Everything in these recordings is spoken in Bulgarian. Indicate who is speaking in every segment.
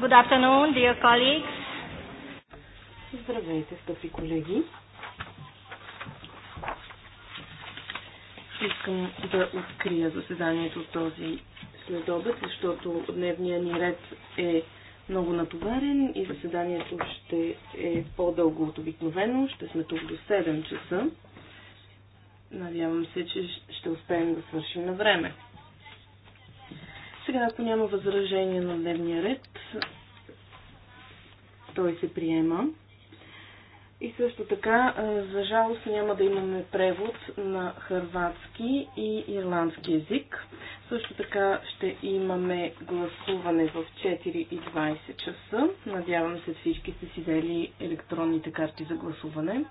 Speaker 1: Good afternoon, dear colleagues. Здравейте, скъпи колеги. Искам да открия заседанието този следобед, защото дневният ни ред е много натоварен и заседанието ще е по-дълго от обикновено. Ще сме тук до 7 часа. Надявам се, че ще успеем да свършим на време. Сега, ако няма възражение на дневния ред, той се приема. И също така, за жалост, няма да имаме превод на хърватски и ирландски язик. Също така ще имаме гласуване в 4.20 часа. Надявам се всички сте си взели електронните карти за гласуване.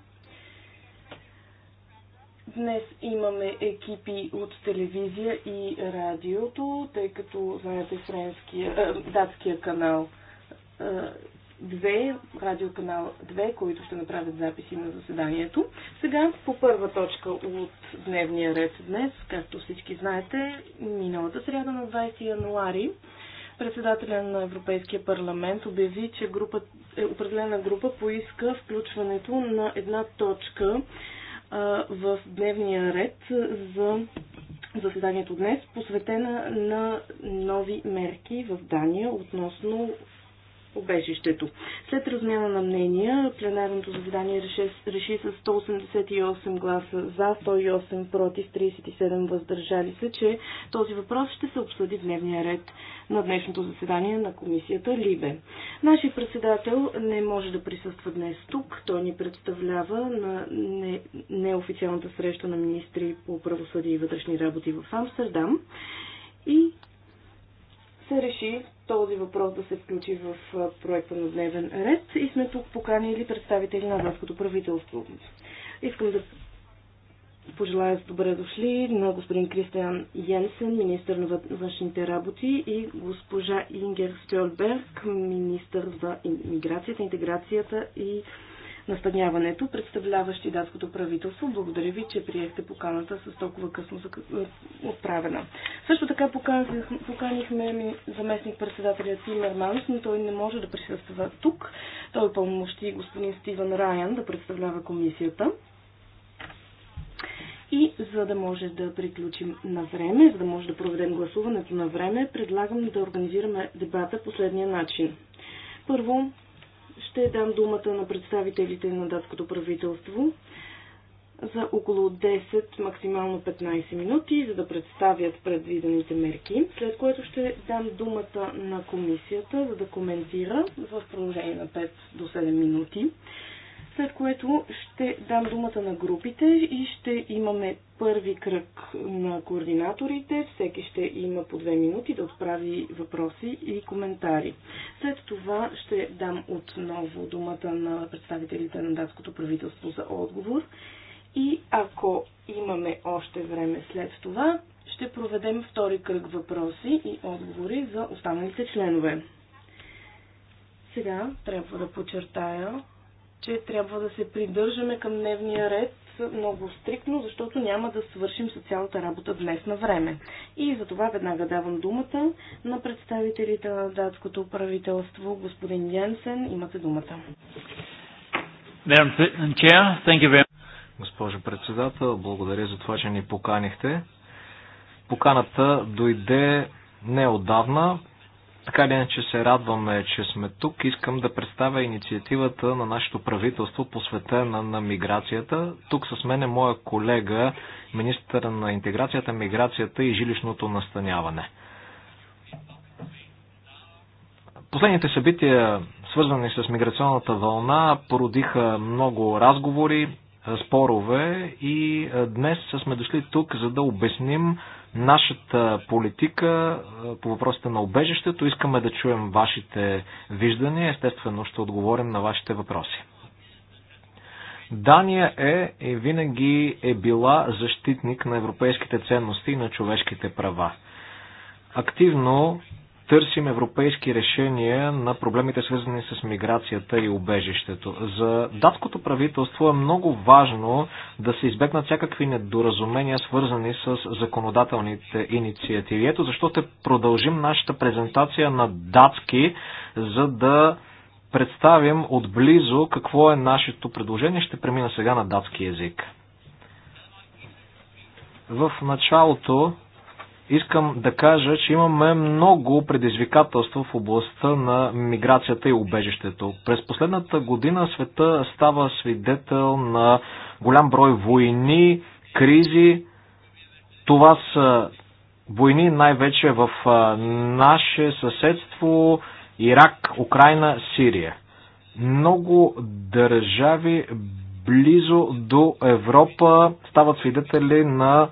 Speaker 1: Днес имаме екипи от телевизия и радиото, тъй като, знаете, френския, датския канал Две, радиоканал 2, които ще направят записи на заседанието. Сега по първа точка от дневния ред днес, както всички знаете, миналата сряда на 20 януари председателя на Европейския парламент обяви, че група, е, определена група поиска включването на една точка а, в дневния ред за заседанието днес, посветена на нови мерки в Дания относно убежището. След размяна на мнения, пленарното заседание реши, реши с 188 гласа за, 108 против, 37 въздържали се, че този въпрос ще се обсъди в дневния ред на днешното заседание на комисията Либе. Нашия председател не може да присъства днес тук. Той ни представлява на не, неофициалната среща на министри по правосъдие и вътрешни работи в Амстердам. И се реши този въпрос да се включи в проекта на дневен ред и сме тук поканили представители на датското правителство. Искам да пожелая добре дошли на господин Кристиан Йенсен, министър на външните работи и госпожа Ингер Стюрберг, министър за миграцията, интеграцията и настаняването, представляващи датското правителство. Благодаря ви, че приехте поканата с толкова късно е, отправена. Също така поканихме заместник председателя Манс, но той не може да присъства тук. Той е пълномощи господин Стивен Райан да представлява комисията. И за да може да приключим на време, за да може да проведем гласуването на време, предлагам да организираме дебата последния начин. Първо, ще дам думата на представителите на датското правителство за около 10, максимално 15 минути, за да представят предвидените мерки, след което ще дам думата на комисията, за да коментира в продължение на 5 до 7 минути след което ще дам думата на групите и ще имаме първи кръг на координаторите. Всеки ще има по две минути да отправи въпроси и коментари. След това ще дам отново думата на представителите на датското правителство за отговор. И ако имаме още време след това, ще проведем втори кръг въпроси и отговори за останалите членове. Сега трябва да подчертая, че трябва да се придържаме към дневния ред много стриктно, защото няма да свършим социалната работа днес на време. И за това веднага давам думата на представителите на датското правителство, господин Янсен. Имате думата.
Speaker 2: Госпожо председател, благодаря за това, че ни поканихте. Поканата дойде неодавна. Така ли че се радваме, че сме тук. Искам да представя инициативата на нашето правителство посветена на миграцията. Тук с мен е моя колега, министър на интеграцията, миграцията и жилищното настаняване. Последните събития, свързани с миграционната вълна, породиха много разговори, спорове и днес сме дошли тук, за да обясним нашата политика по въпросите на обежището. Искаме да чуем вашите виждания. Естествено ще отговорим на вашите въпроси. Дания е и винаги е била защитник на европейските ценности и на човешките права. Активно търсим европейски решения на проблемите свързани с миграцията и убежището. За датското правителство е много важно да се избегнат всякакви недоразумения свързани с законодателните инициативи. Ето защо ще продължим нашата презентация на датски, за да представим отблизо какво е нашето предложение. Ще премина сега на датски язик. В началото искам да кажа, че имаме много предизвикателства в областта на миграцията и убежището. През последната година света става свидетел на голям брой войни, кризи. Това са войни най-вече в наше съседство Ирак, Украина, Сирия. Много държави близо до Европа стават свидетели на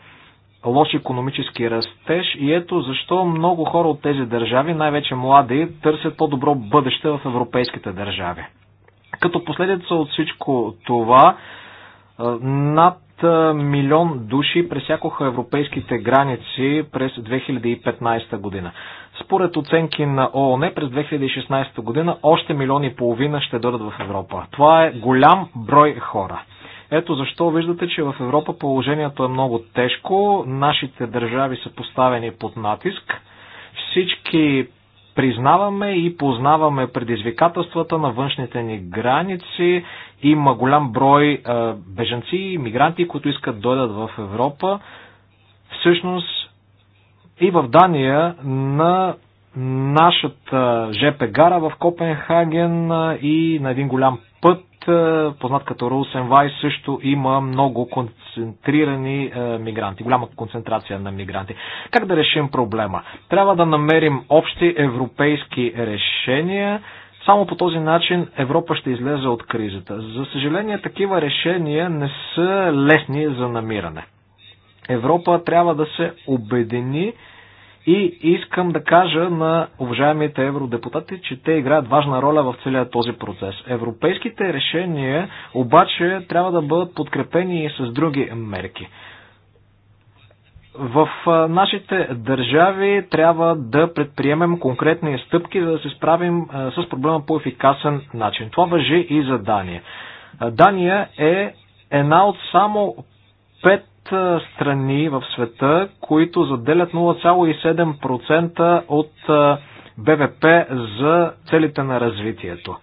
Speaker 2: лош економически растеж и ето защо много хора от тези държави, най-вече млади, търсят по-добро бъдеще в европейските държави. Като последица от всичко това, над милион души пресякоха европейските граници през 2015 година. Според оценки на ООН през 2016 година още милион и половина ще дойдат в Европа. Това е голям брой хора. Ето защо виждате, че в Европа положението е много тежко. Нашите държави са поставени под натиск. Всички признаваме и познаваме предизвикателствата на външните ни граници. Има голям брой е, беженци и мигранти, които искат да дойдат в Европа. Всъщност и в Дания на нашата ЖП гара в Копенхаген е, и на един голям е, познат като Русенвай също има много концентрирани е, мигранти, голяма концентрация на мигранти. Как да решим проблема? Трябва да намерим общи европейски решения, само по този начин Европа ще излезе от кризата. За съжаление, такива решения не са лесни за намиране. Европа трябва да се обедини и искам да кажа на уважаемите евродепутати, че те играят важна роля в целия този процес. Европейските решения обаче трябва да бъдат подкрепени и с други мерки. В нашите държави трябва да предприемем конкретни стъпки, за да се справим с проблема по ефикасен начин. Това въжи и за Дания. Дания е една от само пет страни в света, които заделят 0,7% от БВП за целите на развитието.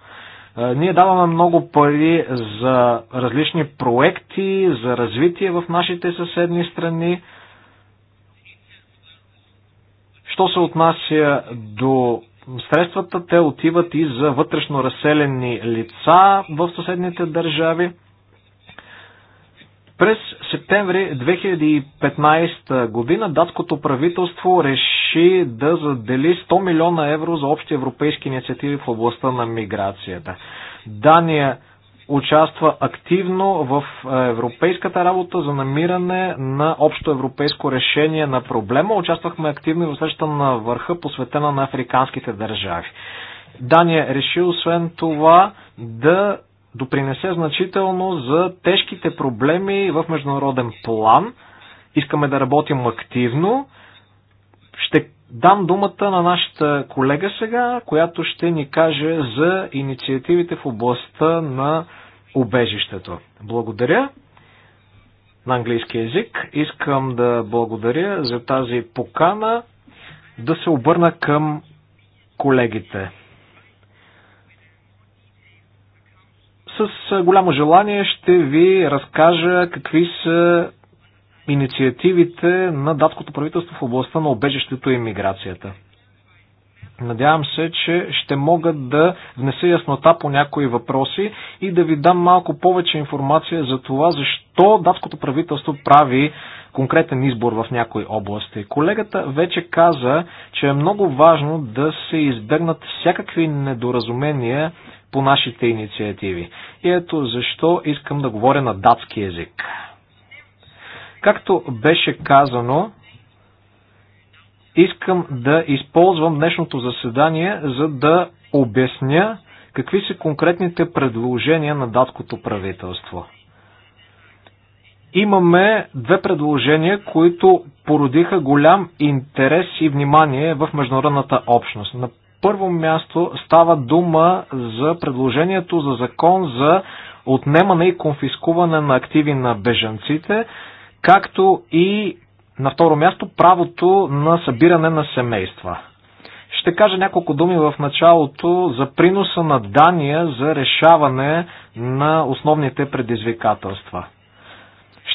Speaker 2: Ние даваме много пари за различни проекти, за развитие в нашите съседни страни. Що се отнася до средствата, те отиват и за вътрешно разселени лица в съседните държави. През септември 2015 година датското правителство реши да задели 100 милиона евро за общи европейски инициативи в областта на миграцията. Дания участва активно в е, европейската работа за намиране на общо европейско решение на проблема. Участвахме активно и в среща на върха, посветена на африканските държави. Дания реши освен това да допринесе значително за тежките проблеми в международен план. Искаме да работим активно. Ще дам думата на нашата колега сега, която ще ни каже за инициативите в областта на убежището. Благодаря. На английски язик искам да благодаря за тази покана да се обърна към колегите. с голямо желание ще ви разкажа какви са инициативите на датското правителство в областта на обежището и миграцията. Надявам се, че ще мога да внеса яснота по някои въпроси и да ви дам малко повече информация за това, защо датското правителство прави конкретен избор в някои области. Колегата вече каза, че е много важно да се избегнат всякакви недоразумения по нашите инициативи. И ето защо искам да говоря на датски язик. Както беше казано, искам да използвам днешното заседание, за да обясня какви са конкретните предложения на датското правителство. Имаме две предложения, които породиха голям интерес и внимание в международната общност. На първо място става дума за предложението за закон за отнемане и конфискуване на активи на бежанците, както и на второ място правото на събиране на семейства. Ще кажа няколко думи в началото за приноса на Дания за решаване на основните предизвикателства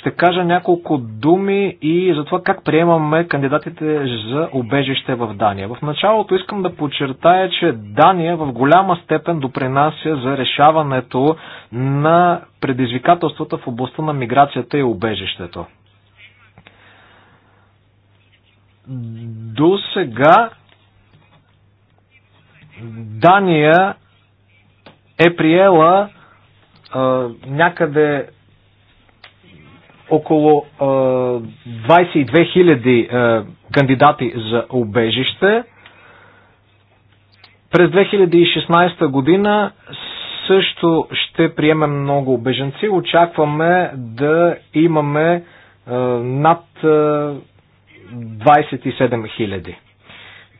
Speaker 2: ще кажа няколко думи и за това как приемаме кандидатите за обежище в Дания. В началото искам да подчертая, че Дания в голяма степен допринася за решаването на предизвикателствата в областта на миграцията и обежището. До сега Дания е приела някъде около 22 000 кандидати за убежище. През 2016 година също ще приемем много беженци. Очакваме да имаме над 27 000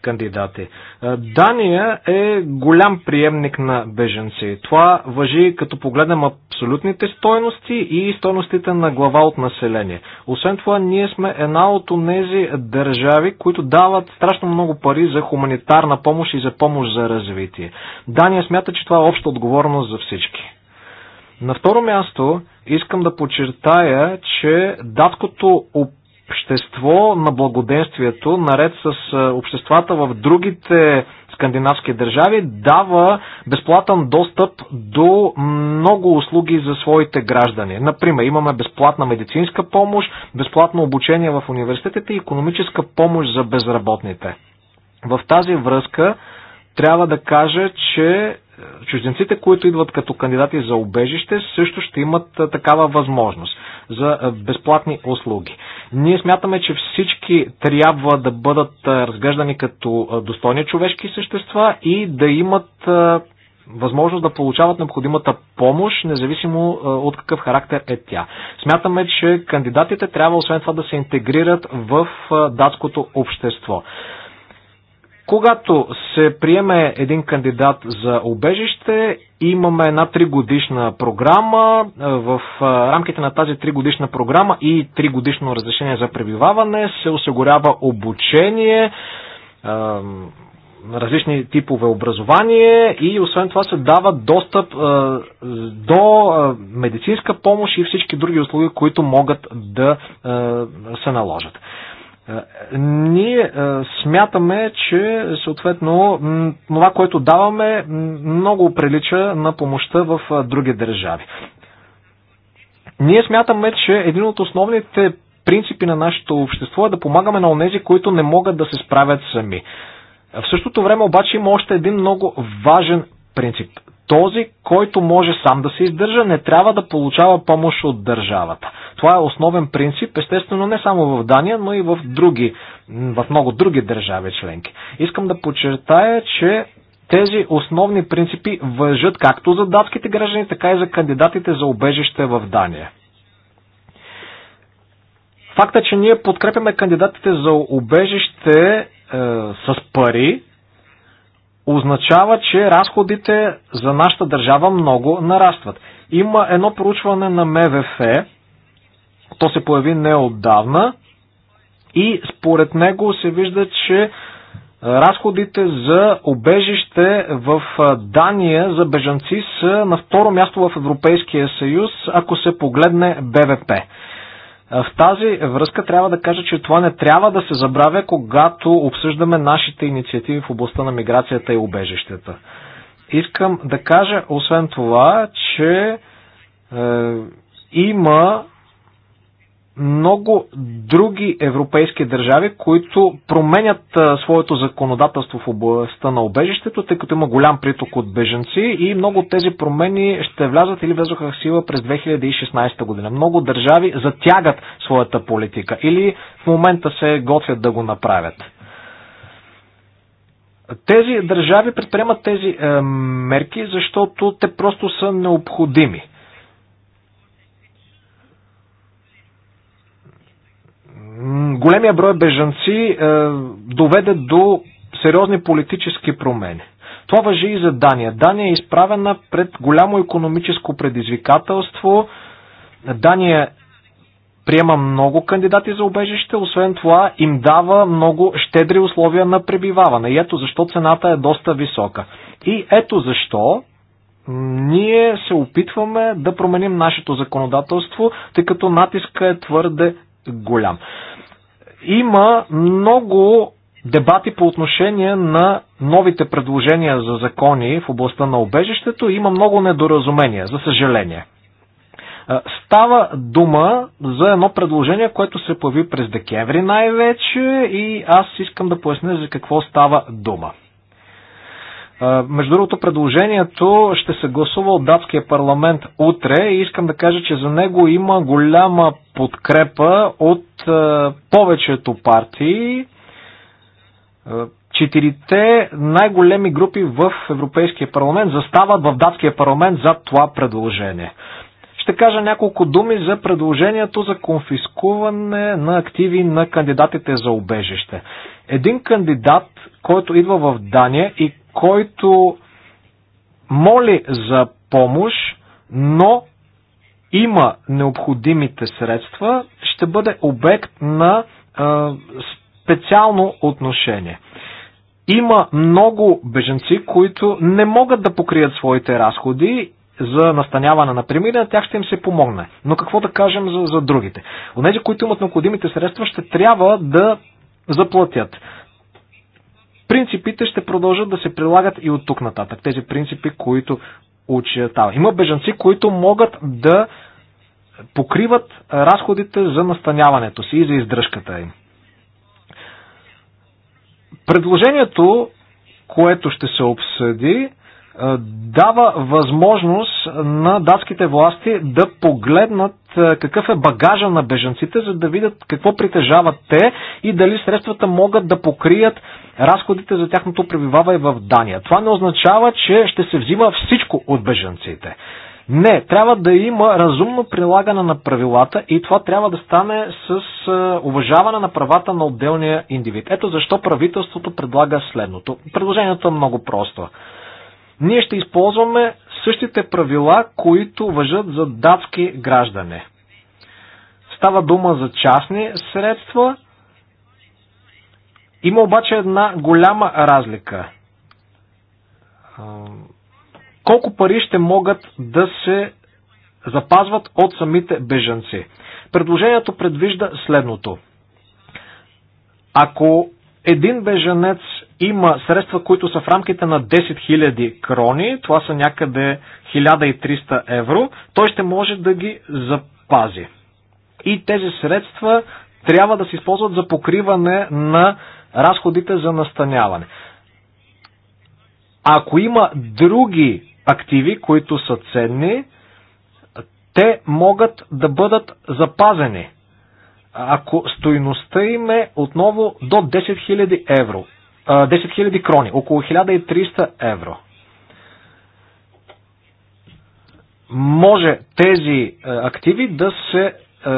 Speaker 2: кандидати. Е, Дания е голям приемник на беженци. Това въжи като погледнем абсолютните стойности и стойностите на глава от население. Освен това, ние сме една от тези държави, които дават страшно много пари за хуманитарна помощ и за помощ за развитие. Дания смята, че това е обща отговорност за всички. На второ място искам да подчертая, че даткото общество на благоденствието, наред с е, обществата в другите скандинавски държави, дава безплатен достъп до много услуги за своите граждани. Например, имаме безплатна медицинска помощ, безплатно обучение в университетите и економическа помощ за безработните. В тази връзка трябва да кажа, че чужденците, които идват като кандидати за убежище, също ще имат такава възможност за безплатни услуги. Ние смятаме, че всички трябва да бъдат разглеждани като достойни човешки същества и да имат възможност да получават необходимата помощ, независимо от какъв характер е тя. Смятаме, че кандидатите трябва освен това да се интегрират в датското общество. Когато се приеме един кандидат за обежище, имаме една тригодишна програма. В рамките на тази тригодишна програма и тригодишно разрешение за пребиваване се осигурява обучение, различни типове образование и освен това се дава достъп до медицинска помощ и всички други услуги, които могат да се наложат. Е, ние е, смятаме, че съответно това, което даваме, много прилича на помощта в е, други държави. Ние смятаме, че един от основните принципи на нашето общество е да помагаме на онези, които не могат да се справят сами. В същото време обаче има още един много важен принцип този, който може сам да се издържа, не трябва да получава помощ от държавата. Това е основен принцип, естествено не само в Дания, но и в, други, в много други държави членки. Искам да подчертая, че тези основни принципи въжат както за датските граждани, така и за кандидатите за обежище в Дания. Факта, че ние подкрепяме кандидатите за обежище е, с пари, означава, че разходите за нашата държава много нарастват. Има едно проучване на МВФ, то се появи неотдавна и според него се вижда, че разходите за обежище в Дания за бежанци са на второ място в Европейския съюз, ако се погледне БВП. Е, в тази връзка трябва да кажа, че това не трябва да се забравя, когато обсъждаме нашите инициативи в областта на миграцията и убежищата. Искам да кажа, освен това, че е, има много други европейски държави, които променят своето законодателство в областта на обежището, тъй като има голям приток от беженци и много от тези промени ще влязат или влязоха в сила през 2016 година. Много държави затягат своята политика или в момента се готвят да го направят. Тези държави предприемат тези е, мерки, защото те просто са необходими големия брой бежанци е, доведе до сериозни политически промени. Това въжи и за Дания. Дания е изправена пред голямо економическо предизвикателство. Дания приема много кандидати за убежище, освен това им дава много щедри условия на пребиваване. И ето защо цената е доста висока. И ето защо ние се опитваме да променим нашето законодателство, тъй като натиска е твърде голям. Има много дебати по отношение на новите предложения за закони в областта на обежището. Има много недоразумения, за съжаление. Става дума за едно предложение, което се появи през декември най-вече и аз искам да поясня за какво става дума. Между другото, предложението ще се гласува от датския парламент утре и искам да кажа, че за него има голяма подкрепа от повечето партии. Четирите най-големи групи в Европейския парламент застават в датския парламент за това предложение. Ще кажа няколко думи за предложението за конфискуване на активи на кандидатите за убежище. Един кандидат, който идва в Дания и който моли за помощ, но има необходимите средства, ще бъде обект на а, специално отношение. Има много беженци, които не могат да покрият своите разходи за настаняване, на и на тях ще им се помогне. Но какво да кажем за, за другите? Онези, които имат необходимите средства, ще трябва да заплатят. Принципите ще продължат да се прилагат и от тук нататък. Тези принципи, които очертава. Има бежанци, които могат да покриват разходите за настаняването си и за издръжката им. Предложението, което ще се обсъди, е, дава възможност на датските власти да погледнат е, какъв е багажа на бежанците, за да видят какво притежават те и дали средствата могат да покрият разходите за тяхното пребиваване в Дания. Това не означава, че ще се взима всичко от беженците. Не, трябва да има разумно прилагане на правилата и това трябва да стане с е, уважаване на правата на отделния индивид. Ето защо правителството предлага следното. Предложението е много просто. Ние ще използваме същите правила, които въжат за датски граждане. Става дума за частни средства, има обаче една голяма разлика. Колко пари ще могат да се запазват от самите бежанци? Предложението предвижда следното. Ако един бежанец има средства, които са в рамките на 10 000 крони, това са някъде 1300 евро, той ще може да ги запази. И тези средства трябва да се използват за покриване на разходите за настаняване. Ако има други активи, които са ценни, те могат да бъдат запазени, ако стоиността им е отново до 10 000 евро. 10 000 крони, около 1300 евро. Може тези активи да се е,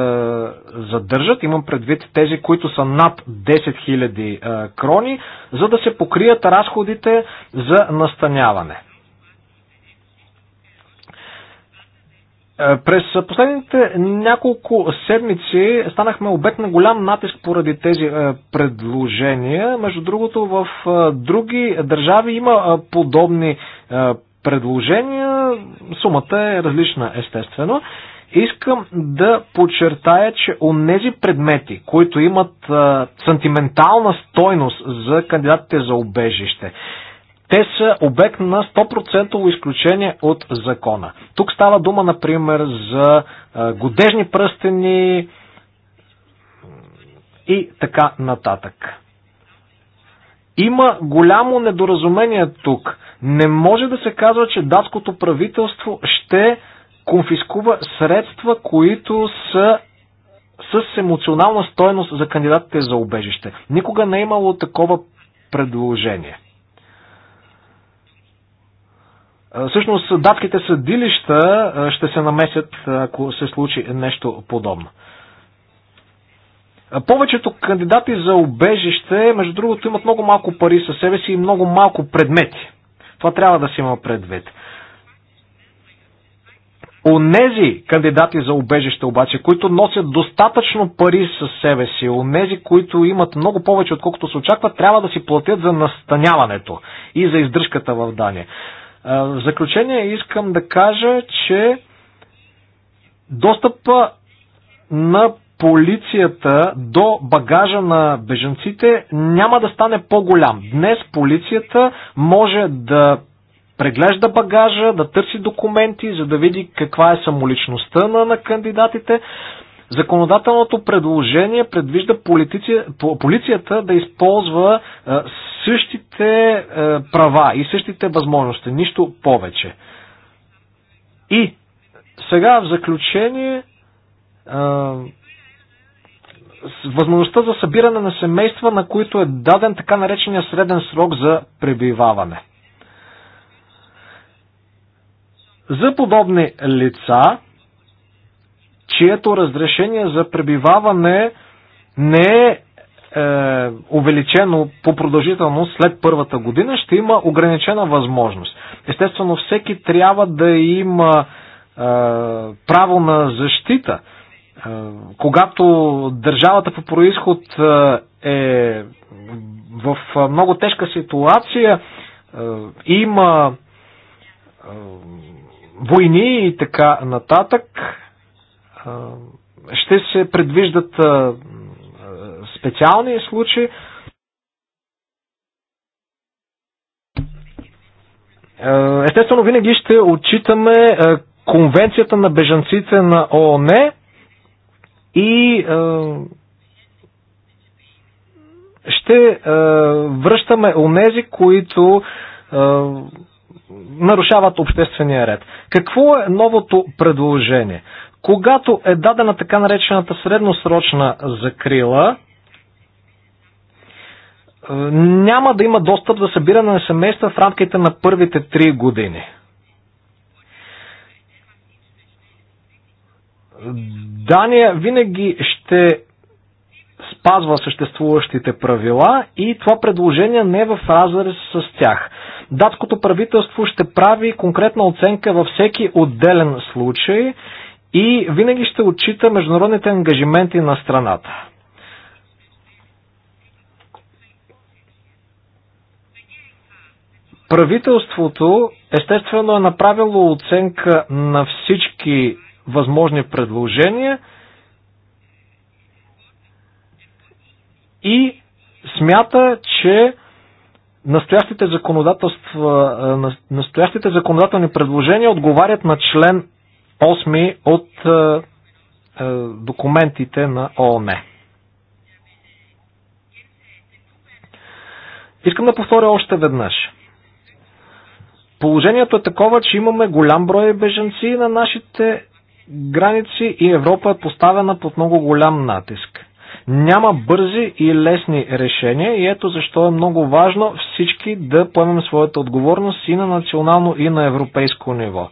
Speaker 2: задържат, имам предвид тези, които са над 10 000 е, крони, за да се покрият разходите за настаняване. Е, през последните няколко седмици станахме обект на голям натиск поради тези предложения. Между другото, в други държави има подобни предложения. Сумата е различна, естествено. Искам да подчертая, че онези предмети, които имат а, сантиментална стойност за кандидатите за обежище, те са обект на 100% изключение от закона. Тук става дума, например, за а, годежни пръстени и така нататък. Има голямо недоразумение тук. Не може да се казва, че датското правителство ще конфискува средства, които са с емоционална стойност за кандидатите за убежище. Никога не е имало такова предложение. Всъщност датските съдилища ще се намесят, ако се случи нещо подобно. Повечето кандидати за убежище, между другото, имат много малко пари със себе си и много малко предмети. Това трябва да се има предвид. Онези кандидати за убежище обаче, които носят достатъчно пари със себе си, онези, които имат много повече отколкото се очаква, трябва да си платят за настаняването и за издръжката в Дания. В заключение искам да кажа, че достъпа на полицията до багажа на бежанците няма да стане по-голям. Днес полицията може да преглежда багажа, да търси документи, за да види каква е самоличността на, на кандидатите. Законодателното предложение предвижда полиция, полицията да използва е, същите е, права и същите възможности, нищо повече. И сега в заключение възможността за събиране на семейства, на които е даден така наречения среден срок за пребиваване. за подобни лица, чието разрешение за пребиваване не е е, увеличено по продължителност след първата година, ще има ограничена възможност. Естествено, всеки трябва да има е, право на защита. Е, когато държавата по происход е в много тежка ситуация, е, има е, войни и така нататък. Ще се предвиждат специални случаи. Естествено, винаги ще отчитаме Конвенцията на бежанците на ООН и ще връщаме онези, които нарушават обществения ред. Какво е новото предложение? Когато е дадена така наречената средносрочна закрила, е, няма да има достъп за събиране на семейства в рамките на първите три години. Дания винаги ще спазва съществуващите правила и това предложение не е в разрез с тях датското правителство ще прави конкретна оценка във всеки отделен случай и винаги ще отчита международните ангажименти на страната. Правителството естествено е направило оценка на всички възможни предложения и смята, че настоящите, законодателства, е, настоящите законодателни предложения отговарят на член 8 от е, е, документите на ООН. Искам да повторя още веднъж. Положението е такова, че имаме голям брой беженци на нашите граници и Европа е поставена под много голям натиск. Няма бързи и лесни решения и ето защо е много важно всички да поемем своята отговорност и на национално и на европейско ниво.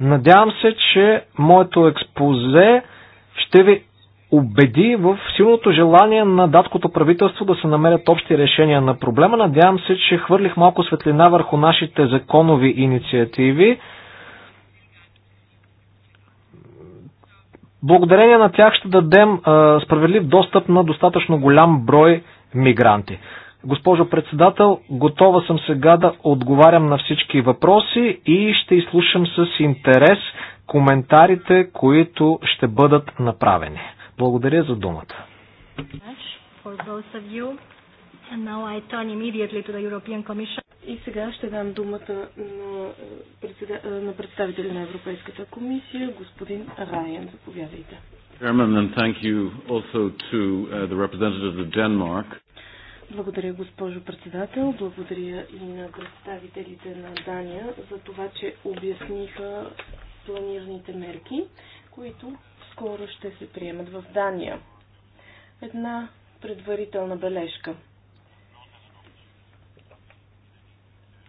Speaker 2: Надявам се, че моето експозе ще ви убеди в силното желание на датското правителство да се намерят общи решения на проблема. Надявам се, че хвърлих малко светлина върху нашите законови инициативи. Благодарение на тях ще дадем справедлив достъп на достатъчно голям брой мигранти. Госпожо председател, готова съм сега да отговарям на всички въпроси и ще изслушам с интерес коментарите, които ще бъдат направени. Благодаря за думата.
Speaker 3: И сега ще дам думата
Speaker 1: на, на представителя на Европейската комисия, господин Райен. Заповядайте.
Speaker 3: Uh,
Speaker 1: Благодаря, госпожо председател. Благодаря и на представителите на Дания за това, че обясниха планираните мерки, които скоро ще се приемат в Дания. Една предварителна бележка –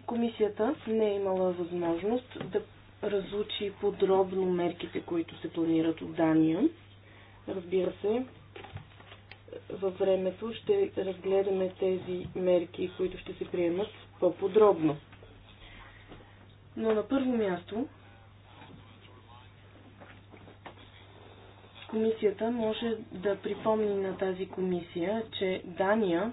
Speaker 1: Комисията не е имала възможност да разучи подробно мерките, които се планират от Дания. Разбира се, във времето ще разгледаме тези мерки, които ще се приемат по-подробно. Но на първо място комисията може да припомни на тази комисия, че Дания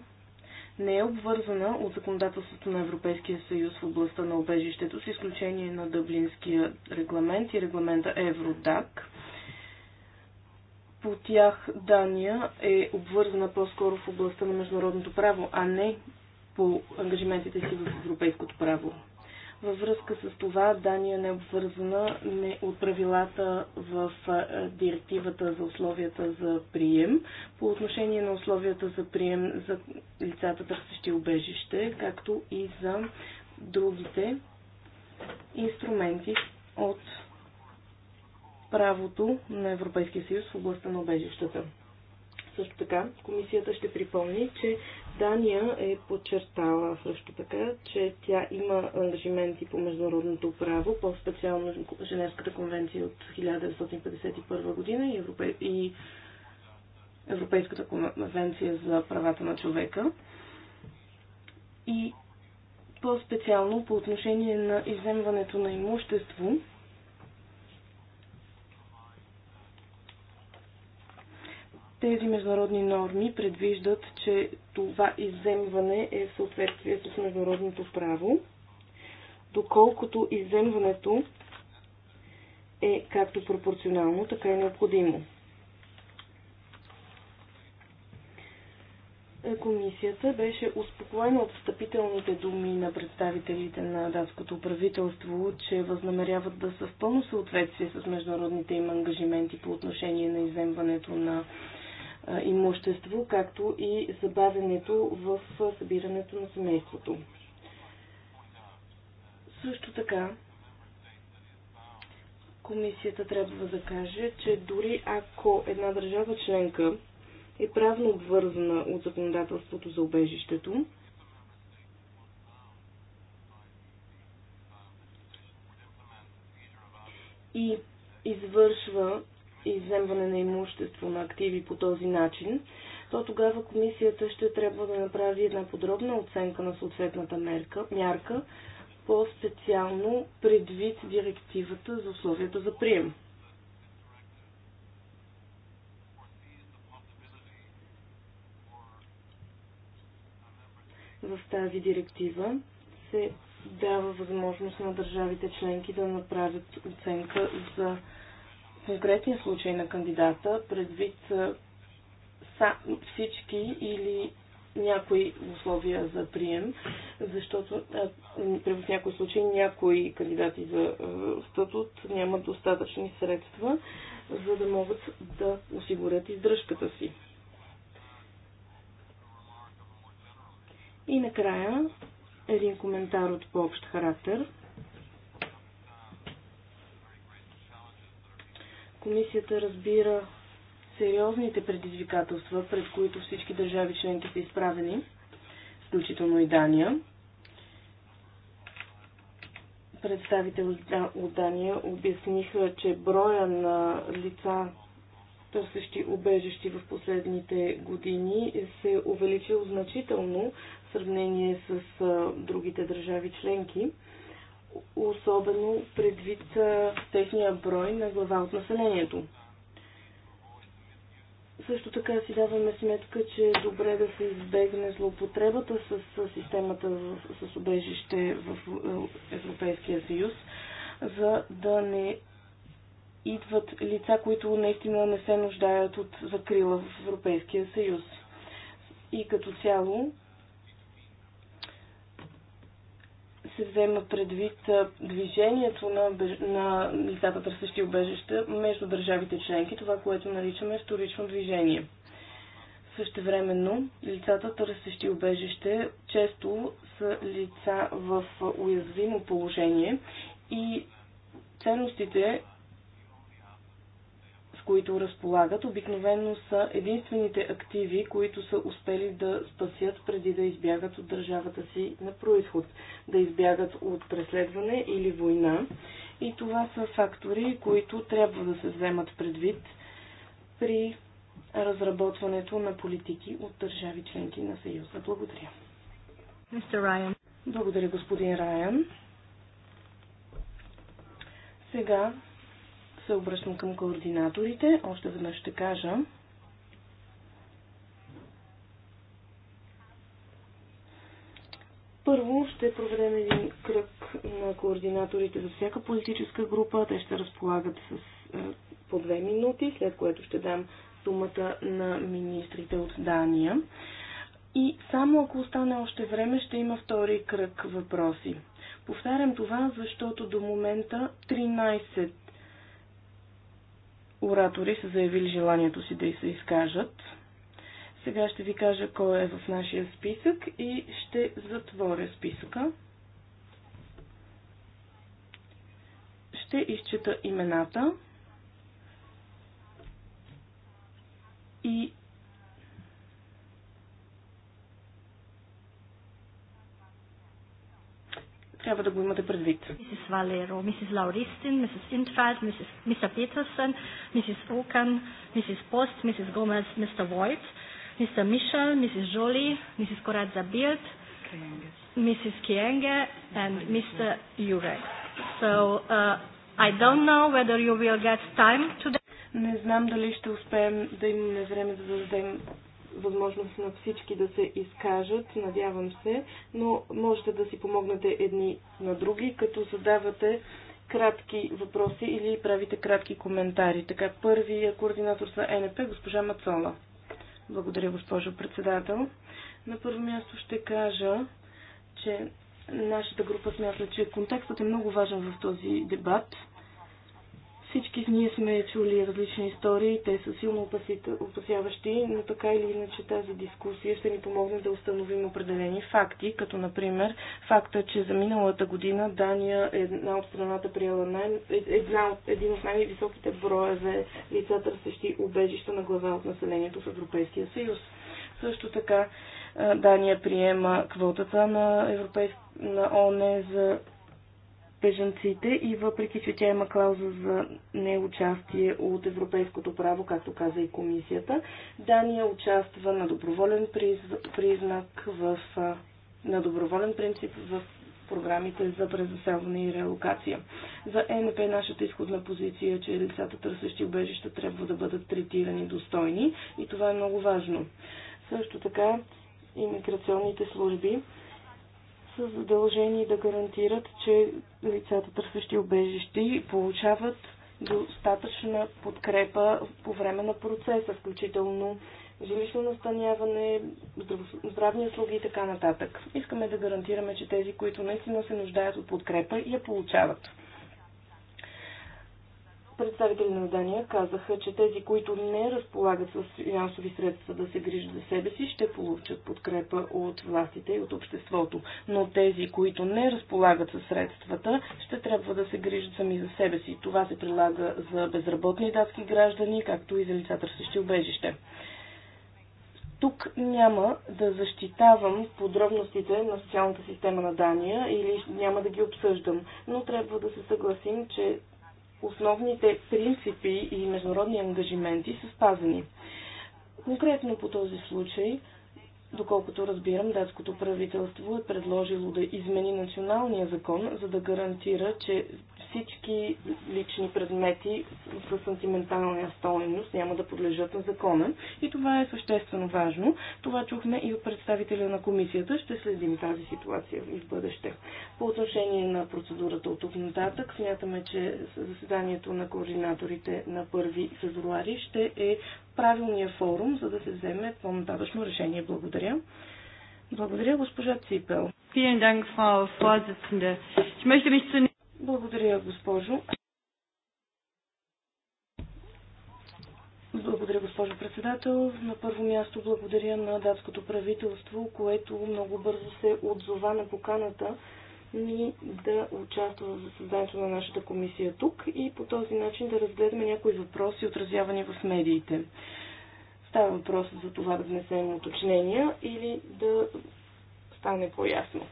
Speaker 1: не е обвързана от законодателството на Европейския съюз в областта на обежището, с изключение на Дъблинския регламент и регламента Евродак. По тях Дания е обвързана по-скоро в областта на международното право, а не по ангажиментите си в европейското право. Във връзка с това Дания не е обвързана не от правилата в директивата за условията за прием по отношение на условията за прием за лицата търсещи убежище, както и за другите инструменти от правото на Европейския съюз в областта на убежищата. Също така, комисията ще припомни, че Дания е подчертала също така, че тя има ангажименти по международното право, по-специално Женевската конвенция от 1951 година и, Европе... и Европейската конвенция за правата на човека. И по-специално по отношение на иземването на имущество, Тези международни норми предвиждат, че това изземване е в съответствие с международното право, доколкото изземването е както пропорционално, така и необходимо. Комисията беше успокоена от встъпителните думи на представителите на датското правителство, че възнамеряват да са в пълно съответствие с международните им ангажименти по отношение на иземването на имущество, както и забавянето в събирането на семейството. Също така, комисията трябва да каже, че дори ако една държава членка е правно обвързана от законодателството за обежището, и извършва иземване на имущество на активи по този начин, то тогава комисията ще трябва да направи една подробна оценка на съответната мерка, мярка, по-специално предвид директивата за условията за прием. В тази директива се дава възможност на държавите членки да направят оценка за конкретния случай на кандидата, предвид са, всички или някои условия за прием, защото в някои случаи някои кандидати за статут нямат достатъчни средства, за да могат да осигурят издръжката си. И накрая един коментар от по-общ характер – Комисията разбира сериозните предизвикателства, пред които всички държави членки са изправени, включително и Дания. Представител от Дания обясниха, че броя на лица, търсещи убежищи в последните години, се е увеличил значително в сравнение с другите държави членки особено предвид техния брой на глава от населението. Също така си даваме сметка, че е добре да се избегне злоупотребата с системата с обежище в Европейския съюз, за да не идват лица, които наистина не се нуждаят от закрила в Европейския съюз. И като цяло се взема предвид движението на, на лицата търсещи убежища между държавите членки, това, което наричаме вторично движение. Същевременно, лицата търсещи убежище често са лица в уязвимо положение и ценностите, които разполагат, обикновено са единствените активи, които са успели да спасят преди да избягат от държавата си на происход, да избягат от преследване или война. И това са фактори, които трябва да се вземат предвид при разработването на политики от държави членки на Съюза. Благодаря. Мистер Райан. Благодаря, господин Райан. Сега се обръщам към координаторите. Още веднъж ще кажа, Първо ще проведем един кръг на координаторите за всяка политическа група. Те ще разполагат с е, по две минути, след което ще дам думата на министрите от Дания. И само ако остане още време, ще има втори кръг въпроси. Повтарям това, защото до момента 13 оратори са заявили желанието си да и се изкажат. Сега ще ви кажа кой е в нашия списък и ще затворя списъка. Ще изчета имената и
Speaker 3: трябва да го имате предвид. Мисис Валеро, мисис Лауристин, мисис Интфелд, мисис Петерсен, мисис Окан, мисис Пост, мисис Гомес, мистер Войт, мистер Мишел, мисис Жоли, мисис Корадза Билд, мисис Киенге и мистер Юрек. So uh, I don't know whether you will get time today. Не знам
Speaker 1: дали ще успеем да имаме време да зададем възможност на всички да се изкажат, надявам се, но можете да си помогнете едни на други, като задавате кратки въпроси или правите кратки коментари. Така, първия координатор на НП, госпожа Мацола. Благодаря, госпожо председател. На първо място ще кажа, че нашата група смята, че контекстът е много важен в този дебат – всички ние сме чули различни истории, те са силно опасяващи, но така или иначе тази дискусия ще ни помогне да установим определени факти, като например факта, че за миналата година Дания е една от страната приела най- е, е една от, един от най-високите броя за лица търсещи убежища на глава от населението в Европейския съюз. Също така Дания приема квотата на, европейск... на ОНЕ за бежанците и въпреки, че тя има клауза за неучастие от европейското право, както каза и комисията, Дания участва на доброволен признак в, на доброволен принцип в програмите за презаселване и релокация. За ЕНП нашата изходна позиция е, че лицата търсещи убежища трябва да бъдат третирани достойни и това е много важно. Също така, иммиграционните служби са задължени да гарантират, че лицата търсещи обежищи получават достатъчна подкрепа по време на процеса, включително жилищно настаняване, здравни услуги и така нататък. Искаме да гарантираме, че тези, които наистина се нуждаят от подкрепа, я получават. Представители на Дания казаха, че тези, които не разполагат с финансови средства да се грижат за себе си, ще получат подкрепа от властите и от обществото. Но тези, които не разполагат с средствата, ще трябва да се грижат сами за себе си. Това се прилага за безработни датски граждани, както и за лица търсещи убежище. Тук няма да защитавам подробностите на социалната система на Дания или няма да ги обсъждам, но трябва да се съгласим, че основните принципи и международни ангажименти са спазени. Конкретно по този случай, доколкото разбирам, датското правителство е предложило да измени националния закон, за да гарантира, че всички лични предмети със сантиментална стойност няма да подлежат на закона. И това е съществено важно. Това чухме и от представителя на комисията. Ще следим тази ситуация и в бъдеще. По отношение на процедурата от тук нататък, смятаме, че заседанието на координаторите на 1 февруари ще е правилния форум, за да се вземе по-нататъчно решение. Благодаря. Благодаря, госпожа Ципел. Vielen Dank, Frau Vorsitzende. Ich möchte mich zunächst благодаря, госпожо. Благодаря, госпожо председател. На първо място благодаря на датското правителство, което много бързо се отзова на поканата ни да участва в заседанието на нашата комисия тук и по този начин да разгледаме някои въпроси, отразявани в медиите. Става въпрос за това да внесем уточнения или да стане по-ясно.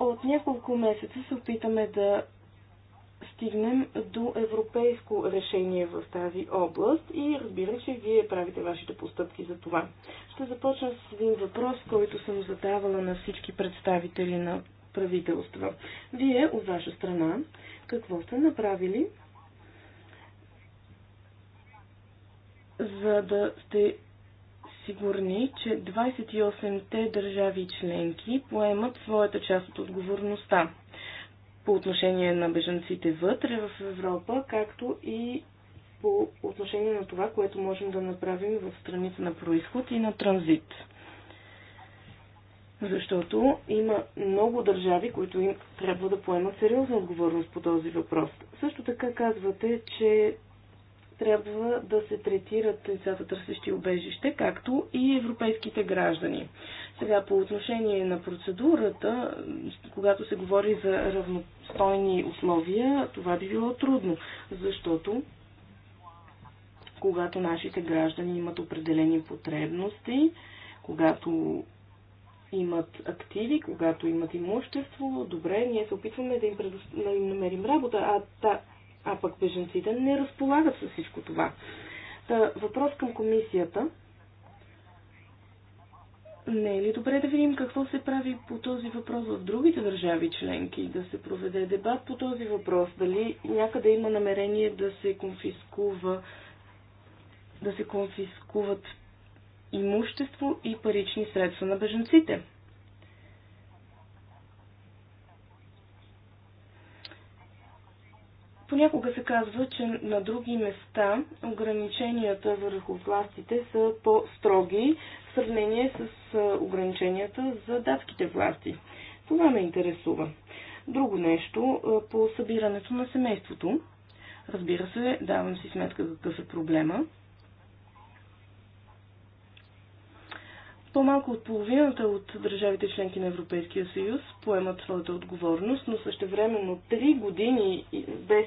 Speaker 1: От няколко месеца се опитаме да стигнем до европейско решение в тази област и разбира се, вие правите вашите постъпки за това. Ще започна с един въпрос, който съм задавала на всички представители на правителства. Вие от ваша страна какво сте направили, за да сте сигурни, че 28-те държави членки поемат своята част от отговорността по отношение на бежанците вътре в Европа, както и по отношение на това, което можем да направим в страните на происход и на транзит. Защото има много държави, които им трябва да поемат сериозна отговорност по този въпрос. Също така казвате, че трябва да се третират лицата търсещи убежище, както и европейските граждани. Сега по отношение на процедурата, когато се говори за равностойни условия, това би било трудно, защото когато нашите граждани имат определени потребности, когато имат активи, когато имат имущество, добре, ние се опитваме да им, предо... намерим работа, а та, а пък беженците не разполагат с всичко това. Та, въпрос към комисията. Не е ли добре да видим какво се прави по този въпрос в другите държави членки, да се проведе дебат по този въпрос, дали някъде има намерение да се конфискува да се конфискуват имущество и парични средства на беженците? Понякога се казва, че на други места ограниченията върху властите са по-строги в сравнение с ограниченията за датските власти. Това ме интересува. Друго нещо по събирането на семейството. Разбира се, давам си сметка какъв е проблема. По-малко от половината от държавите членки на Европейския съюз поемат своята отговорност, но времено 3 години без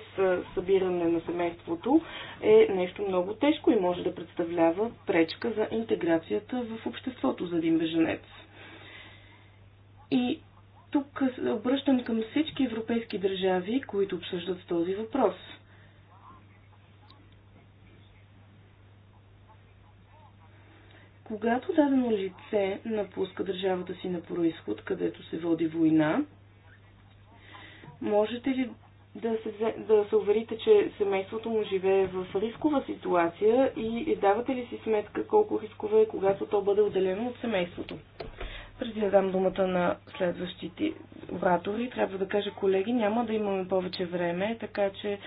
Speaker 1: събиране на семейството е нещо много тежко и може да представлява пречка за интеграцията в обществото за един беженец. И тук обръщам към всички европейски държави, които обсъждат този въпрос – Когато дадено лице напуска държавата си на происход, където се води война, можете ли да се, да се уверите, че семейството му живее в рискова ситуация и давате ли си сметка колко рискове е, когато то бъде отделено от семейството? Преди да дам думата на следващите оратори, трябва да кажа колеги, няма да имаме повече време, така че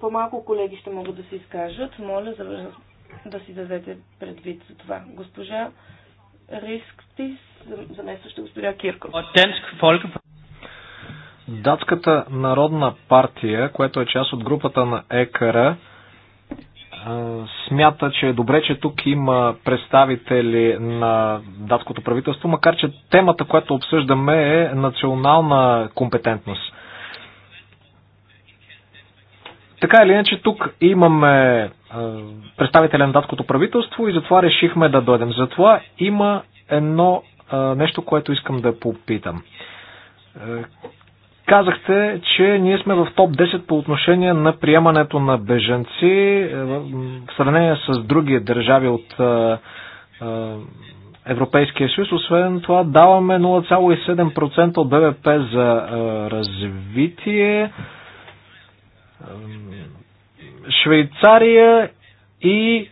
Speaker 1: по-малко колеги ще могат да се изкажат. Моля, за да си дадете предвид за това. Госпожа Рисктис, заместваща госпожа Кирко.
Speaker 2: Датската народна партия, която е част от групата на ЕКР, смята, че е добре, че тук има представители на датското правителство, макар че темата, която обсъждаме е национална компетентност. Така или иначе, тук имаме представителя на датското правителство и затова решихме да дойдем. Затова има едно нещо, което искам да попитам. Казахте, че ние сме в топ 10 по отношение на приемането на беженци в сравнение с други държави от Европейския съюз. Освен това, даваме 0,7% от БВП за развитие. Швейцария и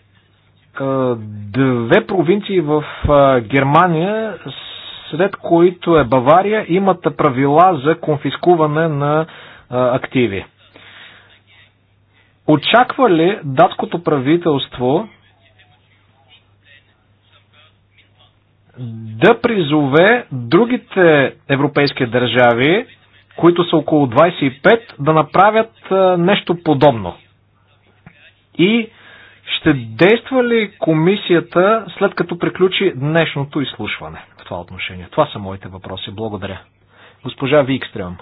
Speaker 2: две провинции в Германия, след които е Бавария, имат правила за конфискуване на активи. Очаква ли датското правителство да призове другите европейски държави, които са около 25, да направят нещо подобно? И ще действа ли комисията след като приключи днешното изслушване в това отношение? Това са моите въпроси. Благодаря. Госпожа Викстрем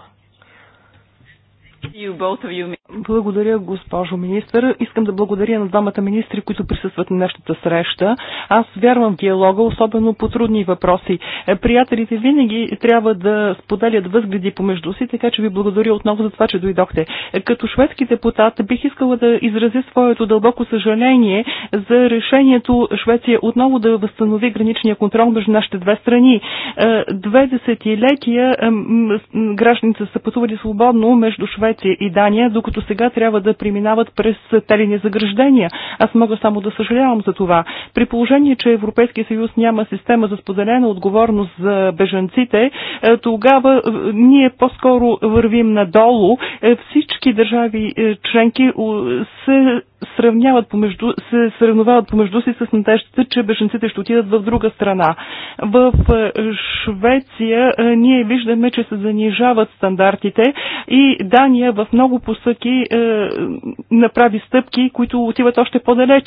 Speaker 4: благодаря, госпожо министър. Искам да благодаря на двамата министри, които присъстват на нашата среща. Аз вярвам в диалога, особено по трудни въпроси. Е, приятелите винаги трябва да споделят възгледи помежду си, така че ви благодаря отново за това, че дойдохте. Е, като шведски депутат бих искала да изразя своето дълбоко съжаление за решението Швеция отново да възстанови граничния контрол между нашите две страни. Е, две десетилетия гражданите са пътували свободно между Швеция Швеция и Дания, докато сега трябва да преминават през телени заграждения. Аз мога само да съжалявам за това. При положение, че Европейския съюз няма система за споделена отговорност за бежанците, е, тогава е, ние по-скоро вървим надолу. Е, всички държави членки се сравняват помежду, се съревновават помежду си с надеждата, че беженците ще отидат в друга страна. В е, Швеция е, ние виждаме, че се занижават стандартите и Дания в много посъки е, направи стъпки, които отиват още по-далеч.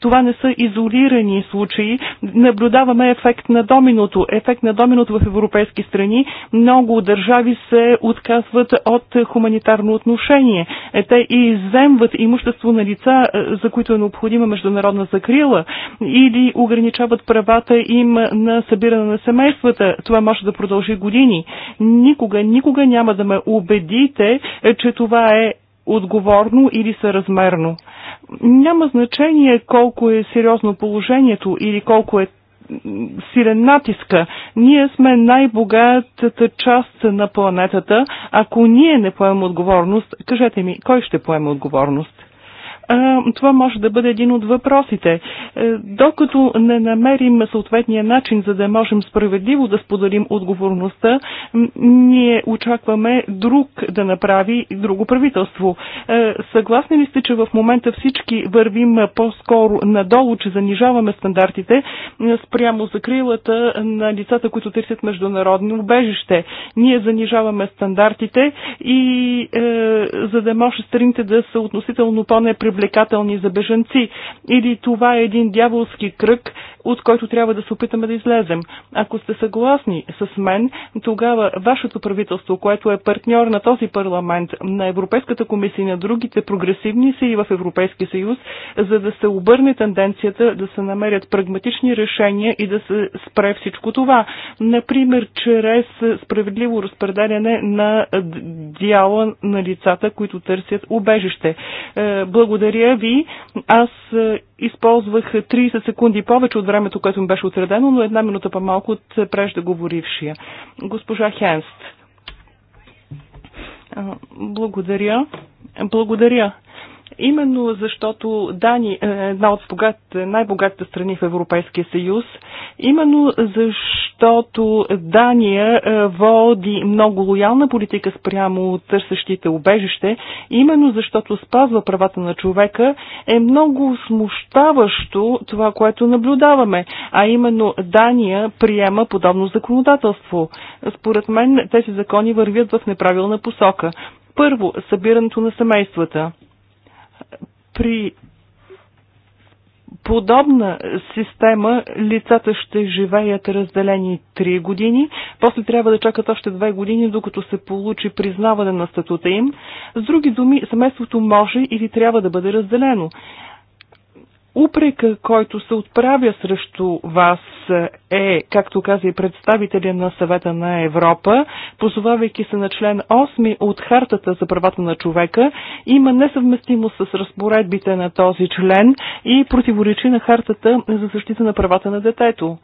Speaker 4: Това не са изолирани случаи. Наблюдаваме ефект на доминото. Ефект на доминото в европейски страни. Много държави се отказват от хуманитарно отношение. Е, те и иземват имущество на лица, лица, е, за които е необходима международна закрила или ограничават правата им на събиране на семействата. Това може да продължи години. Никога, никога няма да ме убедите, е, че това е отговорно или съразмерно. Няма значение колко е сериозно положението или колко е силен натиска. Ние сме най-богатата част на планетата. Ако ние не поемем отговорност, кажете ми, кой ще поеме отговорност? това може да бъде един от въпросите. Е, докато не намерим съответния начин, за да можем справедливо да споделим отговорността, ние очакваме друг да направи друго правителство. Е, съгласни ли сте, че в момента всички вървим по-скоро надолу, че занижаваме стандартите спрямо закрилата на лицата, които търсят международно убежище? Ние занижаваме стандартите и е, за да може страните да са относително по-непреблагодарни привлекателни за бежанци. Или това е един дяволски кръг, от който трябва да се опитаме да излезем. Ако сте съгласни с мен, тогава вашето правителство, което е партньор на този парламент, на Европейската комисия и на другите прогресивни сили в Европейския съюз, за да се обърне тенденцията да се намерят прагматични решения и да се спре всичко това. Например, чрез справедливо разпределяне на дяла на лицата, които търсят убежище. Е, благодаря благодаря ви. Аз е, използвах 30 секунди повече от времето, което ми беше отредено, но една минута по-малко от преждеговорившия. Госпожа Хенст. Благодаря. Благодаря. Именно защото Дани е една от богат, най-богатите страни в Европейския съюз, именно защото Дания е, води много лоялна политика спрямо търсещите убежище, именно защото спазва правата на човека, е много смущаващо това, което наблюдаваме, а именно Дания приема подобно законодателство. Според мен тези закони вървят в неправилна посока. Първо, събирането на семействата. При подобна система лицата ще живеят разделени 3 години, после трябва да чакат още 2 години, докато се получи признаване на статута им. С други думи, семейството може или трябва да бъде разделено. Упрека, който се отправя срещу вас е, както каза и представителя на съвета на Европа, позовавайки се на член 8 от Хартата за правата на човека, има несъвместимост с разпоредбите на този член и противоречи на Хартата за защита на правата на детето.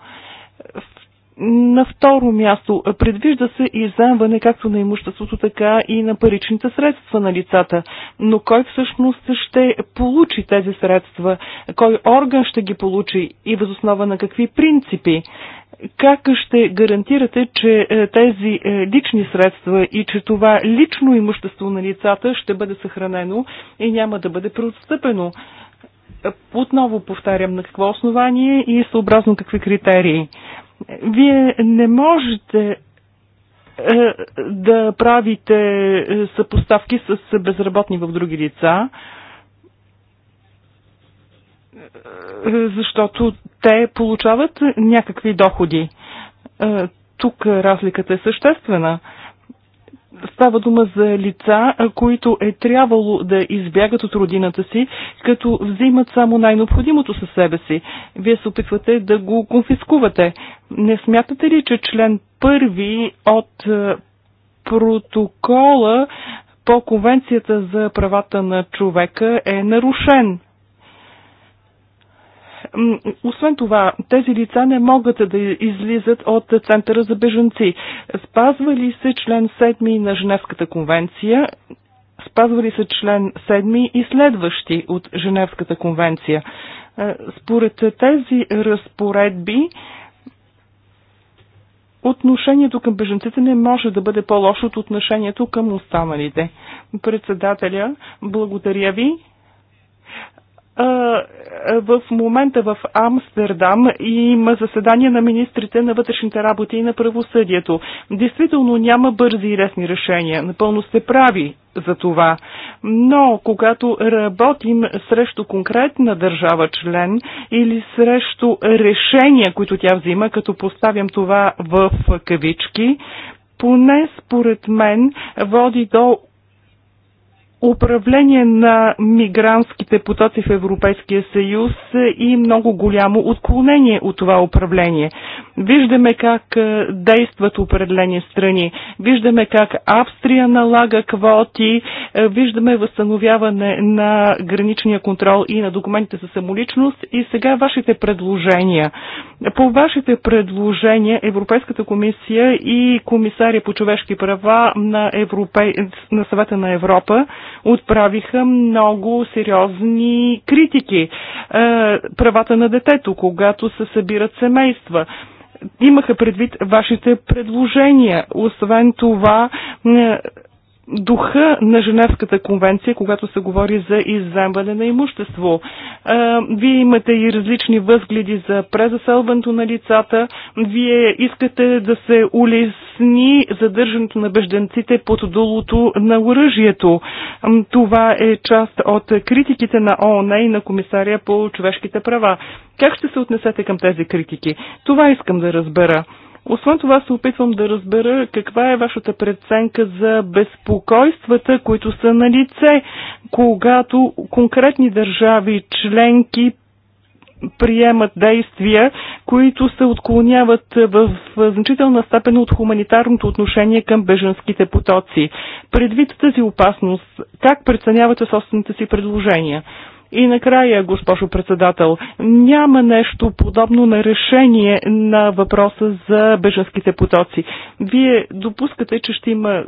Speaker 4: На второ място, предвижда се иземване както на имуществото, така и на паричните средства на лицата. Но кой всъщност ще получи тези средства? Кой орган ще ги получи и възоснова на какви принципи? Как ще гарантирате, че е, тези е, лични средства и че това лично имущество на лицата ще бъде съхранено и няма да бъде преотстъпено? Е, отново повтарям на какво основание и съобразно какви критерии. Вие не можете е, да правите е, съпоставки с безработни в други лица, е, защото те получават някакви доходи. Тук разликата е съществена. Става дума за лица, които е трябвало да избягат от родината си, като взимат само най-необходимото със себе си. Вие се опитвате да го конфискувате. Не смятате ли, че член първи от протокола по Конвенцията за правата на човека е нарушен? Освен това, тези лица не могат да излизат от Центъра за бежанци. Спазва ли се член 7 на Женевската конвенция? Спазва ли се член 7 и следващи от Женевската конвенция? Е, според тези разпоредби, Отношението към беженците не може да бъде по-лошо от отношението към останалите. Председателя, благодаря ви в момента в Амстердам има заседание на министрите на вътрешните работи и на правосъдието. Действително няма бързи и лесни решения. Напълно сте прави за това. Но когато работим срещу конкретна държава член или срещу решения, които тя взима, като поставям това в кавички, поне според мен води до управление на мигрантските потоци в Европейския съюз и много голямо отклонение от това управление. Виждаме как е, действат определени страни. Виждаме как Австрия налага квоти. Е, виждаме възстановяване на граничния контрол и на документите за самоличност. И сега вашите предложения. По вашите предложения Европейската комисия и комисария по човешки права на, Европей... на съвета на Европа отправиха много сериозни критики. Е, правата на детето, когато се събират семейства имаха предвид вашите предложения. Освен това, е, духа на Женевската конвенция, когато се говори за изземване на имущество. Вие имате и различни възгледи за презаселването на лицата. Вие искате да се улесни задържането на бежденците под долото на оръжието. Това е част от критиките на ООН и на комисария по човешките права. Как ще се отнесете към тези критики? Това искам да разбера. Освен това се опитвам да разбера каква е вашата преценка за безпокойствата, които са на лице, когато конкретни държави членки приемат действия, които се отклоняват в значителна степен от хуманитарното отношение към беженските потоци. Предвид тази опасност, как преценявате собствените си предложения? И накрая, госпожо председател, няма нещо подобно на решение на въпроса за беженските потоци. Вие допускате, че ще има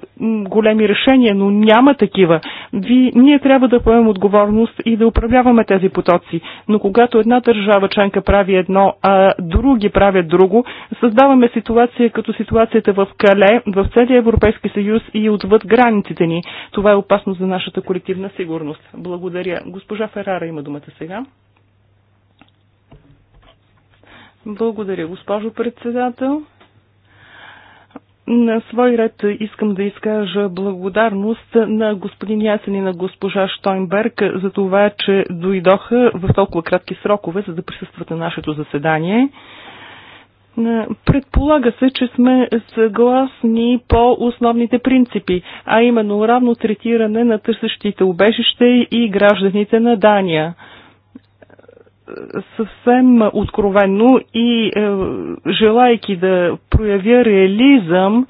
Speaker 4: големи решения, но няма такива. Ви, ние трябва да поемем отговорност и да управляваме тези потоци. Но когато една държава членка прави едно, а други правят друго, създаваме ситуация като ситуацията в Кале, в целия Европейски съюз и отвъд границите ни. Това е опасно за нашата колективна сигурност. Благодаря. Госпожа Ферра Ферара има думата сега. Благодаря, госпожо председател. На свой ред искам да изкажа благодарност на господин Ясен и на госпожа Штойнберг за това, че дойдоха в толкова кратки срокове, за да присъстват на нашето заседание. Предполага се, че сме съгласни по основните принципи, а именно равно третиране на търсещите убежище и гражданите на Дания съвсем откровенно и е, желайки да проявя реализъм,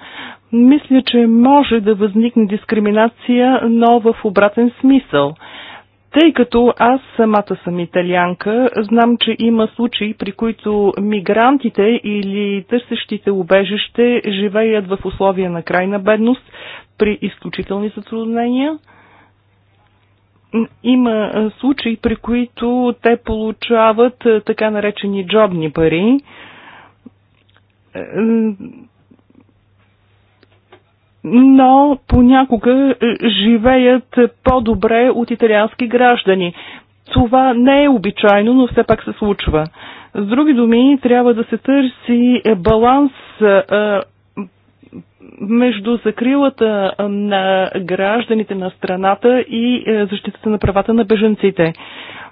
Speaker 4: мисля, че може да възникне дискриминация, но в обратен смисъл. Тъй като аз самата съм италианка, знам, че има случаи, при които мигрантите или търсещите убежище живеят в условия на крайна бедност, при изключителни затруднения. Има случаи, при които те получават така наречени джобни пари е, но понякога е, живеят по-добре от италиански граждани. Това не е обичайно, но все пак се случва. С други думи, трябва да се търси е, баланс е, между закрилата на гражданите на страната и защитата на правата на беженците.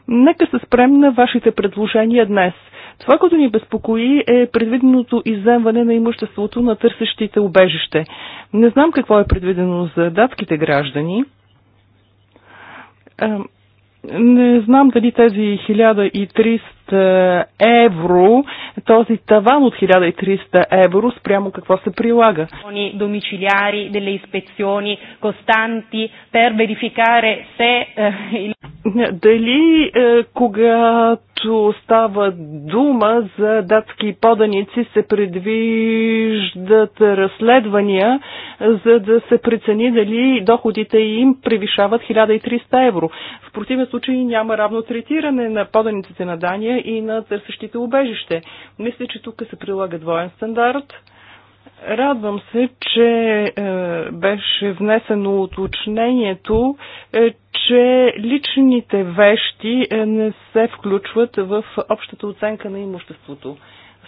Speaker 4: Нека се спрем на вашите предложения днес. Това, което ни безпокои е предвиденото изземване на имуществото на търсещите убежище. Не знам какво е предвидено за датските граждани. Не знам дали тези 1300 е, евро, този таван от 1300 евро спрямо какво се прилага.
Speaker 3: Домичиляри, деле инспекциони, константи, пер верификаре се...
Speaker 4: Дали е, когато става дума за датски поданици се предвиждат разследвания, за да се прецени дали доходите им превишават 1300 евро. В противен случай няма равно третиране на поданиците на Дания и на търсещите убежище. Мисля, че тук се прилага двоен стандарт. Радвам се, че е, беше внесено уточнението, е, че личните вещи е, не се включват в общата оценка на имуществото.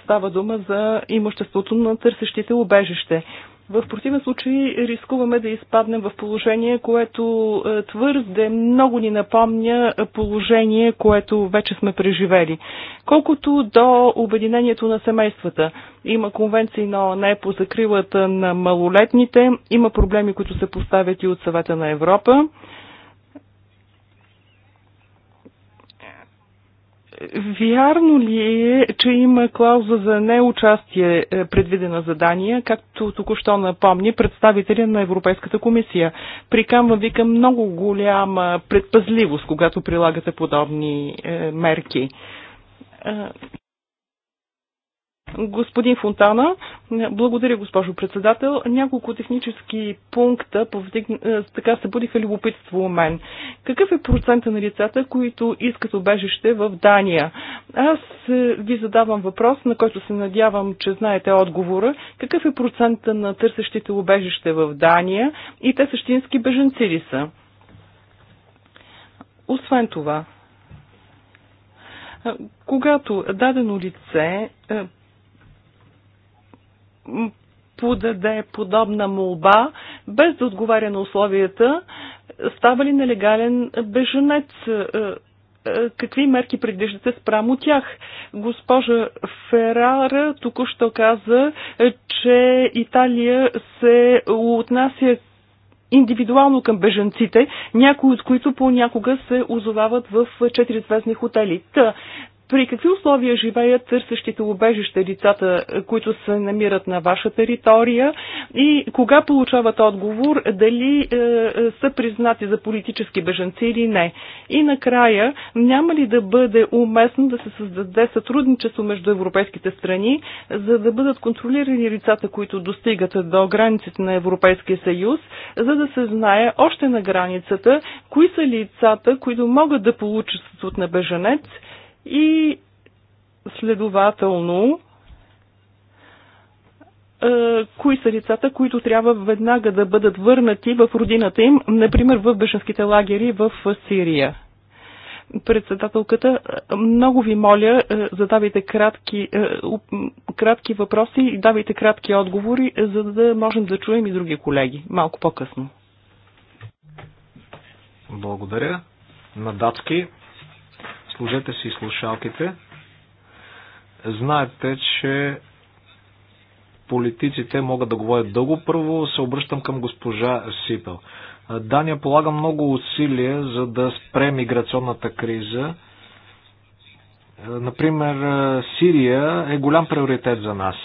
Speaker 4: Става дума за имуществото на търсещите убежище. В противен случай рискуваме да изпаднем в положение, което е, твърде много ни напомня положение, което вече сме преживели. Колкото до обединението на семействата, има конвенции на ОНЕ по закрилата на малолетните, има проблеми, които се поставят и от съвета на Европа. Вярно ли е, че има клауза за неучастие е, предвидена задания, както току-що напомни представителя на Европейската комисия? Прикамва ви към много голяма предпазливост, когато прилагате подобни е, мерки. Е, Господин Фонтана, благодаря, госпожо председател. Няколко технически пункта е, така събудиха любопитство у мен. Какъв е процента на лицата, които искат обежище в Дания? Аз е, ви задавам въпрос, на който се надявам, че знаете отговора. Какъв е процента на търсещите обежище в Дания и те същински беженци ли са? Освен това, е, когато дадено лице е подобна молба, без да отговаря на условията, става ли нелегален беженец? Е, е, е, какви мерки предвиждате спрямо тях? Госпожа Ферара току-що каза, че Италия се отнася индивидуално към беженците, някои от които понякога се озовават в звездни хотели. Та, при какви условия живеят търсещите убежище децата, които се намират на ваша територия и кога получават отговор дали е, е са признати за политически беженци или не? И накрая, няма ли да бъде уместно да се създаде сътрудничество между европейските страни, за да бъдат контролирани лицата, които достигат до границите на Европейския съюз, за да се знае още на границата кои са лицата, които могат да получат статут на беженец и следователно, е, кои са лицата, които трябва веднага да бъдат върнати в родината им, например в беженските лагери в Сирия. Председателката, е, много ви моля, е, задавайте кратки, кратки въпроси и давайте кратки отговори, за да можем да чуем и други колеги малко по-късно.
Speaker 2: Благодаря. На датски Сложете си слушалките. Знаете, че политиците могат да говорят дълго. Първо се обръщам към госпожа Сипел. Дания полага много усилия за да спре миграционната криза. Например, Сирия е голям приоритет за нас.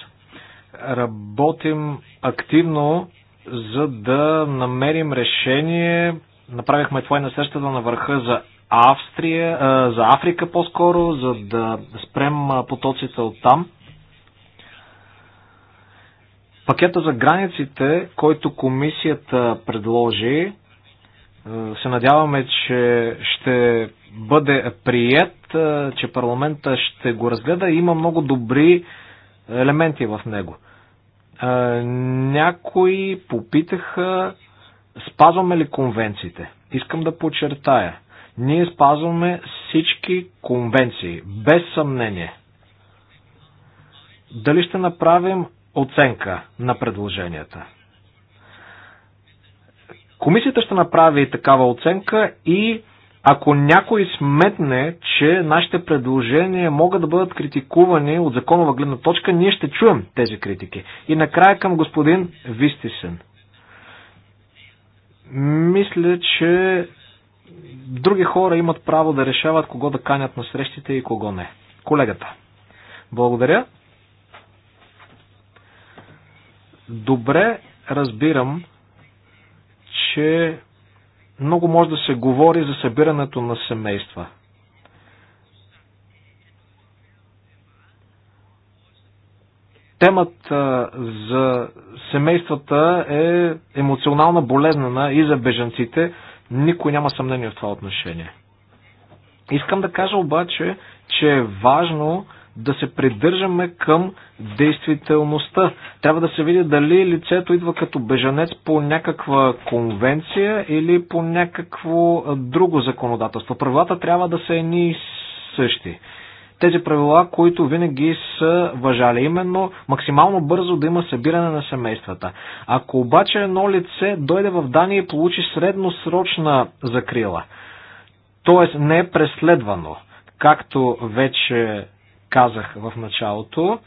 Speaker 2: Работим активно за да намерим решение. Направихме това и на срещата на върха за Австрия, за Африка по-скоро, за да спрем потоците от там. Пакета за границите, който комисията предложи, се надяваме, че ще бъде прият, че парламента ще го разгледа. Има много добри елементи в него. Някои попитаха спазваме ли конвенциите. Искам да подчертая. Ние спазваме всички конвенции, без съмнение. Дали ще направим оценка на предложенията? Комисията ще направи такава оценка и ако някой сметне, че нашите предложения могат да бъдат критикувани от законова гледна точка, ние ще чуем тези критики. И накрая към господин Вистисен. Мисля, че други хора имат право да решават кого да канят на срещите и кого не. Колегата. Благодаря. Добре разбирам, че много може да се говори за събирането на семейства. Темата за семействата е емоционална болезнена и за бежанците, никой няма съмнение в това отношение. Искам да кажа обаче, че е важно да се придържаме към действителността. Трябва да се види дали лицето идва като бежанец по някаква конвенция или по някакво друго законодателство. Правилата трябва да са едни и същи тези правила, които винаги са въжали. Именно максимално бързо да има събиране на семействата. Ако обаче едно лице дойде в Дания и получи средносрочна закрила, т.е. не е преследвано, както вече казах в началото,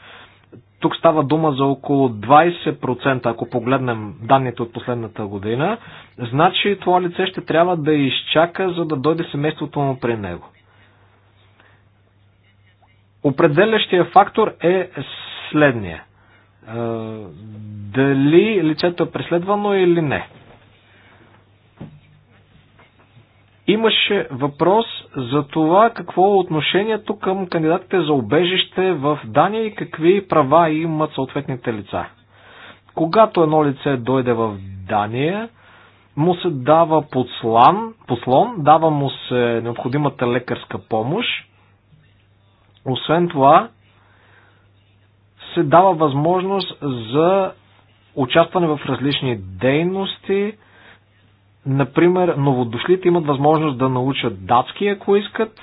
Speaker 2: тук става дума за около 20%, ако погледнем данните от последната година. Значи това лице ще трябва да изчака, за да дойде семейството му при него. Определящия фактор е следния. Е, дали лицето е преследвано или не. Имаше въпрос за това какво е отношението към кандидатите за обежище в Дания и какви права имат съответните лица. Когато едно лице дойде в Дания, му се дава послан, послон, дава му се необходимата лекарска помощ, освен това, се дава възможност за участване в различни дейности. Например, новодошлите имат възможност да научат датски, ако искат.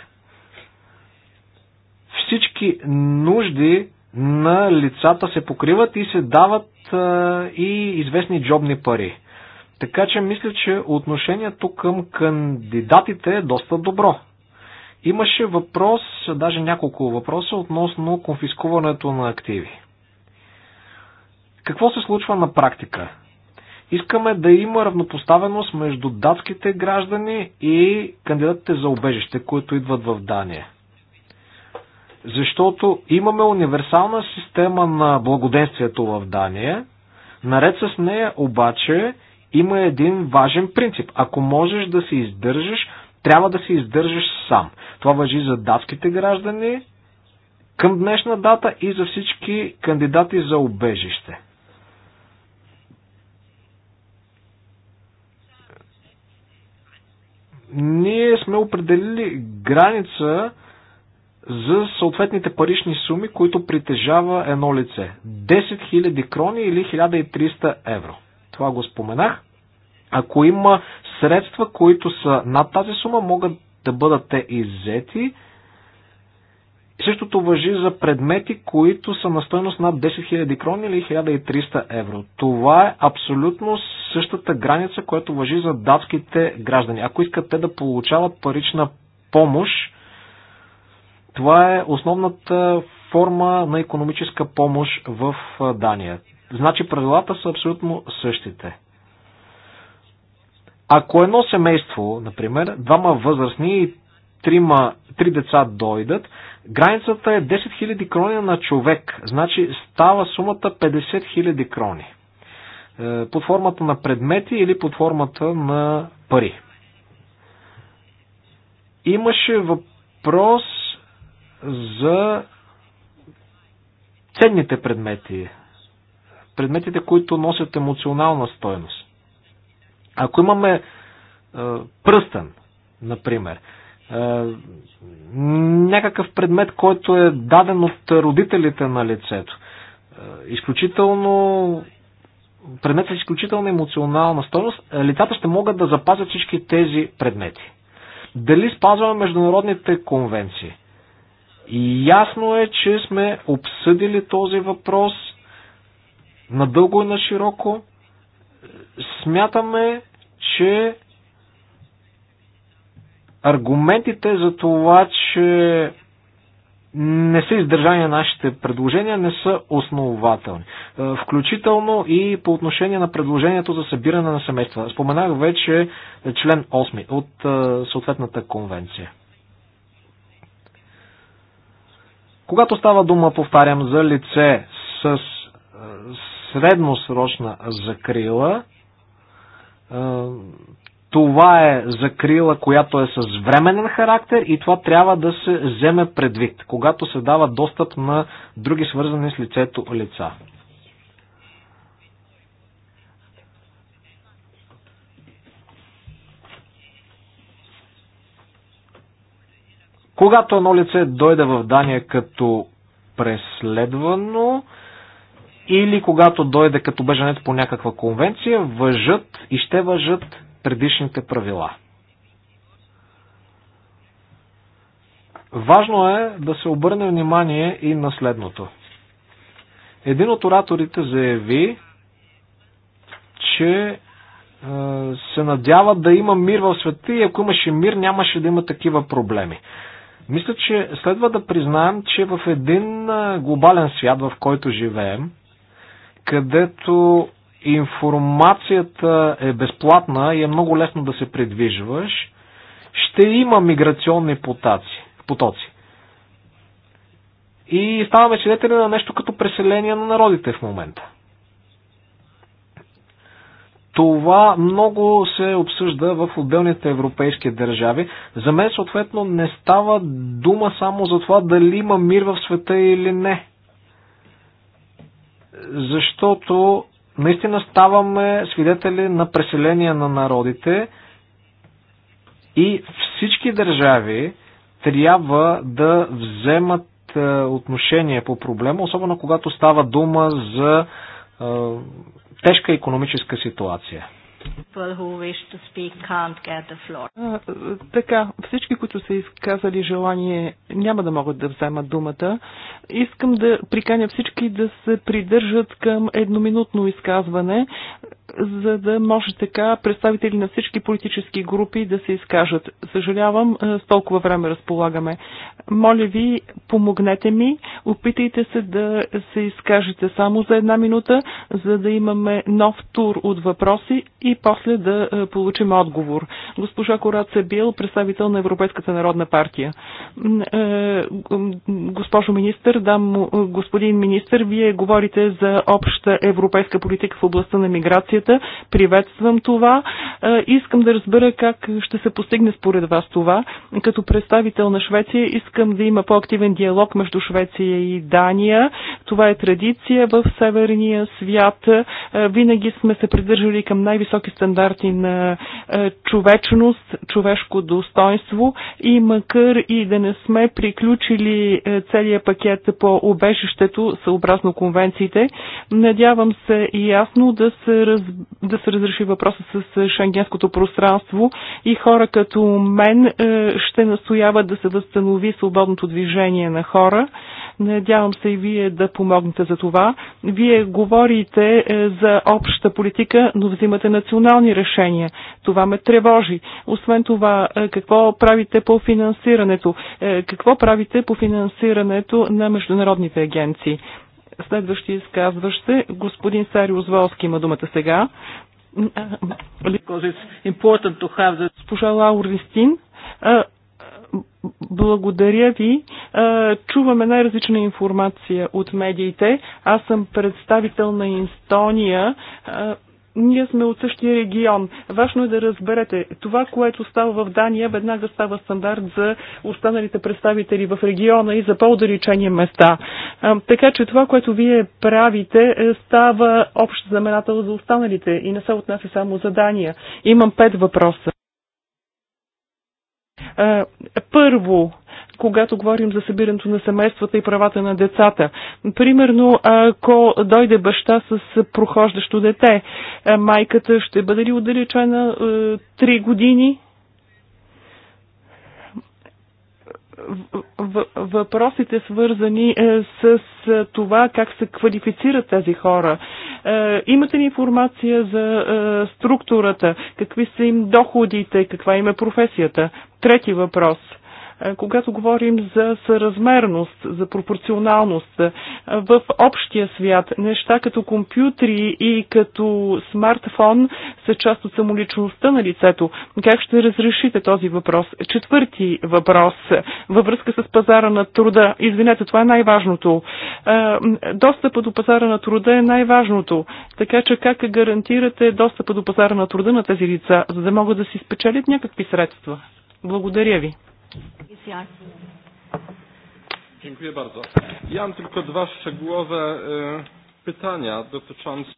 Speaker 2: Всички нужди на лицата се покриват и се дават и известни джобни пари. Така че мисля, че отношението към кандидатите е доста добро. Имаше въпрос, даже няколко въпроса относно конфискуването на активи. Какво се случва на практика? Искаме да има равнопоставеност между датските граждани и кандидатите за убежище, които идват в Дания. Защото имаме универсална система на благоденствието в Дания. Наред с нея обаче има един важен принцип. Ако можеш да се издържаш, трябва да се издържаш сам. Това въжи за датските граждани към днешна дата и за всички кандидати за обежище. Ние сме определили граница за съответните парични суми, които притежава едно лице. 10 000 крони или 1300 евро. Това го споменах. Ако има средства, които са над тази сума, могат да бъдат те иззети. Същото въжи за предмети, които са на стоеност над 10 000 крони или 1300 евро. Това е абсолютно същата граница, която въжи за датските граждани. Ако искат те да получават парична помощ, това е основната форма на економическа помощ в Дания. Значи правилата са абсолютно същите. Ако едно семейство, например, двама възрастни и трима, три деца дойдат, границата е 10 000 крони на човек. Значи става сумата 50 000 крони. Е, под формата на предмети или под формата на пари. Имаше въпрос за ценните предмети. Предметите, които носят емоционална стойност. Ако имаме е, пръстен, например, е, някакъв предмет, който е даден от родителите на лицето, е, изключително предмет с изключително емоционална стойност, лицата ще могат да запазят всички тези предмети. Дали спазваме международните конвенции? И ясно е, че сме обсъдили този въпрос надълго и на широко смятаме, че аргументите за това, че не са издържани нашите предложения, не са основателни. Е, включително и по отношение на предложението за събиране на семейства. Споменах вече член 8 от е, съответната конвенция. Когато става дума, повтарям, за лице с средносрочна закрила. Това е закрила, която е с временен характер и това трябва да се вземе предвид, когато се дава достъп на други свързани с лицето лица. Когато едно лице дойде в Дания като преследвано, или когато дойде като беженето по някаква конвенция, въжат и ще въжат предишните правила. Важно е да се обърне внимание и на следното. Един от ораторите заяви, че е, се надява да има мир в света и ако имаше мир, нямаше да има такива проблеми. Мисля, че следва да признаем, че в един е, глобален свят, в който живеем, където информацията е безплатна и е много лесно да се придвижваш, ще има миграционни потаци, потоци. И ставаме свидетели на нещо като преселение на народите в момента. Това много се обсъжда в отделните европейски държави. За мен съответно не става дума само за това дали има мир в света или не защото наистина ставаме свидетели на преселение на народите и всички държави трябва да вземат е, отношение по проблема, особено когато става дума за е, тежка економическа ситуация. Така, всички, които са изказали желание,
Speaker 4: няма да могат да вземат думата. Искам да приканя всички да се придържат към едноминутно изказване, за да може така представители на всички политически групи да се изкажат. Съжалявам, с толкова време разполагаме. Моля ви, помогнете ми, опитайте се да се изкажете само за една минута, за да имаме нов тур от въпроси и после да е, получим отговор. Госпожа Кораца Бил, представител на Европейската народна партия. Е, госпожо министър, дам, е, господин министър, вие говорите за обща европейска политика в областта на миграцията. Приветствам това. Искам да разбера как ще се постигне според вас това. Като представител на Швеция искам да има по-активен диалог между Швеция и Дания. Това е традиция в северния свят. Винаги сме се придържали към най-високи високи стандарти на е, човечност, човешко достоинство и макар и да не сме приключили е, целият пакет по обежището съобразно конвенциите, надявам се и ясно да се, раз... да се разреши въпроса с е, шенгенското пространство и хора като мен ще настояват да се възстанови свободното движение на хора. Надявам се и вие да помогнете за това. Вие говорите е, за обща политика, но взимате национални решения. Това ме тревожи. Освен това, е, какво правите по финансирането? Е, какво правите по финансирането на международните агенции? Следващия изказващ господин Сариус Волски има думата сега. Госпожа Лауристин, благодаря ви. Чуваме най-различна информация от медиите. Аз съм представител на Инстония. Ние сме от същия регион. Важно е да разберете, това, което става в Дания, веднага става стандарт за останалите представители в региона и за по-удалечени места. Така че това, което вие правите, е, става общ знаменател за останалите и не се отнася само за Дания. Имам пет въпроса. Е, първо, когато говорим за събирането на семействата и правата на децата. Примерно, ако дойде баща с прохождащо дете, е, майката ще бъде ли отдалечена 3 е, години въпросите свързани е, с е, това как се квалифицират тези хора. Е, имате ли информация за структурата? Какви са им доходите? Каква им е професията? Трети въпрос – е, когато говорим за съразмерност, за пропорционалност е, в общия свят, неща като компютри и като смартфон са част от самоличността на лицето. Как ще разрешите този въпрос? Четвърти въпрос във връзка с пазара на труда. Извинете, това е най-важното. Е, достъпа до пазара на труда е най-важното. Така че как гарантирате достъпа до пазара на труда на тези лица, за да могат да си спечелят някакви средства? Благодаря ви.
Speaker 2: Dziękuję bardzo. Ja mam tylko dwa szczegółowe y, pytania dotyczące.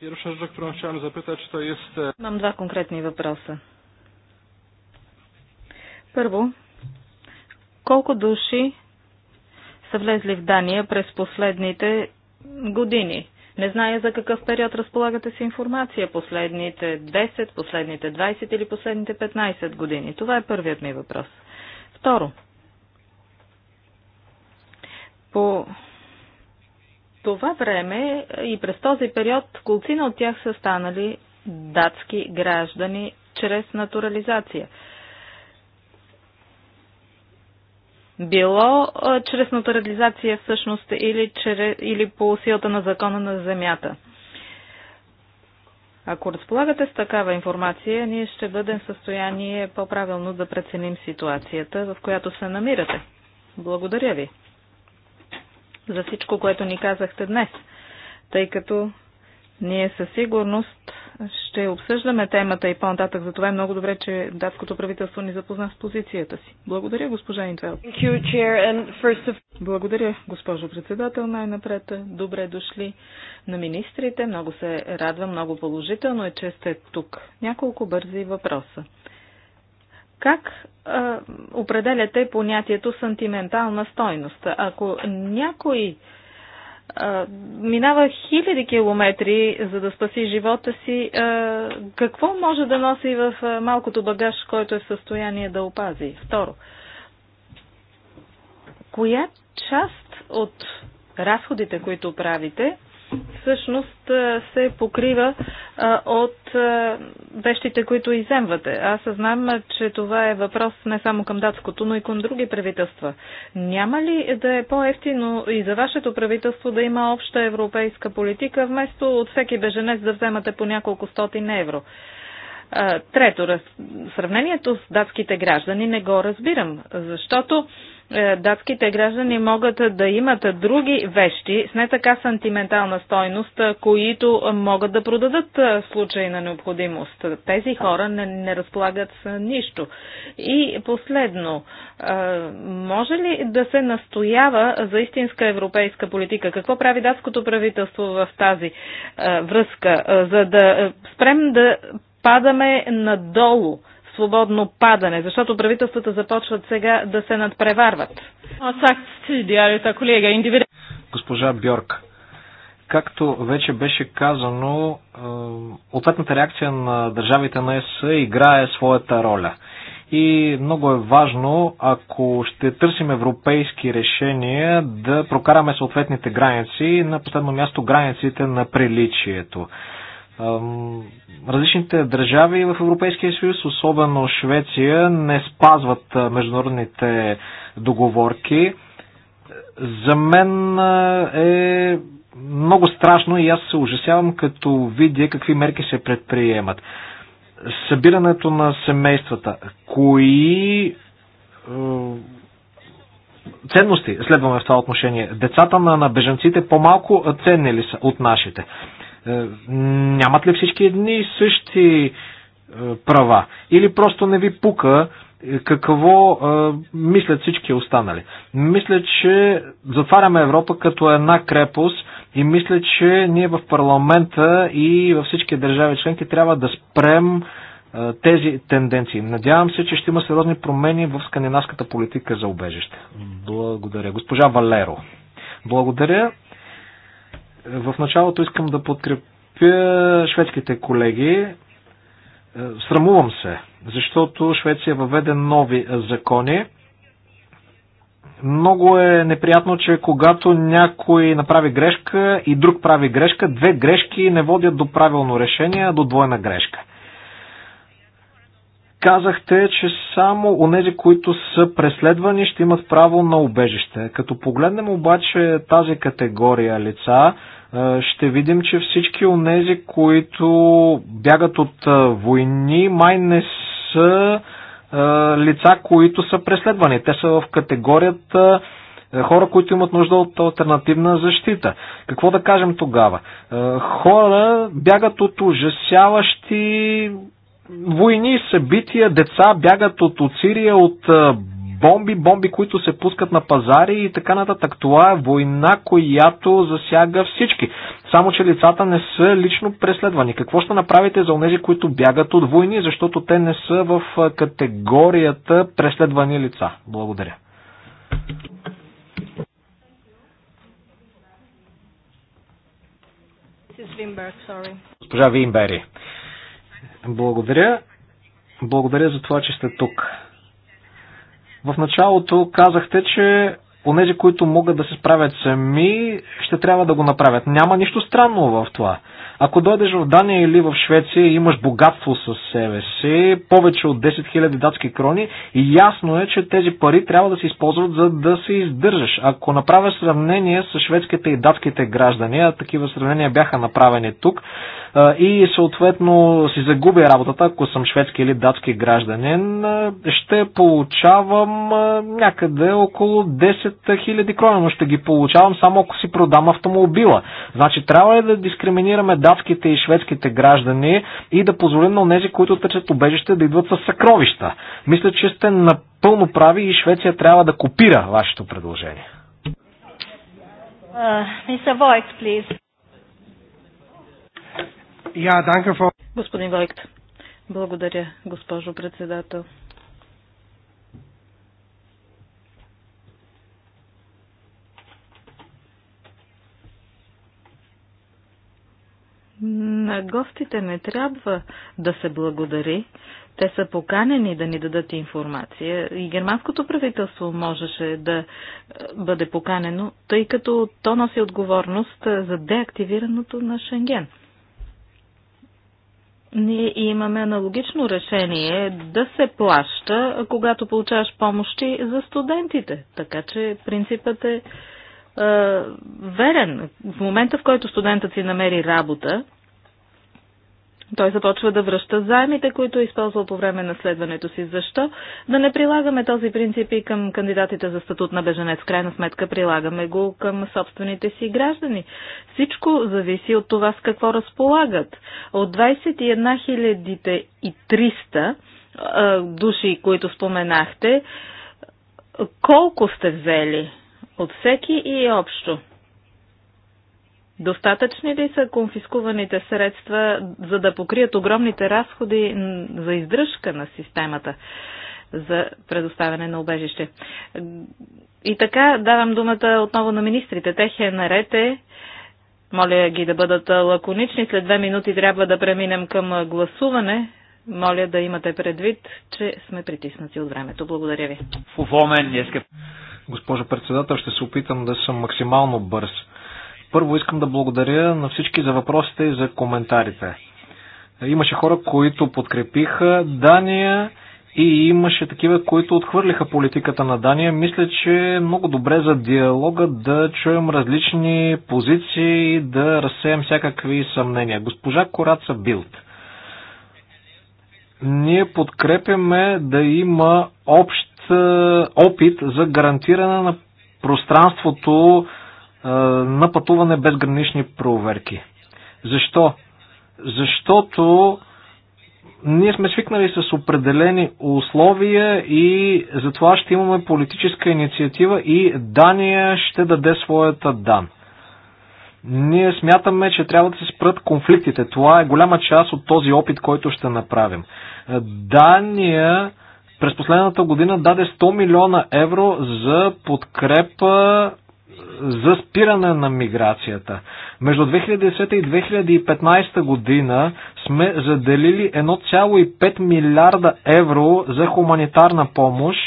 Speaker 2: Pierwsza rzecz, o którą chciałem zapytać, to jest.
Speaker 5: Mam dwa konkretne wyprosy. Първо, колко души са влезли в Дания през последните години? Не зная за какъв период разполагате с информация, последните 10, последните 20 или последните 15 години. Това е първият ми въпрос. Второ, по това време и през този период колцина от тях са станали датски граждани чрез натурализация – било а, чрез натурализация всъщност или, чрез, или по силата на закона на земята. Ако разполагате с такава информация, ние ще бъдем в състояние по-правилно да преценим ситуацията, в която се намирате. Благодаря ви за всичко, което ни казахте днес, тъй като ние със сигурност ще обсъждаме темата и по-нататък. Затова е много добре, че датското правителство ни запозна с позицията си. Благодаря, госпожа Интвел. Благодаря, госпожо председател. Най-напред е, добре дошли на министрите. Много се радвам, много положително е, че сте тук. Няколко бързи въпроса. Как а, е, определяте понятието сантиментална стойност? Ако някой минава хиляди километри, за да спаси живота си. Какво може да носи в малкото багаж, който е в състояние да опази? Второ, коя част от разходите, които правите, всъщност се покрива от вещите, които иземвате. Аз знам, че това е въпрос не само към датското, но и към други правителства. Няма ли да е по-ефтино и за вашето правителство да има обща европейска политика, вместо от всеки беженец да вземате по няколко стотин евро? Трето, сравнението с датските граждани не го разбирам, защото е, датските граждани могат да имат други вещи с не така сантиментална стойност, които могат да продадат е, в случай на необходимост. Тези хора не, не разполагат с нищо. И последно, е, може ли да се настоява за истинска европейска политика? Какво прави датското правителство в тази връзка, за да спрем да падаме надолу? свободно падане, защото правителствата започват сега да се надпреварват.
Speaker 2: Госпожа Бьорк, както вече беше казано, е, ответната реакция на държавите на ЕС играе своята роля. И много е важно, ако ще търсим европейски решения, да прокараме съответните граници, на последно място границите на приличието различните държави в Европейския съюз, особено Швеция, не спазват международните договорки. За мен е много страшно и аз се ужасявам, като видя какви мерки се предприемат. Събирането на семействата. Кои ценности следваме в това отношение? Децата на, на бежанците по-малко ценни ли са от нашите? Е, нямат ли всички едни и същи е, права? Или просто не ви пука е, какво мислят всички останали. Мисля, че затваряме Европа като една крепост и мисля, че ние в парламента и във всички държави членки трябва да спрем тези тенденции. Надявам се, че ще има сериозни промени в скандинавската политика за убежище. Благодаря. Госпожа Валеро. Благодаря. В началото искам да подкрепя шведските колеги. Е, срамувам се, защото Швеция въведе нови закони. Много е неприятно, че когато някой направи грешка и друг прави грешка, две грешки не водят до правилно решение, а до двойна грешка. Казахте, че само онези, които са преследвани, ще имат право на убежище. Като погледнем обаче тази категория лица, ще видим, че всички от тези, които бягат от войни, май не са лица, които са преследвани. Те са в категорията хора, които имат нужда от альтернативна защита. Какво да кажем тогава? Хора бягат от ужасяващи войни, събития, деца бягат от, от Сирия, от бомби, бомби, които се пускат на пазари и така нататък. Това е война, която засяга всички. Само, че лицата не са лично преследвани. Какво ще направите за онези, които бягат от войни, защото те не са в категорията преследвани лица? Благодаря. Госпожа Винбери. Благодаря. Благодаря за това, че сте тук. В началото казахте, че Онези, които могат да се справят сами, ще трябва да го направят. Няма нищо странно в това. Ако дойдеш в Дания или в Швеция и имаш богатство с себе си, повече от 10 000 датски крони, и ясно е, че тези пари трябва да се използват за да се издържаш. Ако направя сравнение с шведските и датските граждани, а такива сравнения бяха направени тук, и съответно си загубя работата, ако съм шведски или датски гражданин, ще получавам някъде около 10 Хиляди крона, но ще ги получавам само ако си продам автомобила. Значи трябва ли да дискриминираме датските и шведските граждани и да позволим на тези, които тъчат убежище, да идват с съкровища? Мисля, че сте напълно прави и Швеция трябва да копира вашето предложение.
Speaker 3: Uh,
Speaker 5: Господин Войкт, благодаря, госпожо председател. На гостите не трябва да се благодари. Те са поканени да ни дадат информация. И германското правителство можеше да е, бъде поканено, тъй като то носи отговорност за деактивирането на Шенген. Ние имаме аналогично решение да се плаща, когато получаваш помощи за студентите. Така че принципът е е, верен. В момента, в който студентът си намери работа, той започва да връща заемите, които е използвал по време на следването си. Защо? Да не прилагаме този принцип и към кандидатите за статут на беженец. В крайна сметка прилагаме го към собствените си граждани. Всичко зависи от това с какво разполагат. От 21 300 е, души, които споменахте, колко сте взели? От всеки и общо. Достатъчни ли са конфискуваните средства, за да покрият огромните разходи за издръжка на системата за предоставяне на убежище? И така давам думата отново на министрите. Техен наред е. Моля ги да бъдат лаконични. След две минути трябва да преминем към гласуване. Моля да имате предвид, че сме притиснати от времето.
Speaker 3: Благодаря ви.
Speaker 2: Госпожо председател, ще се опитам да съм максимално бърз. Първо искам да благодаря на всички за въпросите и за коментарите. Имаше хора, които подкрепиха Дания и имаше такива, които отхвърлиха политиката на Дания. Мисля, че е много добре за диалога да чуем различни позиции и да разсеем всякакви съмнения. Госпожа Кораца Билт. Ние подкрепяме да има общ е, опит за гарантиране на пространството е, на пътуване без гранични проверки. Защо? Защото ние сме свикнали с определени условия и затова ще имаме политическа инициатива и Дания ще даде своята дан. Ние смятаме, че трябва да се спрат конфликтите. Това е голяма част от този опит, който ще направим. Дания през последната година даде 100 милиона евро за подкрепа за спиране на миграцията. Между 2010 и 2015 година сме заделили 1,5 милиарда евро за хуманитарна помощ.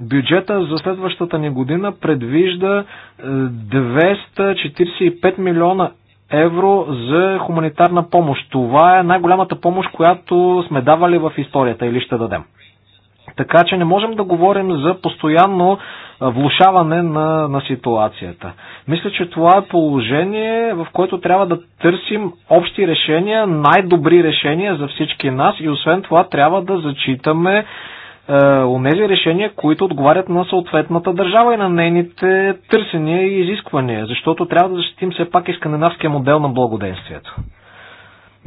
Speaker 2: Бюджета за следващата ни година предвижда 245 е, милиона евро за хуманитарна помощ. Това е най-голямата помощ, която сме давали в историята или ще дадем така че не можем да говорим за постоянно влушаване на, на ситуацията. Мисля, че това е положение, в което трябва да търсим общи решения, най-добри решения за всички нас и освен това трябва да зачитаме е, онези решения, които отговарят на съответната държава и на нейните търсения и изисквания, защото трябва да защитим все пак и скандинавския модел на благоденствието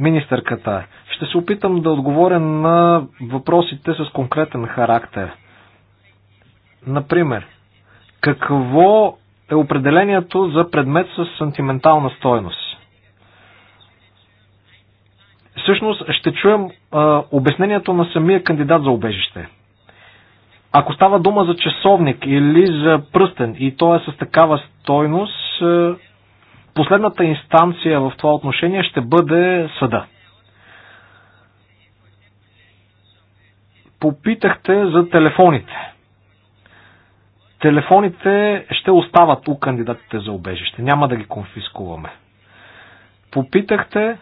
Speaker 2: министърката. Ще се опитам да отговоря на въпросите с конкретен характер. Например, какво е определението за предмет с сантиментална стойност? Всъщност ще чуем а, обяснението на самия кандидат за обежище. Ако става дума за часовник или за пръстен и то е с такава стойност, Последната инстанция в това отношение ще бъде съда. Попитахте за телефоните. Телефоните ще остават у кандидатите за убежище. Няма да ги конфискуваме. Попитахте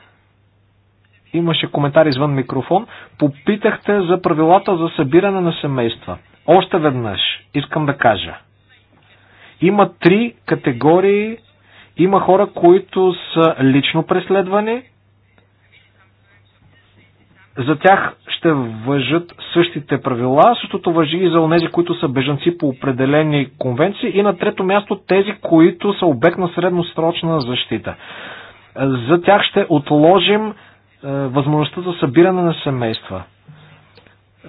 Speaker 2: имаше коментар извън микрофон, попитахте за правилата за събиране на семейства. Още веднъж искам да кажа. Има три категории има хора, които са лично преследвани. За тях ще въжат същите правила. Същото въжи и за тези, които са бежанци по определени конвенции. И на трето място тези, които са обект на средносрочна защита. За тях ще отложим е, възможността за събиране на семейства. Е,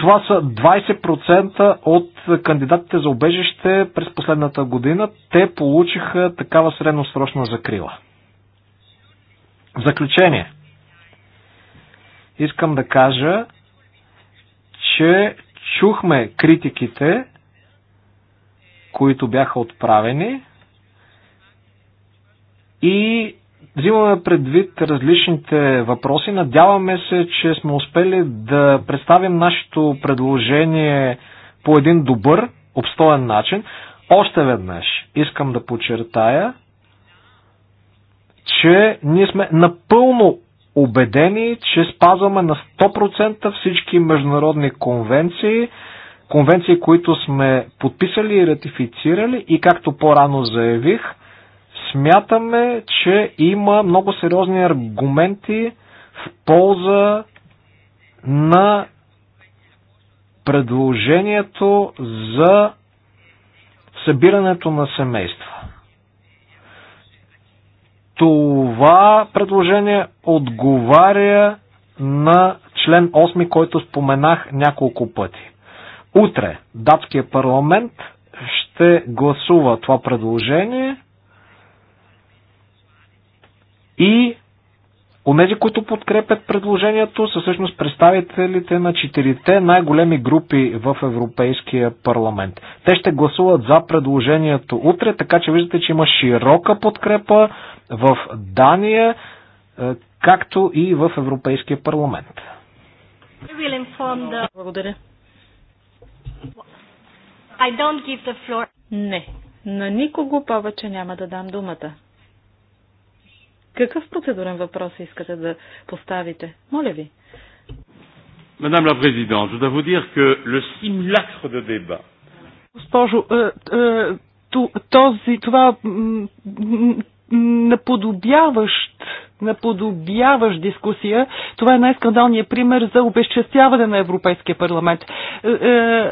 Speaker 2: това са 20% от кандидатите за обежище през последната година. Те получиха такава средносрочна закрила. В заключение, искам да кажа, че чухме критиките, които бяха отправени и Взимаме предвид различните въпроси. Надяваме се, че сме успели да представим нашето предложение по един добър, обстоен начин. Още веднъж искам да подчертая, че ние сме напълно убедени, че спазваме на 100% всички международни конвенции, конвенции, които сме подписали и ратифицирали и както по-рано заявих – Смятаме, че има много сериозни аргументи в полза на предложението за събирането на семейства. Това предложение отговаря на член 8, който споменах няколко пъти. Утре датския парламент ще гласува това предложение и Онези, които подкрепят предложението, са всъщност представителите на четирите най-големи групи в Европейския парламент. Те ще гласуват за предложението утре, така че виждате, че има широка подкрепа в Дания, е, както и в Европейския парламент. Благодаря. Не,
Speaker 3: на никого повече няма да дам
Speaker 5: думата. Какъв процедурен въпрос искате да поставите?
Speaker 4: Моля ви. Мадам ла президент, je dois vous dire que le simulacre de débat. Госпожо, е, е, този, това наподобяващ наподобяваш дискусия. Това е най-скандалният пример за обезчестяване на Европейския парламент. Е, е,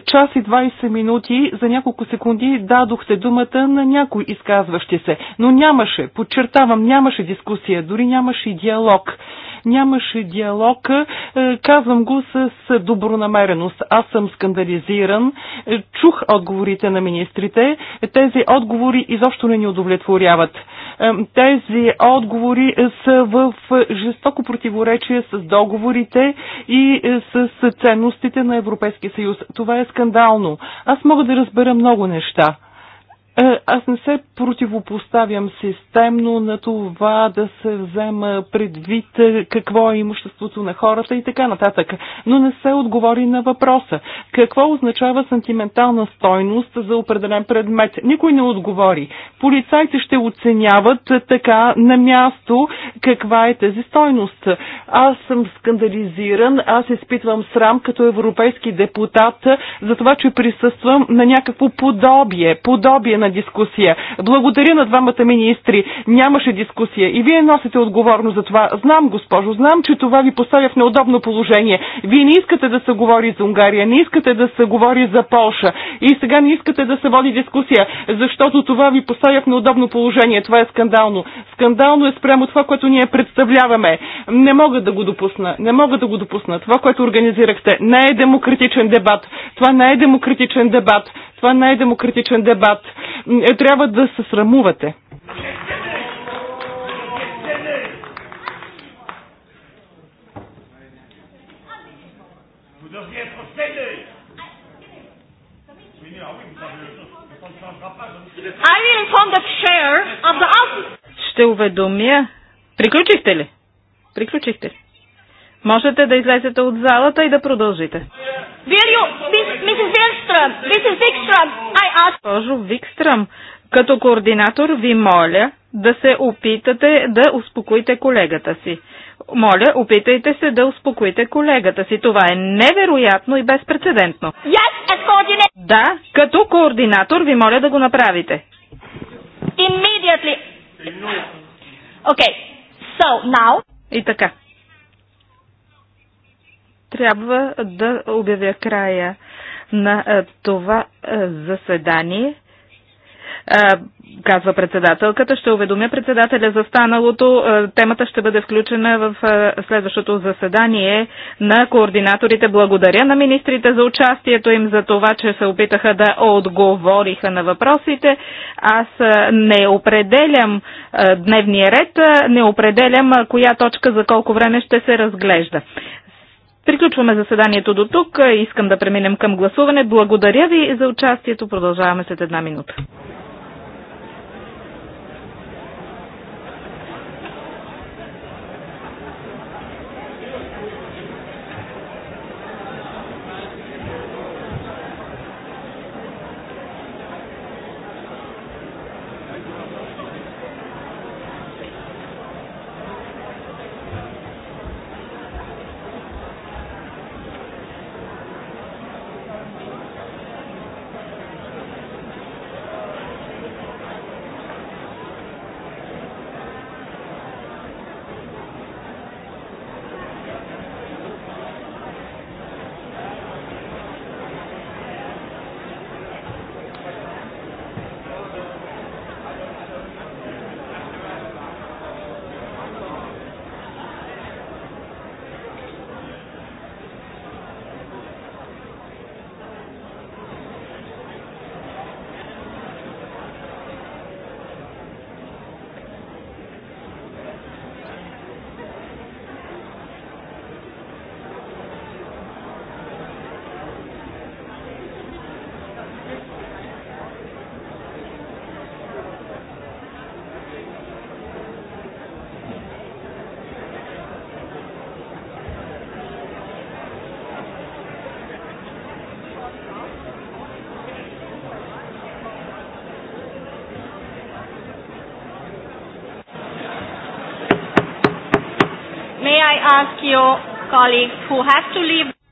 Speaker 4: час и 20 минути, за няколко секунди дадохте думата на някой изказващи се. Но нямаше, подчертавам, нямаше дискусия, дори нямаше и диалог нямаше диалог. Е, казвам го с добронамереност. Аз съм скандализиран. Е, чух отговорите на министрите. Тези отговори изобщо не ни удовлетворяват. Е, тези отговори са в жестоко противоречие с договорите и с ценностите на Европейския съюз. Това е скандално. Аз мога да разбера много неща. Е, аз не се противопоставям системно на това да се взема предвид е, какво е имуществото на хората и така нататък. Но не се отговори на въпроса. Какво означава сантиментална стойност за определен предмет? Никой не отговори. Полицайите ще оценяват е, така на място каква е тази стойност. Аз съм скандализиран, аз изпитвам срам като европейски депутат за това, че присъствам на някакво подобие, подобие на на дискусия. Благодаря на двамата министри. Нямаше дискусия и вие носите отговорност за това. Знам, госпожо, знам, че това ви поставя в неудобно положение. Вие не искате да се говори за Унгария, не искате да се говори за Полша и сега не искате да се води дискусия, защото това ви поставя в неудобно положение. Това е скандално. Скандално е спрямо това, което ние представляваме. Не мога да го допусна. Не мога да го допусна. Това, което организирахте, не е демократичен дебат. Това не е демократичен дебат. Това не е демократичен дебат. Е, трябва да се срамувате.
Speaker 5: Ще уведомя. Приключихте ли? Приключихте ли? Можете да излезете от залата и да продължите. Госпожо Викстрам, като координатор ви моля да се опитате да успокоите колегата си. Моля, опитайте се да успокоите колегата си. Това е невероятно и безпредседентно.
Speaker 3: Yes,
Speaker 5: да, като координатор ви моля да го направите.
Speaker 3: Immediately. Okay. So now...
Speaker 5: И така трябва да обявя края на е, това е, заседание. Е, казва председателката. Ще уведомя председателя за станалото. Темата ще бъде включена в следващото заседание на координаторите. Благодаря на министрите за участието им, за това, че се опитаха да отговориха на въпросите. Аз не определям дневния ред, не определям коя точка за колко време ще се разглежда. Приключваме заседанието до тук. Искам да преминем към гласуване. Благодаря ви за участието. Продължаваме след една минута.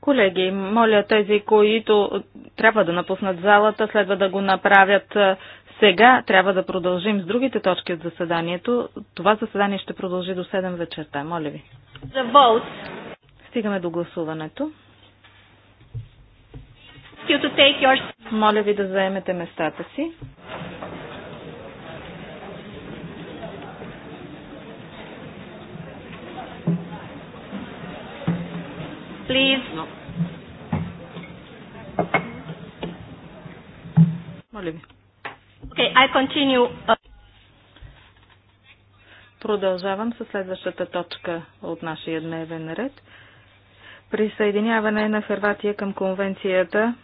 Speaker 5: Колеги, моля тези, които трябва да напуснат залата, следва да го направят сега. Трябва да продължим с другите точки от заседанието. Това заседание ще продължи до 7 вечерта. Моля ви. Стигаме до гласуването. Моля ви да заемете местата си.
Speaker 3: please? Okay, I continue. Uh,
Speaker 5: Продължавам със следващата точка от нашия дневен ред. Присъединяване на Хърватия към конвенцията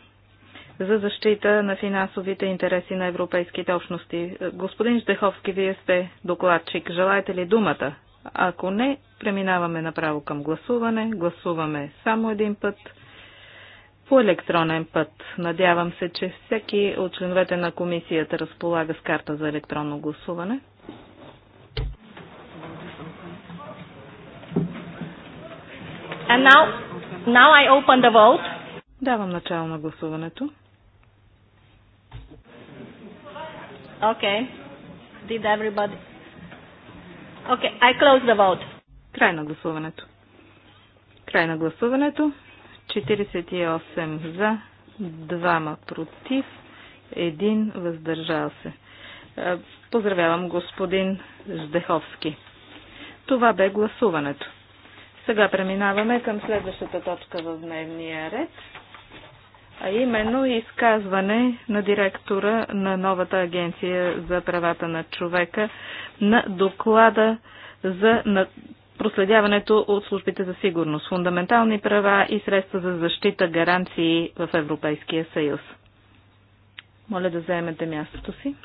Speaker 5: за защита на финансовите интереси на европейските общности. Господин Ждеховски, вие сте докладчик. Желаете ли думата ако не, преминаваме направо към гласуване. Гласуваме само един път по електронен път. Надявам се, че всеки от членовете на комисията разполага с карта за електронно гласуване.
Speaker 6: And now,
Speaker 3: now I open the vote. Давам начало на гласуването. Okay. Did everybody... Okay, I close the vote. Край на гласуването.
Speaker 5: Край на гласуването. 48 за, 2 против, 1 въздържал се. Поздравявам господин Ждеховски. Това бе гласуването. Сега преминаваме към следващата точка в дневния ред а именно изказване на директора на новата агенция за правата на човека на доклада за проследяването от службите за сигурност, фундаментални права и средства за защита гаранции в Европейския съюз. Моля да заемете мястото си.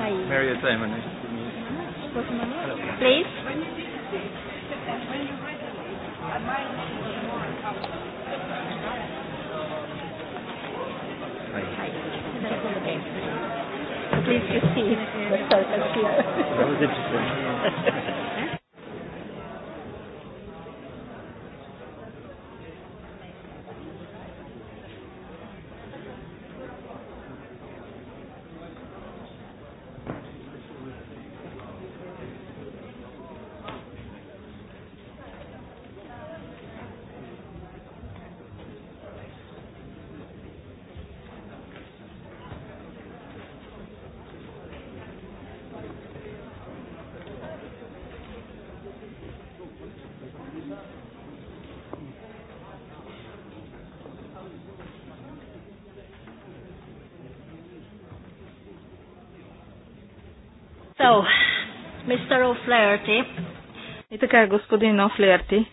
Speaker 3: Е. Please.
Speaker 6: Please, to see That was interesting.
Speaker 3: И така, господин Офлерти,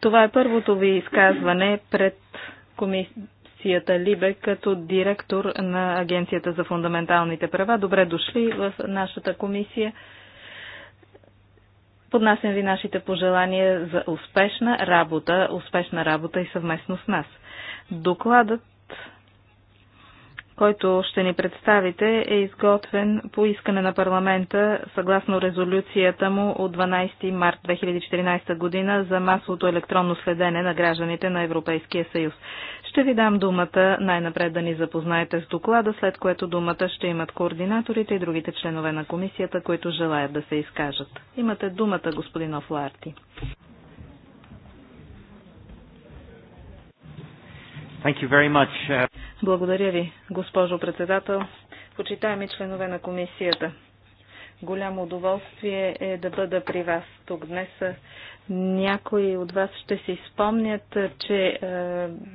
Speaker 5: това е първото ви изказване пред комисията Либе като директор на Агенцията за фундаменталните права. Добре дошли в нашата комисия. Поднасям ви нашите пожелания за успешна работа, успешна работа и съвместно с нас. Докладът който ще ни представите, е изготвен по искане на парламента съгласно резолюцията му от 12 март 2014 година за масовото електронно следене на гражданите на Европейския съюз. Ще ви дам думата най-напред да ни запознаете с доклада, след което думата ще имат координаторите и другите членове на комисията, които желаят да се изкажат. Имате думата, господин Офларти. Thank you very much. Uh, Благодаря ви, госпожо председател. Почитаеми членове на комисията. Голямо удоволствие е да бъда при вас тук днес. Някои от вас ще си спомнят, че е,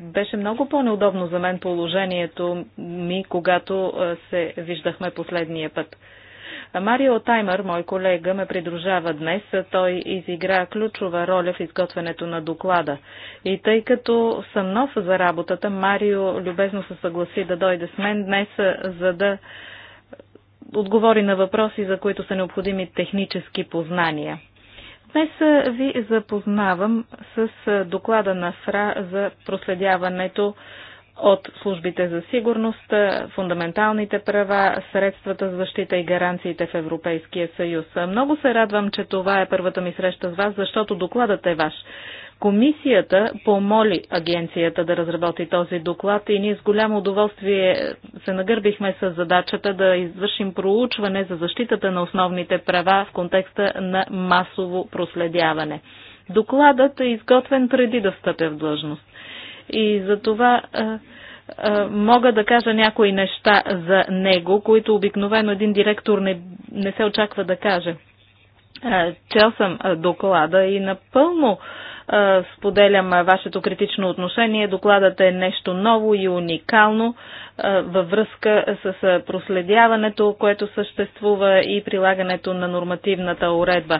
Speaker 5: беше много по-неудобно за мен положението ми, когато е, се виждахме последния път. Марио Таймър, мой колега, ме придружава днес. Той изигра ключова роля в изготвянето на доклада. И тъй като съм нов за работата, Марио любезно се съгласи да дойде с мен днес, за да отговори на въпроси, за които са необходими технически познания. Днес ви запознавам с доклада на ФРА за проследяването от службите за сигурност, фундаменталните права, средствата за защита и гаранциите в Европейския съюз. Много се радвам, че това е първата ми среща с вас, защото докладът е ваш. Комисията помоли агенцията да разработи този доклад и ние с голямо удоволствие се нагърбихме с задачата да извършим проучване за защитата на основните права в контекста на масово проследяване. Докладът е изготвен преди да встъпя в длъжност и за това мога да кажа някои неща за него, които обикновено един директор не, не се очаква да каже. Чел съм доклада и напълно е, споделям е, вашето критично отношение. Докладът е нещо ново и уникално е, във връзка с проследяването, което съществува и прилагането на нормативната уредба.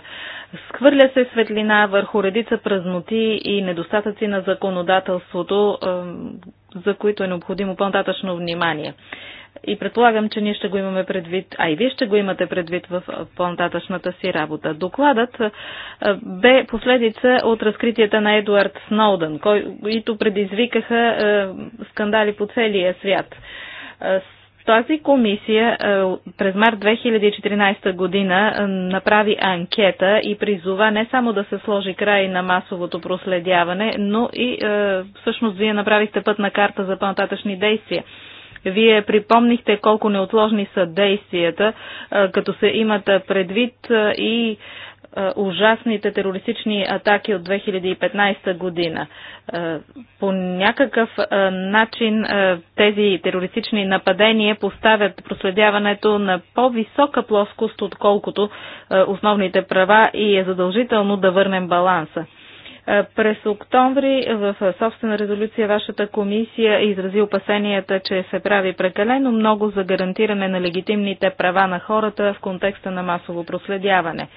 Speaker 5: Схвърля се светлина върху редица празноти и недостатъци на законодателството, за които е необходимо по-нататъчно внимание и предполагам, че ние ще го имаме предвид, а и вие ще го имате предвид в по-нататъчната си работа. Докладът бе последица от разкритията на Едуард Сноуден, които предизвикаха скандали по целия свят. Тази комисия през март 2014 година направи анкета и призова не само да се сложи край на масовото проследяване, но и всъщност вие направихте пътна карта за по-нататъчни действия. Вие припомнихте колко неотложни са действията, като се имат предвид и ужасните терористични атаки от 2015 година. По някакъв начин тези терористични нападения поставят проследяването на по-висока плоскост, отколкото основните права и е задължително да върнем баланса. Е, през октомври в е, собствена резолюция вашата комисия изрази опасенията, че се прави прекалено много за гарантиране на легитимните права на хората в контекста на масово проследяване.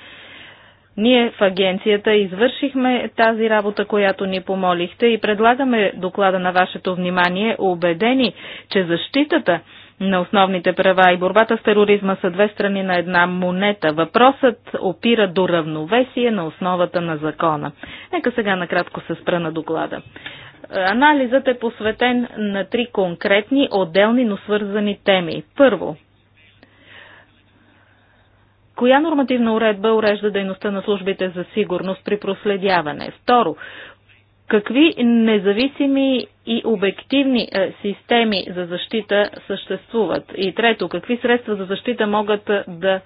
Speaker 5: Ние в агенцията извършихме тази работа, която ни помолихте и предлагаме доклада на вашето внимание, убедени, че защитата на основните права и борбата с тероризма са две страни на една монета. Въпросът опира до равновесие на основата на закона. Нека сега накратко се спра на доклада. Анализът е посветен на три конкретни, отделни, но свързани теми. Първо, Коя нормативна уредба урежда дейността на службите за сигурност при проследяване? Второ, какви независими и обективни е, системи за защита съществуват? И трето, какви средства за защита могат е, да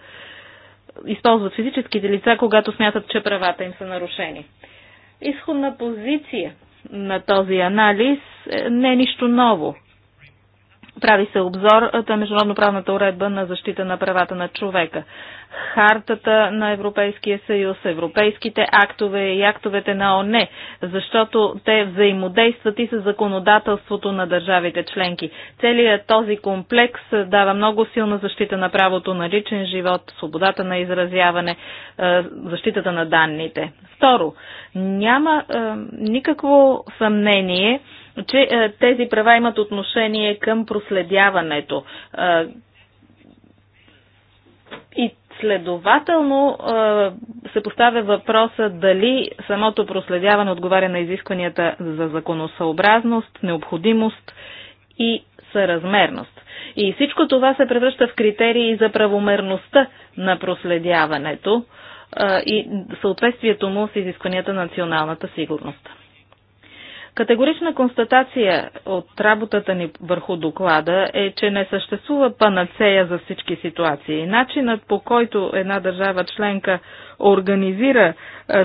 Speaker 5: използват физическите лица, когато смятат, че правата им са нарушени?
Speaker 3: Изходна позиция
Speaker 5: на този анализ е, не е нищо ново. Прави се обзор на е международноправната уредба на защита на правата на човека. Хартата на Европейския съюз, европейските актове и актовете на ОНЕ, защото те взаимодействат и с законодателството на държавите членки. Целият този комплекс дава много силна защита на правото на личен живот, свободата на изразяване, е, защитата на данните. Второ, няма е, никакво съмнение, че е, тези права имат отношение към проследяването. Е, и следователно е, се поставя въпроса дали самото проследяване отговаря на изискванията за законосъобразност, необходимост и съразмерност. И всичко това се превръща в критерии за правомерността на проследяването и съответствието му с изискванията на националната сигурност. Категорична констатация от работата ни върху доклада е, че не съществува панацея за всички ситуации. Начинът по който една държава членка организира е,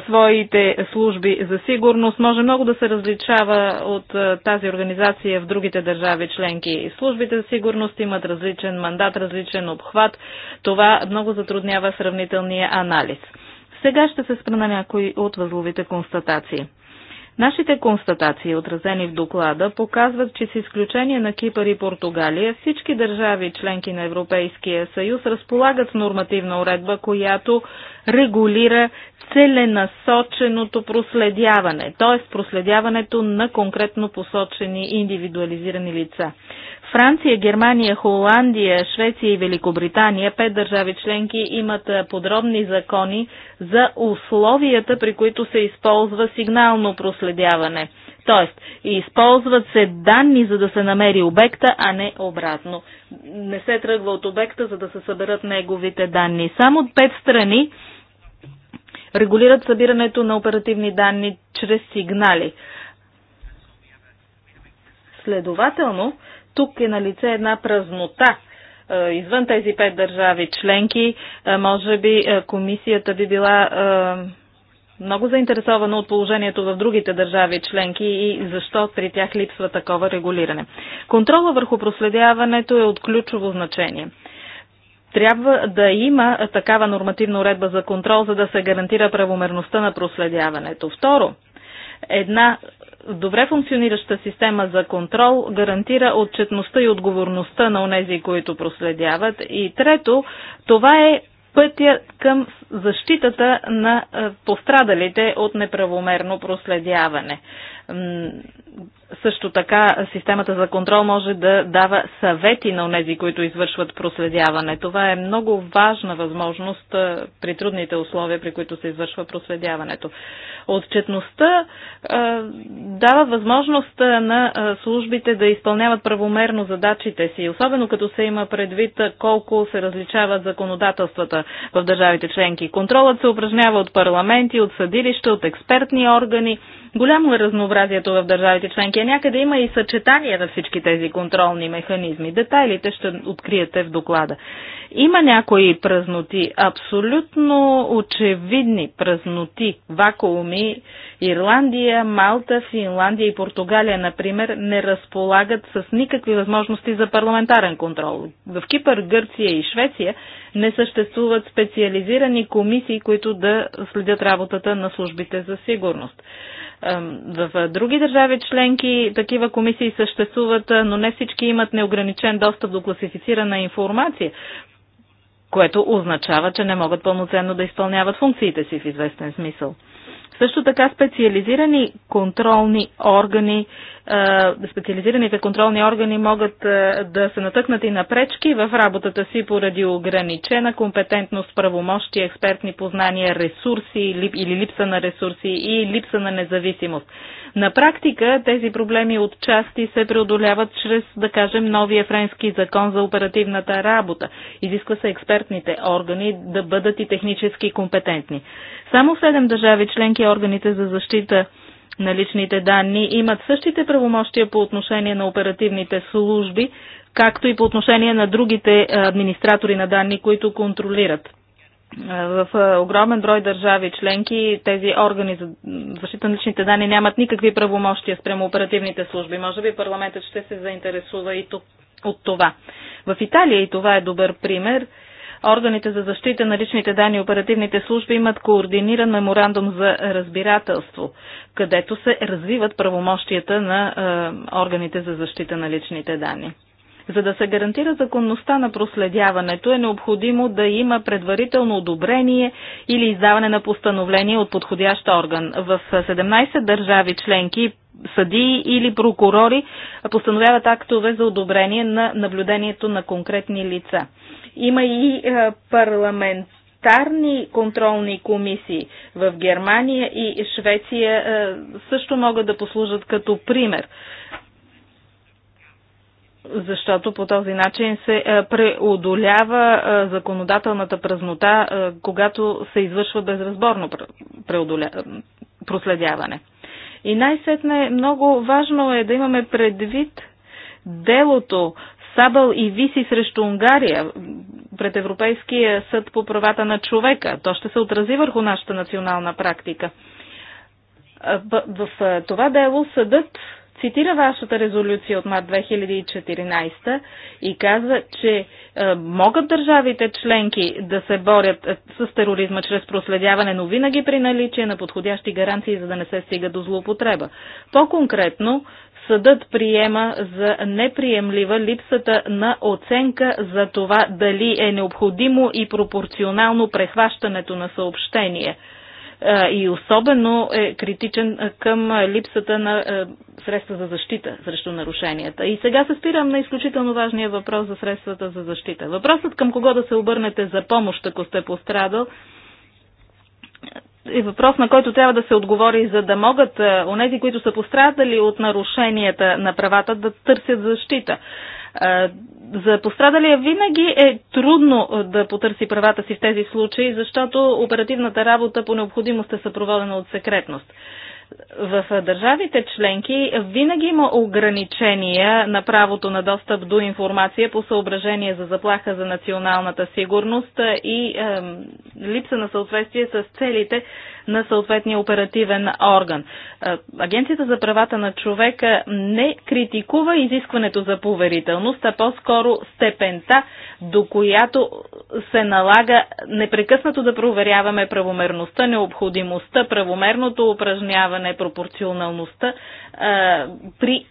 Speaker 5: своите служби за сигурност може много да се различава от е, тази организация в другите държави членки. Службите за сигурност имат различен мандат, различен обхват. Това много затруднява сравнителния анализ. Сега ще се спра на някои от възловите констатации. Нашите констатации, отразени в доклада, показват, че с изключение на Кипър и Португалия, всички държави, членки на Европейския съюз, разполагат с нормативна уредба, която регулира целенасоченото проследяване, т.е. проследяването на конкретно посочени индивидуализирани лица. Франция, Германия, Холандия, Швеция и Великобритания, пет държави членки, имат подробни закони за условията, при които се използва сигнално проследяване. Тоест, използват се данни, за да се намери обекта, а не обратно. Не се тръгва от обекта, за да се съберат неговите данни. Само от пет страни регулират събирането на оперативни данни чрез сигнали. Следователно, тук е на лице една празнота. Е, извън тези пет държави членки, е, може би е, комисията би била много заинтересована от положението в другите държави членки и защо при тях липсва такова регулиране. Контрола върху проследяването е от ключово значение. Трябва да има такава нормативна уредба за контрол, за да се гарантира правомерността на проследяването. Второ, една добре функционираща система за контрол гарантира отчетността и отговорността на онези, които проследяват. И трето, това е пътя към защитата на е, пострадалите от неправомерно проследяване. Също така системата за контрол може да дава съвети на тези, които извършват проследяване. Това е много важна възможност при трудните условия, при които се извършва проследяването. Отчетността дава възможност на службите да изпълняват правомерно задачите си, особено като се има предвид колко се различават законодателствата в държавите членки. Контролът се упражнява от парламенти, от съдилища, от експертни органи, Голямо е разнообразието в държавите членки, а някъде има и съчетание на всички тези контролни механизми. Детайлите ще откриете в доклада. Има някои празноти, абсолютно очевидни празноти, вакууми. Ирландия, Малта, Финландия и Португалия, например, не разполагат с никакви възможности за парламентарен контрол. В Кипър, Гърция и Швеция не съществуват специализирани комисии, които да следят работата на службите за сигурност. В други държави членки такива комисии съществуват, но не всички имат неограничен достъп до класифицирана информация, което означава, че не могат пълноценно да изпълняват функциите си в известен смисъл. Също така специализирани контролни органи е, специализираните контролни органи могат е, да се натъкнат и на пречки в работата си поради ограничена компетентност, правомощи, експертни познания, ресурси или липса на ресурси и липса на независимост. На практика тези проблеми от части се преодоляват чрез, да кажем, новия френски закон за оперативната работа. Изисква се експертните органи да бъдат и технически компетентни. Само в 7 държави членки органите за защита на личните данни имат същите правомощия по отношение на оперативните служби, както и по отношение на другите администратори на данни, които контролират. В огромен брой държави членки тези органи за защита на личните данни нямат никакви правомощия спрямо оперативните служби. Може би парламентът ще се заинтересува и тук от това. В Италия, и това е добър пример, Органите за защита на личните данни и оперативните служби имат координиран меморандум за разбирателство, където се развиват правомощията на органите за защита на личните данни. За да се гарантира законността на проследяването е необходимо да има предварително одобрение или издаване на постановление от подходящ орган. В 17 държави членки съдии или прокурори постановяват актове за одобрение на наблюдението на конкретни лица. Има и парламент парламентарни контролни комисии в Германия и Швеция е, също могат да послужат като пример. Защото по този начин се е, преодолява е, законодателната празнота, когато се извършва безразборно проследяване. И най-сетне много важно е да имаме предвид делото Сабъл и виси срещу Унгария пред Европейския съд по правата на човека. То ще се отрази върху нашата национална практика. В това дело съдът цитира вашата резолюция от март 2014 и каза, че могат държавите членки да се борят с тероризма чрез проследяване, но винаги при наличие на подходящи гаранции, за да не се стига до злоупотреба. По-конкретно, съдът приема за неприемлива липсата на оценка за това дали е необходимо и пропорционално прехващането на съобщение. И особено е критичен към липсата на средства за защита срещу нарушенията. И сега се спирам на изключително важния въпрос за средствата за защита. Въпросът към кого да се обърнете за помощ, ако сте пострадал, е въпрос, на който трябва да се отговори, за да могат е, онези, които са пострадали от нарушенията на правата, да търсят защита. Е, за пострадалия винаги е трудно е, да потърси правата си в тези случаи, защото оперативната работа по необходимост е съпроводена от секретност в държавите членки винаги има ограничения на правото на достъп до информация по съображение за заплаха за националната сигурност и е, липса на съответствие с целите на съответния оперативен орган. Е, Агенцията за правата на човека не критикува изискването за поверителност, а по-скоро степента, до която се налага непрекъснато да проверяваме правомерността, необходимостта, правомерното упражняване, пропорционалността е, при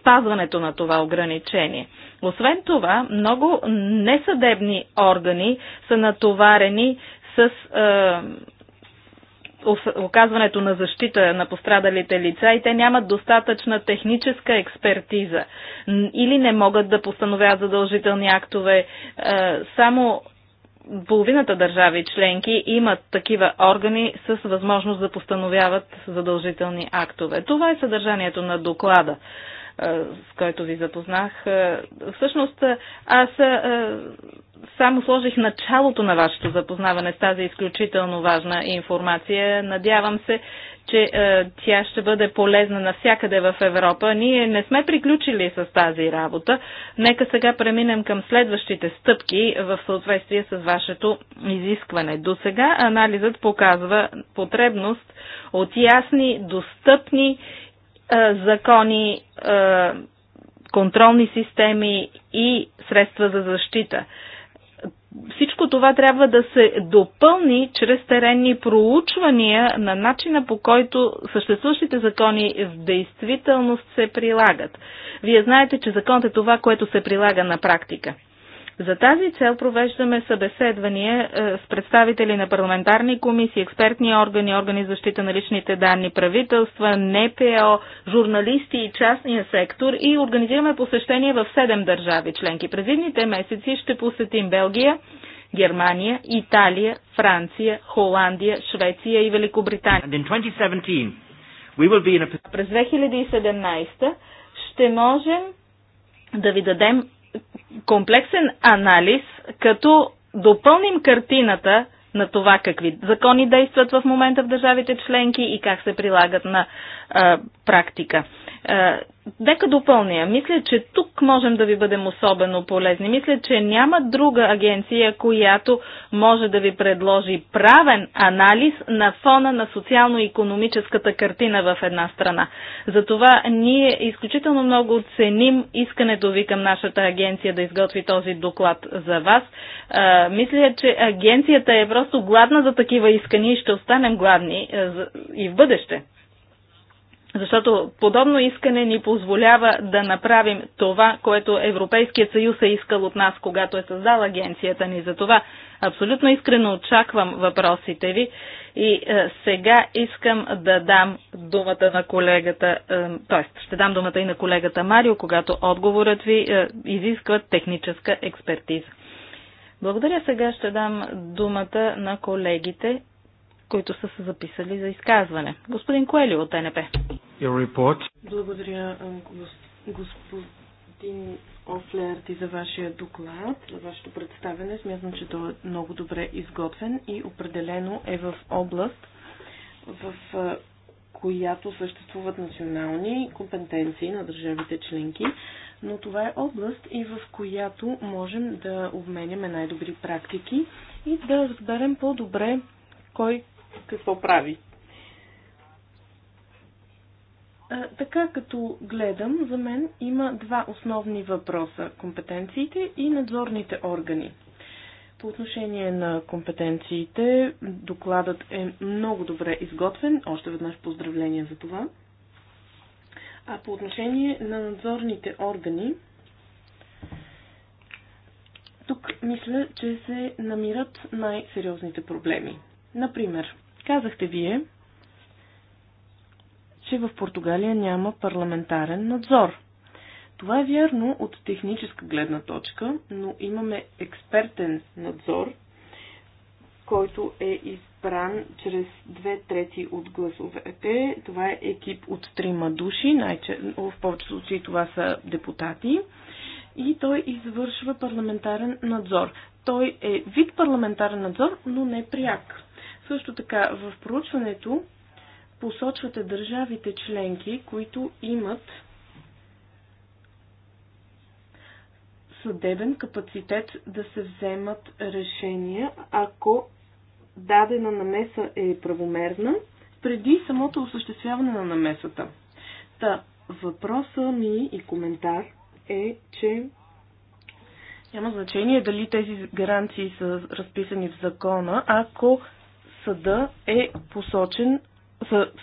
Speaker 5: спазването на това ограничение. Освен това, много несъдебни органи са натоварени с е, оказването на защита на пострадалите лица и те нямат достатъчна техническа експертиза или не могат да постановяват задължителни актове. Е, само половината държави членки имат такива органи с възможност да постановяват задължителни актове. Това е съдържанието на доклада с който ви запознах. Всъщност, аз само сложих началото на вашето запознаване с тази изключително важна информация. Надявам се, че тя ще бъде полезна навсякъде в Европа. Ние не сме приключили с тази работа. Нека сега преминем към следващите стъпки в съответствие с вашето изискване. До сега анализът показва потребност от ясни, достъпни е, закони, е, контролни системи и средства за защита. Всичко това трябва да се допълни чрез теренни проучвания на начина по който съществуващите закони в действителност се прилагат. Вие знаете, че законът е това, което се прилага на практика. За тази цел провеждаме събеседвания е, с представители на парламентарни комисии, експертни органи, органи за защита на личните данни, правителства, НПО, журналисти и частния сектор и организираме посещения в 7 държави членки. През едните месеци ще посетим Белгия, Германия, Италия, Франция, Холандия, Швеция и Великобритания. През 2017 ще можем да ви дадем комплексен анализ, като допълним картината на това какви закони действат в момента в държавите членки и как се прилагат на а, практика. Е, нека допълня. Мисля, че тук можем да ви бъдем особено полезни. Мисля, че няма друга агенция, която може да ви предложи правен анализ на фона на социално-економическата картина в една страна. Затова ние изключително много ценим искането ви към нашата агенция да изготви този доклад за вас. А, е, мисля, че агенцията е просто гладна за такива искания и ще останем гладни е, и в бъдеще. Защото подобно искане ни позволява да направим това, което Европейският съюз е искал от нас, когато е създал агенцията ни. За това абсолютно искрено очаквам въпросите ви и е, сега искам да дам думата на колегата, е, т.е. ще дам думата и на колегата Марио, когато отговорът ви е, изисква техническа експертиза. Благодаря. Сега ще дам думата на колегите които са се записали за изказване. Господин Коели от НП.
Speaker 1: Благодаря, господин ти за вашия доклад, за вашето представене. Смятам, че той е много добре изготвен и определено е в област, в която съществуват национални компетенции на държавите членки, но това е област и в която можем да обменяме най-добри практики и да разберем по-добре кой какво прави. А, така като гледам, за мен има два основни въпроса компетенциите и надзорните органи. По отношение на компетенциите, докладът е много добре изготвен. Още веднъж поздравления за това. А по отношение на надзорните органи, тук мисля, че се намират най-сериозните проблеми. Например, казахте вие, че в Португалия няма парламентарен надзор. Това е вярно от техническа гледна точка, но имаме експертен надзор, който е избран чрез две трети от гласовете. Това е екип от трима души, най-че, в повечето случаи това са депутати. И той извършва парламентарен надзор. Той е вид парламентарен надзор, но не пряк. Също така, в проучването посочвате държавите членки, които имат съдебен капацитет да се вземат решения, ако дадена намеса е правомерна, преди самото осъществяване на намесата. Та, въпроса ми и коментар е, че няма значение дали тези гаранции са разписани в закона, ако съда е посочен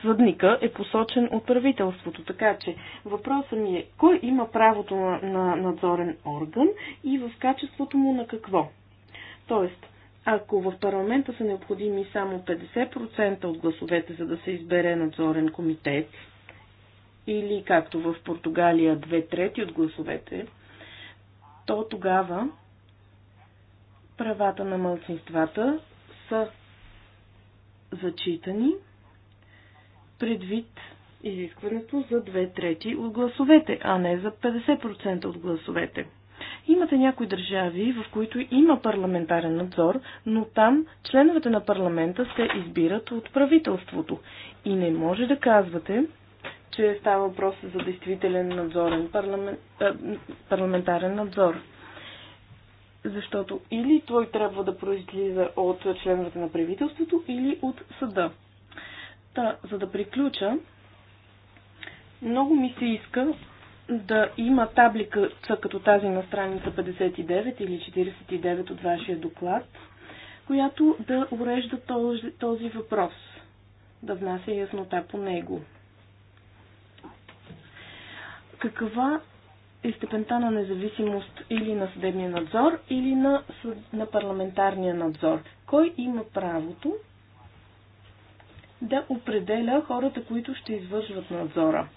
Speaker 1: съдника е посочен от правителството. Така че въпросът ми е кой има правото на, на надзорен орган и в качеството му на какво? Тоест, ако в парламента са необходими само 50% от гласовете, за да се избере надзорен комитет, или както в Португалия две трети от гласовете, то тогава правата на мълцинствата са зачитани предвид изискването за две трети от гласовете, а не за 50% от гласовете. Имате някои държави, в които има парламентарен надзор, но там членовете на парламента се избират от правителството. И не може да казвате, че става въпрос за действителен надзорен парламент, парламентарен надзор. Защото или той трябва да произлиза от членовете на правителството, или от съда. Та, за да приключа, много ми се иска да има таблика като тази на страница 59 или 49 от вашия доклад, която да урежда този, този въпрос, да внася яснота по него. Каква е степента на независимост или на съдебния надзор, или на, на парламентарния надзор. Кой има правото да определя хората, които ще извършват надзора?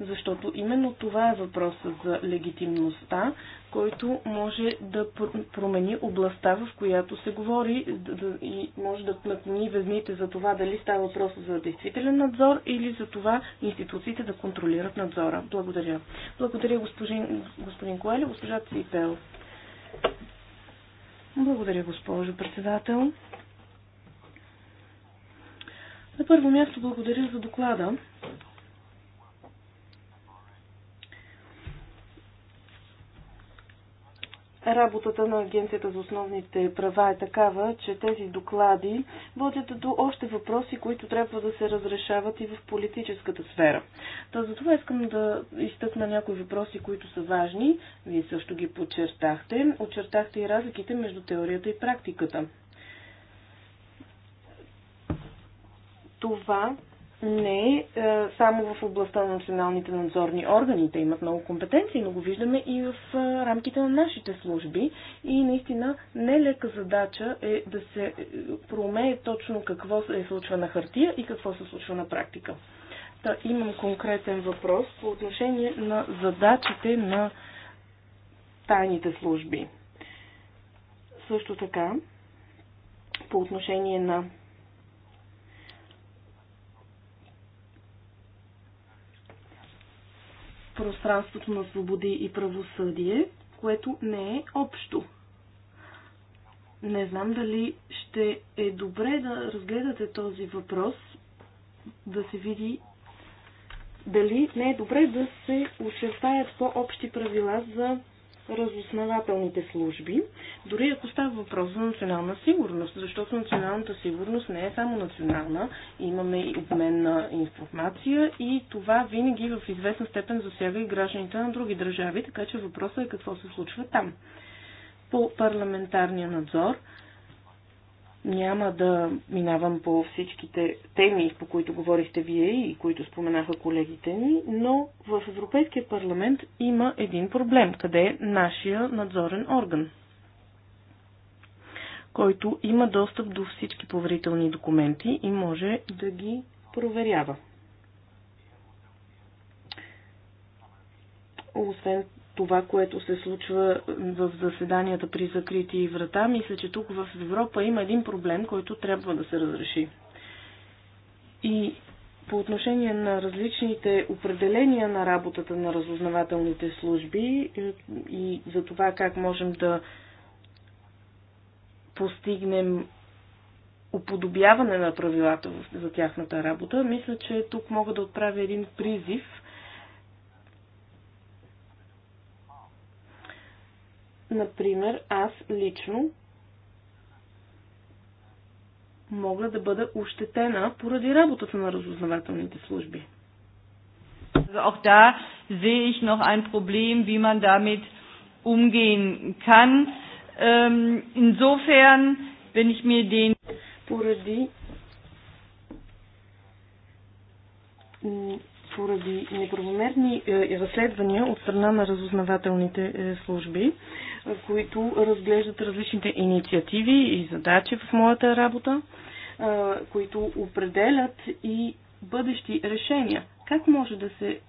Speaker 1: защото именно това е въпросът за легитимността, който може да промени областта, в която се говори и може да натни везните за това дали става въпрос за действителен надзор или за това институциите да контролират надзора. Благодаря. Благодаря господин, господин Коели, госпожа Ципел. Благодаря, госпожо председател. На първо място благодаря за доклада. Работата на Агенцията за основните права е такава, че тези доклади водят до още въпроси, които трябва да се разрешават и в политическата сфера. Та за това искам да изтъкна някои въпроси, които са важни. Вие също ги подчертахте. Очертахте и разликите между теорията и практиката. Това не е само в областта на националните надзорни органи. Те имат много компетенции, но го виждаме и в е, рамките на нашите служби. И наистина нелека задача е да се е, проумее точно какво се случва на хартия и какво се случва на практика. Та, имам конкретен въпрос по отношение на задачите на тайните служби. Също така, по отношение на пространството на свободи и правосъдие, което не е общо. Не знам дали ще е добре да разгледате този въпрос, да се види дали не е добре да се очертаят по-общи правила за разузнавателните служби, дори ако става въпрос за национална сигурност, защото националната сигурност не е само национална, имаме и обмен на информация и това винаги в известна степен засяга и гражданите на други държави, така че въпросът е какво се случва там. По парламентарния надзор няма да минавам по всичките теми, по които говорихте вие и които споменаха колегите ни, но в Европейския парламент има един проблем, къде е нашия надзорен орган, който има достъп до всички поверителни документи и може да ги проверява. Освен това, което се случва в заседанията при закрити врата. Мисля, че тук в Европа има един проблем, който трябва да се разреши. И по отношение на различните определения на работата на разузнавателните служби е, и за това как можем да постигнем уподобяване на правилата за тяхната работа, мисля, че тук мога да отправя един призив – Например, аз лично мога да бъда ощетена поради работата на разузнавателните служби. auch da sehe ich noch ein Problem, wie man damit umgehen kann. Ähm, insofern, wenn ich mir den поради поради неправомерни е, разследвания от страна на разузнавателните е, служби, които разглеждат различните инициативи и задачи в моята работа, които определят и бъдещи решения. Как може да се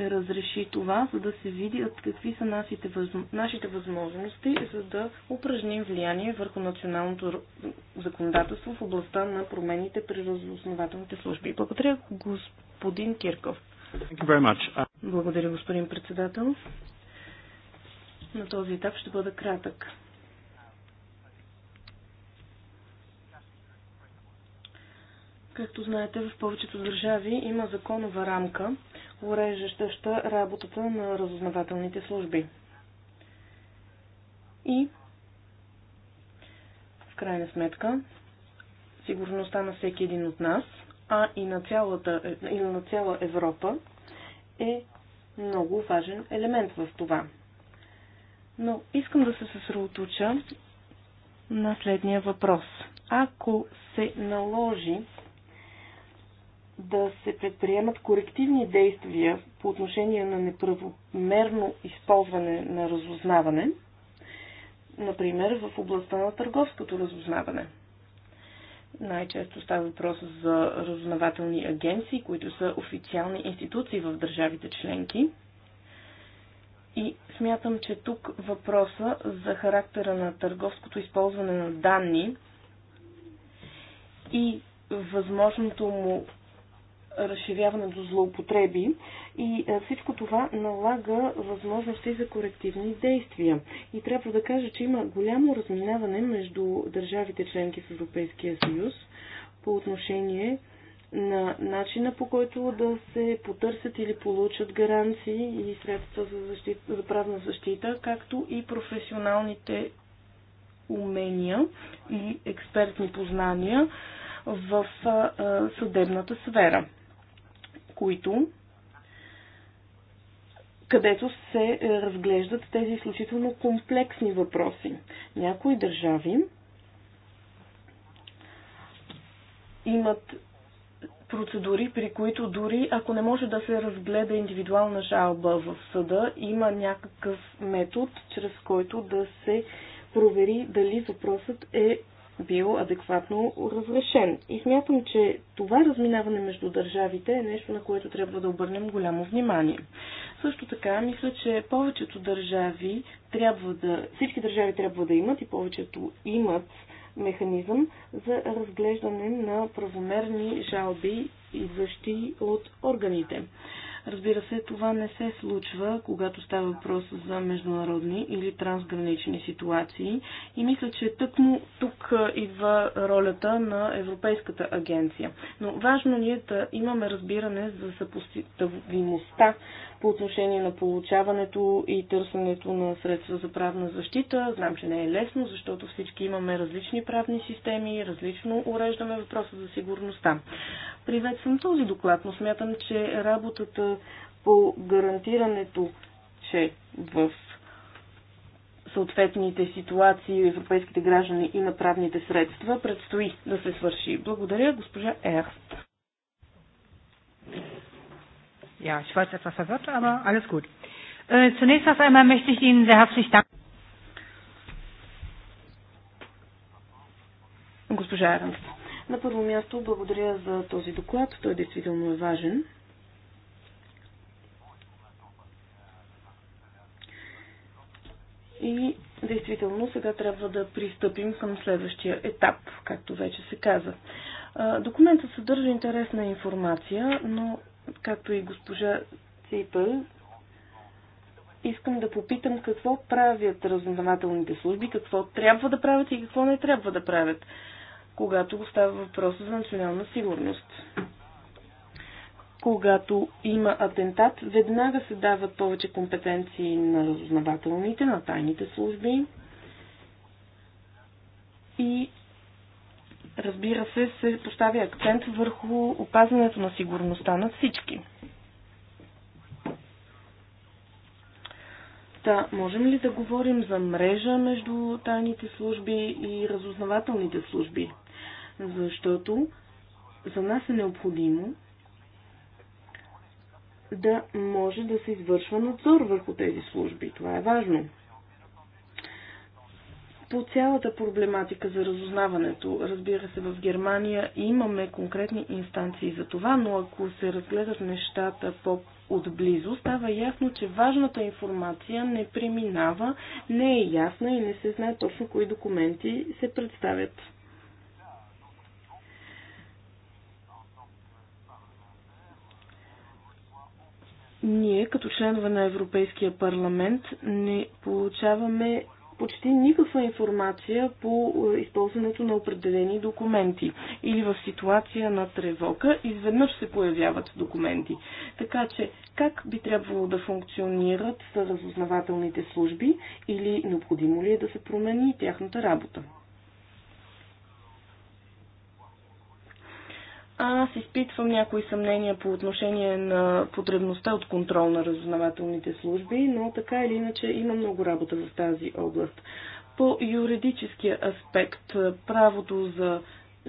Speaker 1: разреши това, за да се видят какви са нашите, нашите възможности, за да упражним влияние върху националното законодателство в областта на промените при разоснователните служби. Благодаря, господин Кирков. Благодаря, господин председател. На този етап ще бъда кратък. Както знаете, в повечето държави има законова рамка, уреждаща работата на разузнавателните служби. И в крайна сметка, сигурността на всеки един от нас, а и на, цялата, и на цяла Европа е много важен елемент в това. Но искам да се съсредоточа на следния въпрос. Ако се наложи да се предприемат корективни действия по отношение на неправомерно използване на разузнаване, например в областта на търговското разузнаване. Най-често става въпрос за разузнавателни агенции, които са официални институции в държавите членки – и смятам, че тук въпроса за характера на търговското използване на данни и възможното му разширяване до злоупотреби и е, всичко това налага възможности за корективни действия. И трябва да кажа, че има голямо разминаване между държавите членки в Европейския съюз по отношение на начина по който да се потърсят или получат гаранции и средства за, защита, за правна защита, както и професионалните умения и експертни познания в съдебната сфера, които където се разглеждат тези изключително комплексни въпроси. Някои държави имат процедури, при които дори ако не може да се разгледа индивидуална жалба в съда, има някакъв метод, чрез който да се провери дали въпросът е бил адекватно разрешен. И смятам, че това разминаване между държавите е нещо, на което трябва да обърнем голямо внимание. Също така, мисля, че повечето държави трябва да, всички държави трябва да имат и повечето имат механизъм за разглеждане на правомерни жалби, идващи от органите. Разбира се, това не се случва, когато става въпрос за международни или трансгранични ситуации и мисля, че тъкмо тук идва ролята на Европейската агенция. Но важно ни е да имаме разбиране за съпоставимостта по отношение на получаването и търсенето на средства за правна защита. Знам, че не е лесно, защото всички имаме различни правни системи, различно уреждаме въпроса за сигурността. Приветствам този доклад, но смятам, че работата по гарантирането, че в съответните ситуации европейските граждани и на правните средства предстои да се свърши.
Speaker 3: Благодаря, госпожа Ерст. Ja, ich war jetzt etwas verwirrt, aber alles gut. Äh, zunächst erst einmal möchte ich Ihnen sehr herzlich danken. Госпожа Аранс. На първо
Speaker 1: място благодаря за този доклад. Той действително е важен. И действително сега трябва да пристъпим към следващия етап, както вече се каза. Е, документът съдържа интересна информация, но както и госпожа Ципъл, искам да попитам какво правят разузнавателните служби, какво трябва да правят и какво не трябва да правят, когато става въпрос за национална сигурност. Когато има атентат, веднага се дават повече компетенции на разузнавателните, на тайните служби и разбира се, се поставя акцент върху опазването на сигурността на всички. Та, да, можем ли да говорим за мрежа между тайните служби и разузнавателните служби? Защото за нас е необходимо да може да се извършва надзор върху тези служби. Това е важно по цялата проблематика за разузнаването. Разбира се, в Германия имаме конкретни инстанции за това, но ако се разгледат нещата по отблизо, става ясно, че важната информация не преминава, не е ясна и не се знае точно кои документи се представят. Ние, като членове на Европейския парламент, не получаваме почти никаква информация по е, използването на определени документи. Или в ситуация на тревога изведнъж се появяват документи. Така че как би трябвало да функционират разузнавателните служби или необходимо ли е да се промени тяхната работа? Аз изпитвам някои съмнения по отношение на потребността от контрол на разузнавателните служби, но така или иначе има много работа в тази област. По юридическия аспект, правото за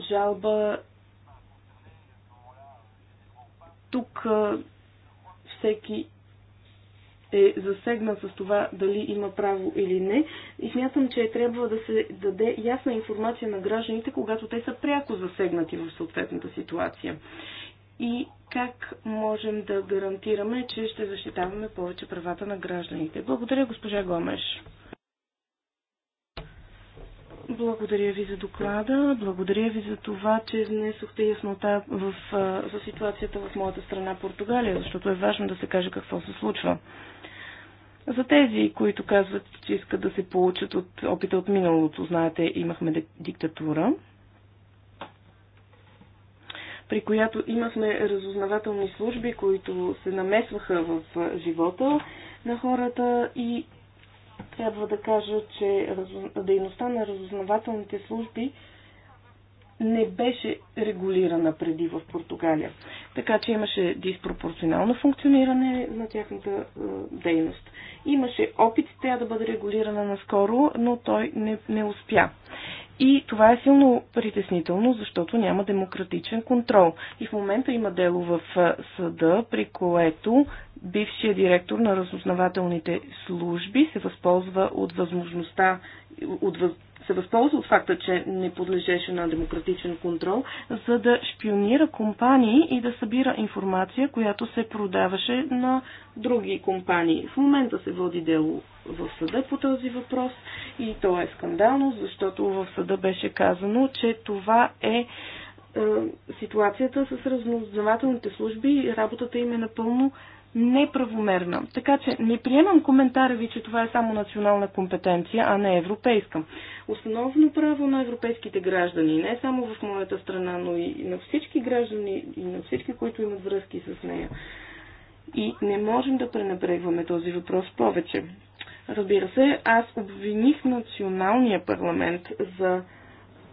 Speaker 1: жалба тук всеки е засегнат с това дали има право или не. И смятам, че е трябва да се даде ясна информация на гражданите, когато те са пряко засегнати в съответната ситуация. И как можем да гарантираме, че ще защитаваме повече правата на гражданите. Благодаря, госпожа Гомеш. Благодаря ви за доклада. Благодаря ви за това, че внесохте яснота в, за ситуацията в моята страна Португалия, защото е важно да се каже какво се случва. За тези, които казват, че искат да се получат от опита от миналото, знаете, имахме диктатура, при която имахме разузнавателни служби, които се намесваха в живота на хората и трябва да кажа, че дейността на разузнавателните служби не беше регулирана преди в Португалия. Така че имаше диспропорционално функциониране на тяхната е, дейност. Имаше опит тя да бъде регулирана наскоро, но той не, не успя. И това е силно притеснително, защото няма демократичен контрол. И в момента има дело в е, съда, при което бившия директор на разузнавателните служби се възползва от възможността, от въз се възползва от факта, че не подлежеше на демократичен контрол, за да шпионира компании и да събира информация, която се продаваше на други компании. В момента се води дело в съда по този въпрос и то е скандално, защото в съда беше казано, че това е, е ситуацията с разнознавателните служби и работата им е напълно неправомерна. Така че не приемам коментара ви, че това е само национална компетенция, а не европейска. Основно право на европейските граждани, не само в моята страна, но и на всички граждани и на всички, които имат връзки с нея. И не можем да пренебрегваме този въпрос повече. Разбира се, аз обвиних националния парламент за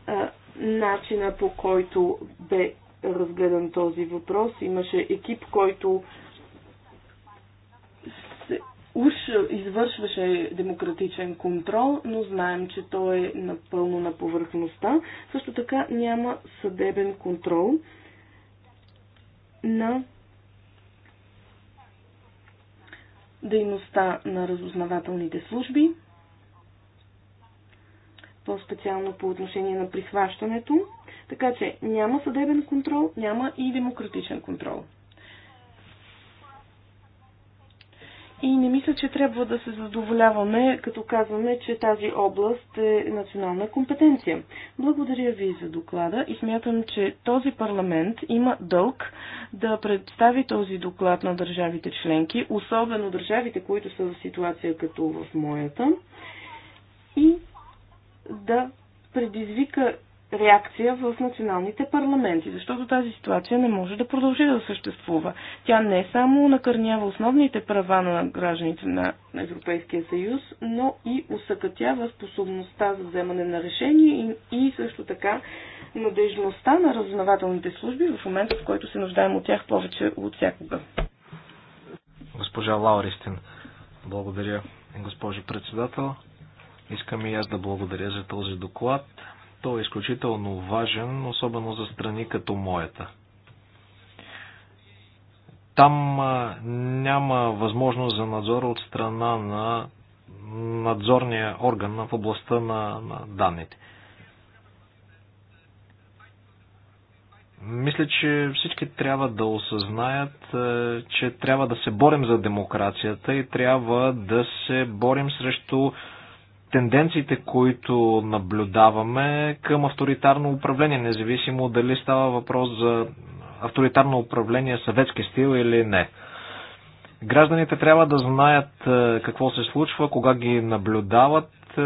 Speaker 1: а, начина по който бе разгледан този въпрос. Имаше екип, който уж извършваше демократичен контрол, но знаем, че той е напълно на повърхността. Също така няма съдебен контрол на дейността на разузнавателните служби, по-специално по отношение на прихващането. Така че няма съдебен контрол, няма и демократичен контрол. И не мисля, че трябва да се задоволяваме, като казваме, че тази област е национална компетенция. Благодаря ви за доклада и смятам, че този парламент има дълг да представи този доклад на държавите членки, особено държавите, които са в ситуация като в моята, и да предизвика реакция в националните парламенти, защото тази ситуация не може да продължи да съществува. Тя не само накърнява основните права на гражданите на Европейския съюз, но и усъкътява способността за вземане на решение и, и също така надежността на разузнавателните служби в момента, в който се нуждаем от тях повече от всякога.
Speaker 2: Госпожа Лауристин, благодаря, госпожо председател. Искам и аз да благодаря за този доклад. Той е изключително важен, особено за страни като моята. Там няма възможност за надзор от страна на надзорния орган в областта на, на данните. Мисля, че всички трябва да осъзнаят, че трябва да се борим за демокрацията и трябва да се борим срещу тенденциите, които наблюдаваме към авторитарно управление, независимо дали става въпрос за авторитарно управление съветски стил или не. Гражданите трябва да знаят е, какво се случва, кога ги наблюдават, е,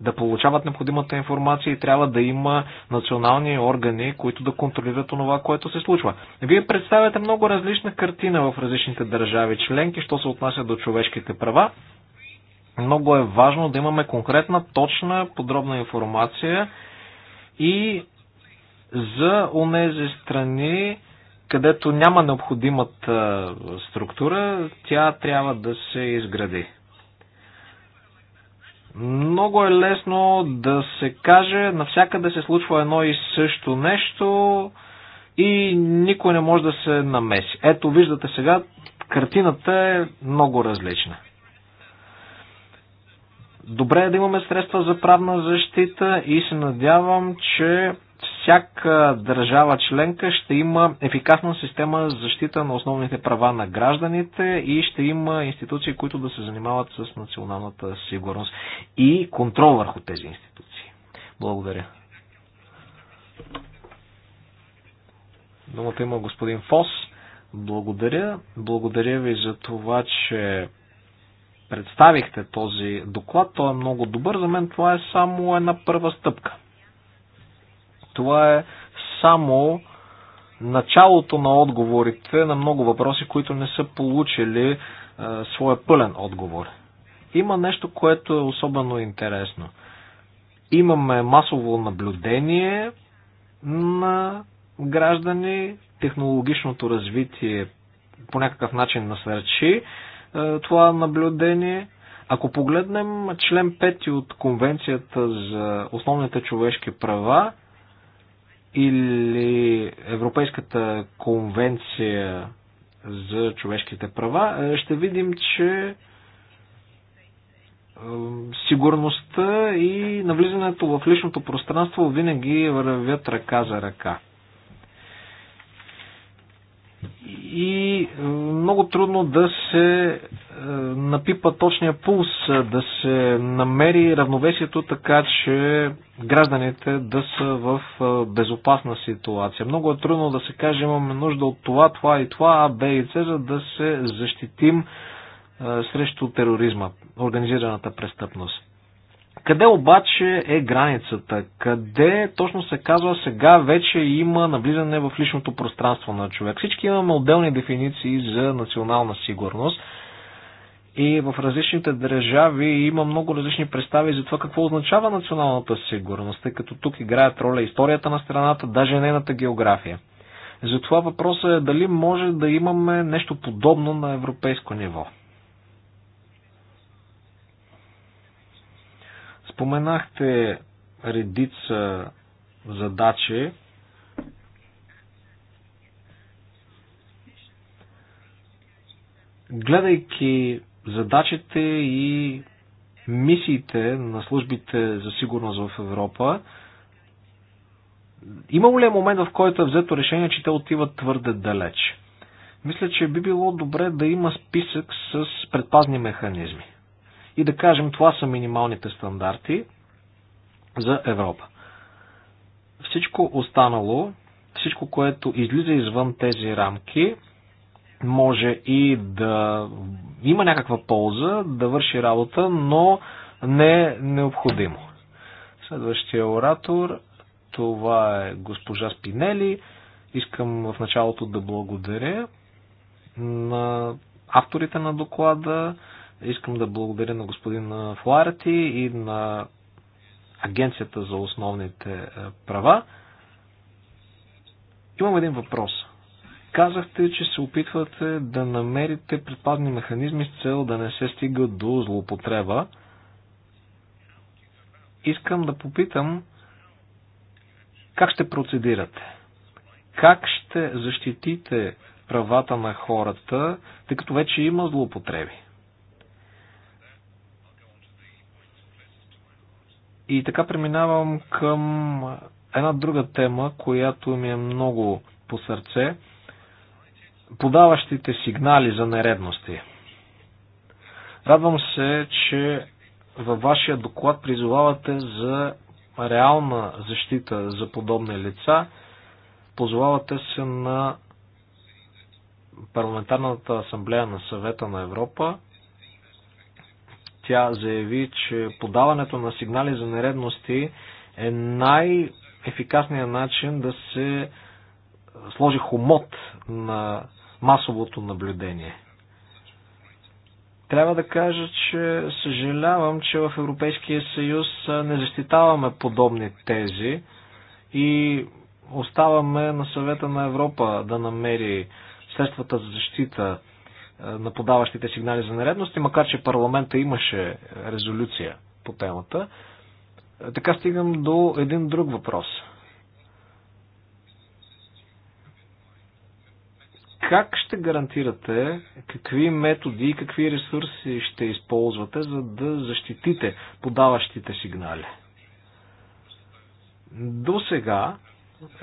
Speaker 2: да получават необходимата информация и трябва да има национални органи, които да контролират това, което се случва. Вие представяте много различна картина в различните държави членки, що се отнася до човешките права. Много е важно да имаме конкретна, точна, подробна информация и за онези страни, където няма необходимата структура, тя трябва да се изгради. Много е лесно да се каже, навсякъде се случва едно и също нещо и никой не може да се намеси. Ето, виждате сега, картината е много различна. Добре е да имаме средства за правна защита и се надявам, че всяка държава членка ще има ефикасна система за защита на основните права на гражданите и ще има институции, които да се занимават с националната сигурност и контрол върху тези институции. Благодаря. Думата има господин Фос. Благодаря. Благодаря ви за това, че представихте този доклад. Той е много добър. За мен това е само една първа стъпка. Това е само началото на отговорите на много въпроси, които не са получили е, своя пълен отговор. Има нещо, което е особено интересно. Имаме масово наблюдение на граждани, технологичното развитие по някакъв начин насърчи е, това наблюдение. Ако погледнем член 5 от Конвенцията за основните човешки права или Европейската конвенция за човешките права, е, ще видим, че е, сигурността и навлизането в личното пространство винаги вървят ръка за ръка. и много трудно да се е, напипа точния пулс, е, да се намери равновесието така, че гражданите да са в е, безопасна ситуация. Много е трудно да се каже имаме нужда от това, това и това, А, Б и С, за да се защитим срещу тероризма, организираната престъпност. Къде обаче е границата? Къде точно се казва сега вече има навлизане в личното пространство на човек? Всички имаме отделни дефиниции за национална сигурност и в различните държави има много различни представи за това какво означава националната сигурност, тъй като тук играят роля историята на страната, даже нейната география. Затова въпросът е дали може да имаме нещо подобно на европейско ниво. Споменахте редица задачи. Гледайки задачите и мисиите на службите за сигурност в Европа, имало ли е момент, в който е взето решение, че те отиват твърде далеч? Мисля, че би било добре да има списък с предпазни механизми и да кажем това са минималните стандарти за Европа. Всичко останало, всичко, което излиза извън тези рамки, може и да има някаква полза, да върши работа, но не е необходимо. Следващия оратор, това е госпожа Спинели. Искам в началото да благодаря на авторите на доклада, Искам да благодаря на господин Фларти и на Агенцията за основните е, права. Имам един въпрос. Казахте, че се опитвате да намерите предпазни механизми с цел да не се стига до злоупотреба. Искам да попитам как ще процедирате? Как ще защитите правата на хората, тъй като вече има злоупотреби? И така преминавам към една друга тема, която ми е много по сърце. Подаващите сигнали за нередности. Радвам се, че във вашия доклад призовавате за реална защита за подобни лица. Позовавате се на Парламентарната асамблея на съвета на Европа. Тя заяви, че подаването на сигнали за нередности е най-ефикасният начин да се сложи хомот на масовото наблюдение. Трябва да кажа, че съжалявам, че в Европейския съюз не защитаваме подобни тези и оставаме на съвета на Европа да намери средствата за защита е, на подаващите сигнали за нередности, макар че парламента имаше резолюция по темата. Е, така стигам до един друг въпрос. Как ще гарантирате какви методи и какви ресурси ще използвате, за да защитите подаващите сигнали? До сега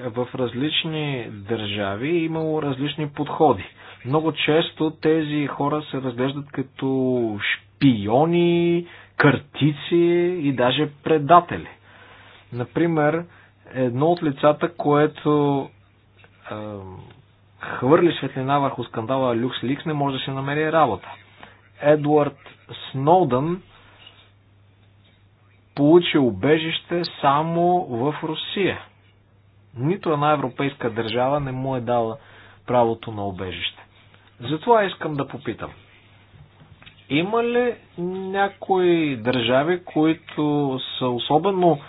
Speaker 2: в различни държави е имало различни подходи. Много често тези хора се разглеждат като шпиони, картици и даже предатели. Например, едно от лицата, което е, хвърли светлина върху скандала Люкс Ликс, не може да се намери работа. Едуард Сноудън получи убежище само в Русия. Нито една европейска държава не му е дала правото на обежище. Затова искам да попитам. Има ли някои държави, които са особено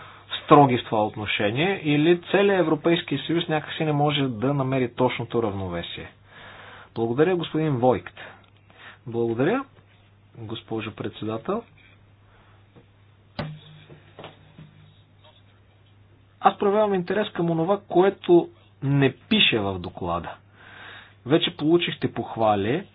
Speaker 2: строги в това отношение или целият Европейски съюз някакси не може да намери точното равновесие? Благодаря, господин Войкт. Благодаря, госпожо председател. Аз проявявам интерес към онова, което не пише в доклада. Вече получихте похвали.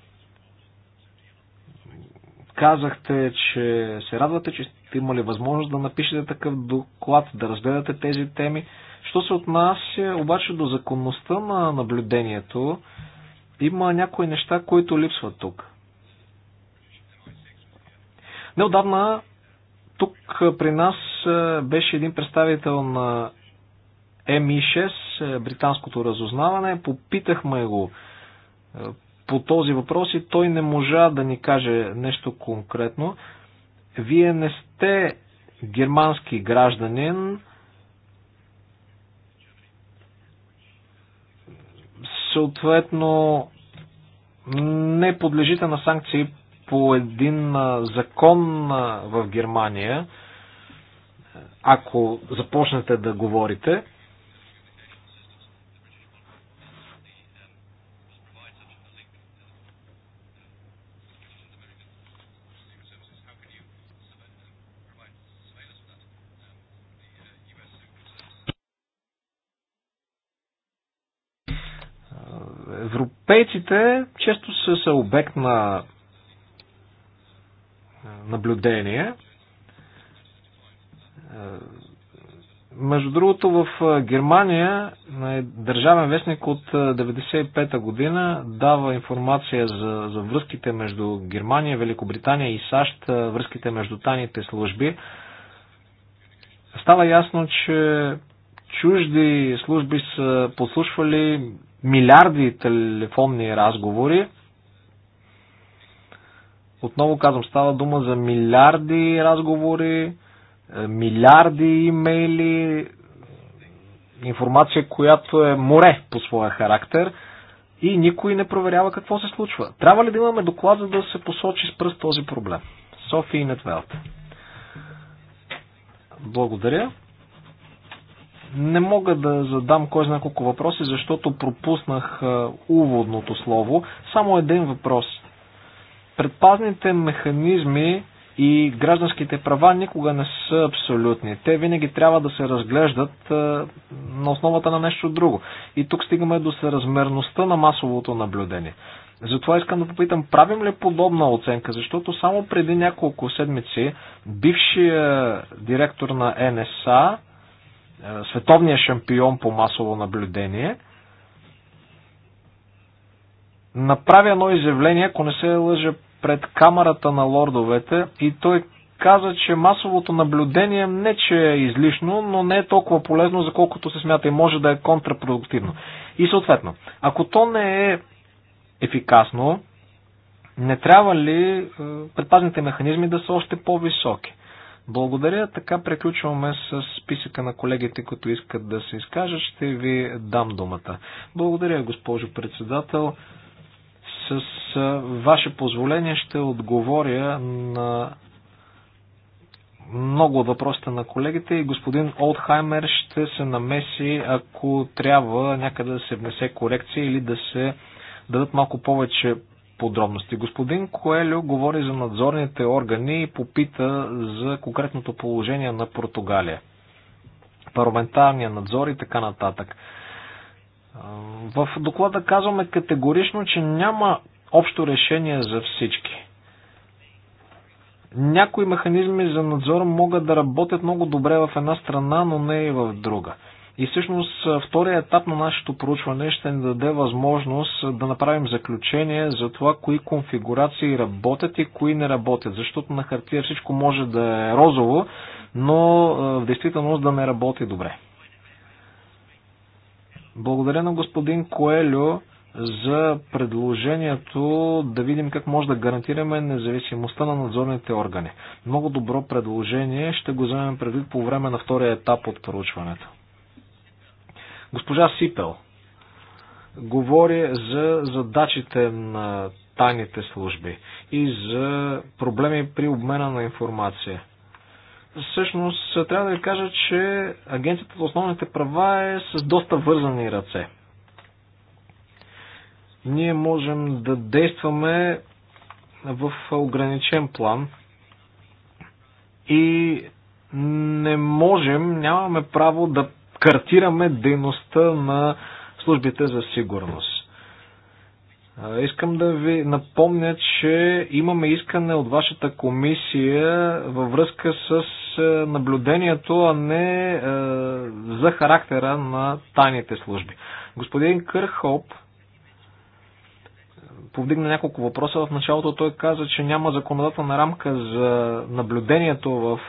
Speaker 2: Казахте, че се радвате, че сте имали възможност да напишете такъв доклад, да разгледате тези теми. Що се отнася обаче до законността на наблюдението, има някои неща, които липсват тук. Неодавна тук при нас е, беше един представител на МИ-6, е, британското разузнаване. Попитахме го е, по този въпрос и той не можа да ни каже нещо конкретно. Вие не сте германски гражданин. Съответно, не подлежите на санкции по един закон в Германия, ако започнете да говорите. Европейците често са, са обект на наблюдение. Е, между другото, в е, Германия е, държавен вестник от 1995-та година дава информация за, за връзките между Германия, Великобритания и САЩ, връзките между тайните служби. Става ясно, че чужди служби са подслушвали милиарди телефонни разговори. Отново казвам, става дума за милиарди разговори, е, милиарди имейли, информация, която е море по своя характер и никой не проверява какво се случва. Трябва ли да имаме доклад, за да се посочи с пръст този проблем? Софи и Нетвелт. Благодаря. Не мога да задам кой знае колко въпроси, защото пропуснах уводното слово. Само един въпрос. Предпазните механизми и гражданските права никога не са абсолютни. Те винаги трябва да се разглеждат на основата на нещо друго. И тук стигаме до съразмерността на масовото наблюдение. Затова искам да попитам, правим ли подобна оценка, защото само преди няколко седмици бившия директор на НСА е, световния шампион по масово наблюдение, направи едно изявление, ако не се лъжа, пред камерата на лордовете и той каза, че масовото наблюдение не че е излишно, но не е толкова полезно, за колкото се смята и може да е контрапродуктивно. И съответно, ако то не е ефикасно, не трябва ли е, предпазните механизми да са още по-високи? Благодаря. Така приключваме с списъка на колегите, които искат да се изкажат. Ще ви дам думата. Благодаря, госпожо председател. С ваше позволение ще отговоря на много от въпросите на колегите и господин Олдхаймер ще се намеси, ако трябва някъде да се внесе корекция или да се дадат малко повече подробности. Господин Коелю говори за надзорните органи и попита за конкретното положение на Португалия. Парламентарния надзор и така нататък. В доклада казваме категорично, че няма общо решение за всички. Някои механизми за надзор могат да работят много добре в една страна, но не и в друга. И всъщност втория етап на нашето проучване ще ни даде възможност да направим заключение за това, кои конфигурации работят и кои не работят. Защото на хартия всичко може да е розово, но в действителност да не работи добре. Благодаря на господин Коелю за предложението да видим как може да гарантираме независимостта на надзорните органи. Много добро предложение, ще го вземем предвид по време на втория етап от проучването. Госпожа Сипел говори за задачите на тайните служби и за проблеми при обмена на информация. Всъщност, трябва да ви кажа, че Агенцията за основните права е с доста вързани ръце. Ние можем да действаме в ограничен план и не можем, нямаме право да картираме дейността на службите за сигурност. Искам да ви напомня, че имаме искане от вашата комисия във връзка с наблюдението, а не за характера на тайните служби. Господин Кърхоп повдигна няколко въпроса. В началото той каза, че няма законодателна рамка за наблюдението в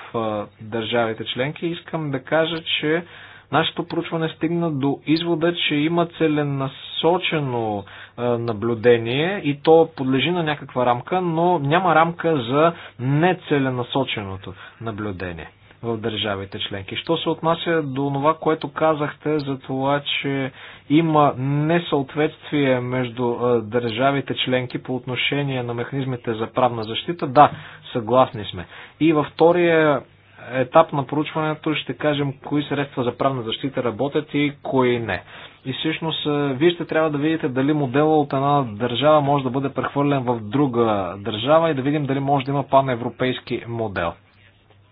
Speaker 2: държавите членки. Искам да кажа, че Нашето проучване стигна до извода, че има целенасочено наблюдение и то подлежи на някаква рамка, но няма рамка за нецеленасоченото наблюдение в държавите членки. Що се отнася до това, което казахте за това, че има несъответствие между държавите членки по отношение на механизмите за правна защита, да, съгласни сме. И във втория етап на проучването ще кажем кои средства за правна защита работят и кои не. И всъщност вие ще трябва да видите дали модела от една държава може да бъде прехвърлен в друга държава и да видим дали може да има паневропейски модел.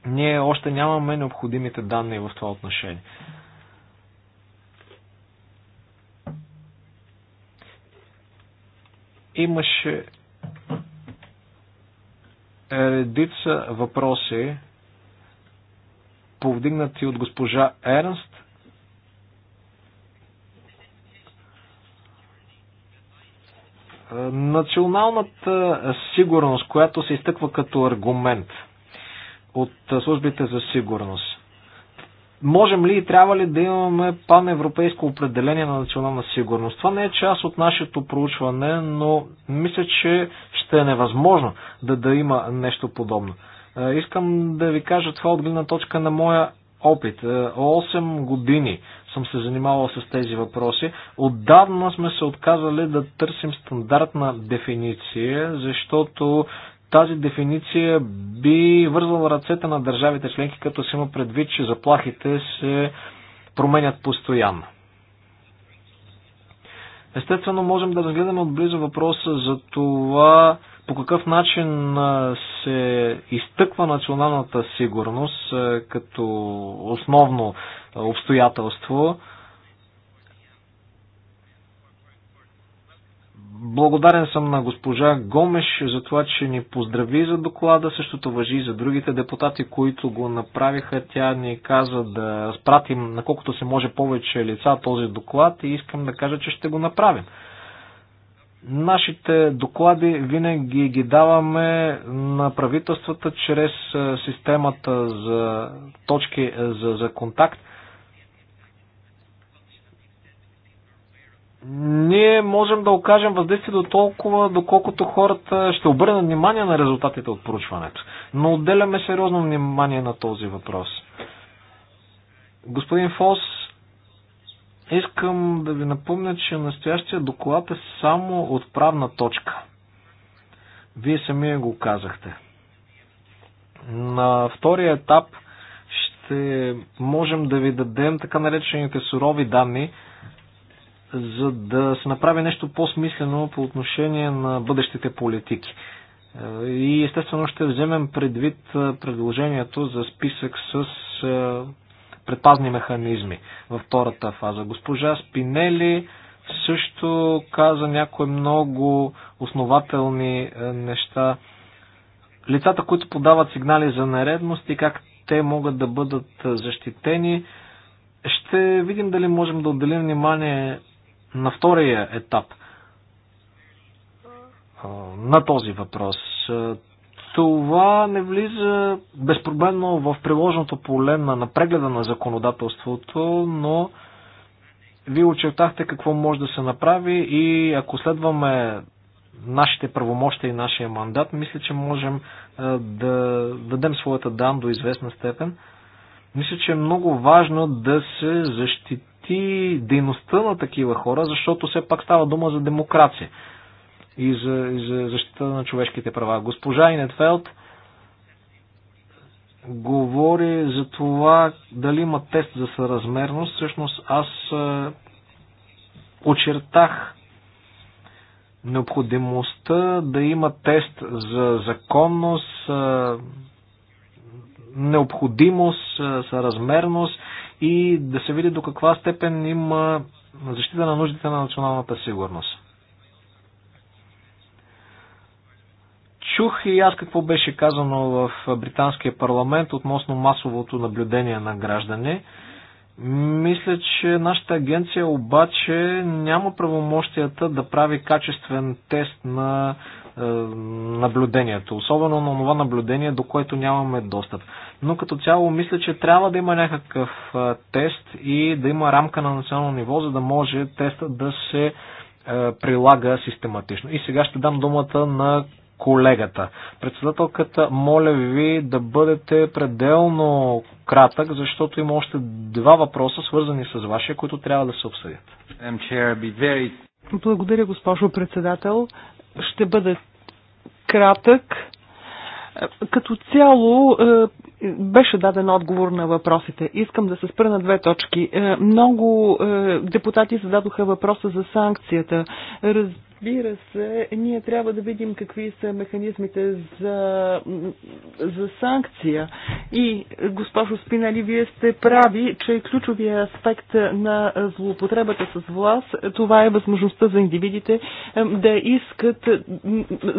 Speaker 2: Ние още нямаме необходимите данни в това отношение. Имаше редица въпроси, повдигнати от госпожа Ернст. Националната сигурност, която се изтъква като аргумент от службите за сигурност. Можем ли и трябва ли да имаме паневропейско определение на национална сигурност? Това не е част от нашето проучване, но мисля, че ще е невъзможно да, да има нещо подобно. Искам да ви кажа това от гледна точка на моя опит. 8 години съм се занимавал с тези въпроси. Отдавна сме се отказали да търсим стандартна дефиниция, защото тази дефиниция би вързала ръцете на държавите членки, като се има предвид, че заплахите се променят постоянно. Естествено, можем да разгледаме отблизо въпроса за това, по какъв начин се изтъква националната сигурност като основно обстоятелство. Благодарен съм на госпожа Гомеш за това, че ни поздрави за доклада. Същото въжи и за другите депутати, които го направиха. Тя ни каза да спратим наколкото се може повече лица този доклад и искам да кажа, че ще го направим. Нашите доклади винаги ги даваме на правителствата чрез е, системата за точки е, за, за контакт. Ние можем да окажем въздействие до толкова, доколкото хората ще обърнат внимание на резултатите от проучването. Но отделяме сериозно внимание на този въпрос. Господин Фос Искам да ви напомня, че настоящия доклад е само отправна точка. Вие самия го казахте. На втория етап ще можем да ви дадем така наречените сурови данни, за да се направи нещо по-смислено по отношение на бъдещите политики. И естествено ще вземем предвид предложението за списък с предпазни механизми във втората фаза. Госпожа Спинели също каза някои много основателни е, неща. Лицата, които подават сигнали за нередности, как те могат да бъдат е, защитени. Ще видим дали можем да отделим внимание на втория етап е, на този въпрос това не влиза безпроблемно в приложеното поле на, на прегледа на законодателството, но вие очертахте какво може да се направи и ако следваме нашите правомощия и нашия мандат, мисля, че можем да дадем своята дан до известна степен. Мисля, че е много важно да се защити дейността на такива хора, защото все пак става дума за демокрация и за, и за защита на човешките права. Госпожа Инетфелд говори за това дали има тест за съразмерност. Всъщност аз очертах необходимостта да има тест за законност, необходимост, съразмерност и да се види до каква степен има защита на нуждите на националната сигурност. чух и аз какво беше казано в британския парламент относно масовото наблюдение на граждани. Мисля, че нашата агенция обаче няма правомощията да прави качествен тест на е, наблюдението, особено на това наблюдение, до което нямаме достъп. Но като цяло мисля, че трябва да има някакъв е, тест и да има рамка на национално ниво, за да може теста да се е, прилага систематично. И сега ще дам думата на колегата. Председателката, моля ви да бъдете пределно кратък, защото има още два въпроса, свързани с вашия, които трябва да се обсъдят. Благодаря, госпожо председател. Ще бъда кратък.
Speaker 4: Като цяло е, беше даден отговор на въпросите. Искам да се спра на две точки. Е, много е, депутати зададоха въпроса за санкцията. Разбира се, ние трябва да видим какви са механизмите за, за санкция. И, госпожо Спинали, вие сте прави, че ключовия аспект на злоупотребата с власт, това е възможността за индивидите да искат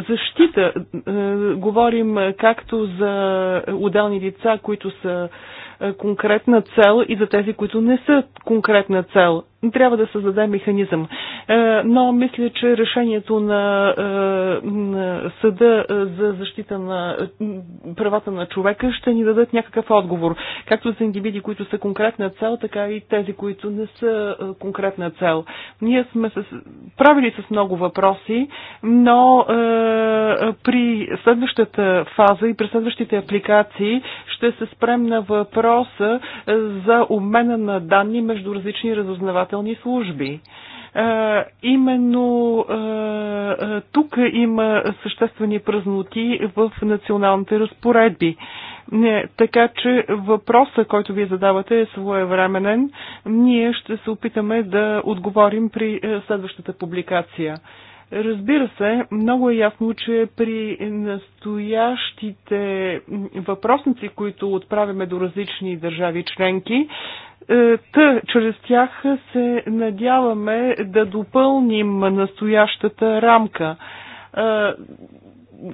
Speaker 4: защита. Е, говорим както за отделни лица, които са е, конкретна цел и за тези, които не са конкретна цел трябва да създаде механизъм. Е, но мисля, че решението на е, съда е, за защита на правата на човека ще ни дадат някакъв отговор. Както за индивиди, които са конкретна цел, така и тези, които не са конкретна цел. Ние сме с... правили с много въпроси, но при следващата фаза и при следващите апликации ще се спрем на въпроса за обмена на данни между различни разузнавателни разузнавателни служби. Е, именно е, е, тук има съществени празноти в националните разпоредби. Не, така че въпроса, който вие задавате е своевременен. Ние ще се опитаме да отговорим при следващата публикация. Разбира се, много е ясно, че при настоящите въпросници, които отправяме до различни държави членки, е, Та, чрез тях се надяваме да допълним настоящата рамка. Е,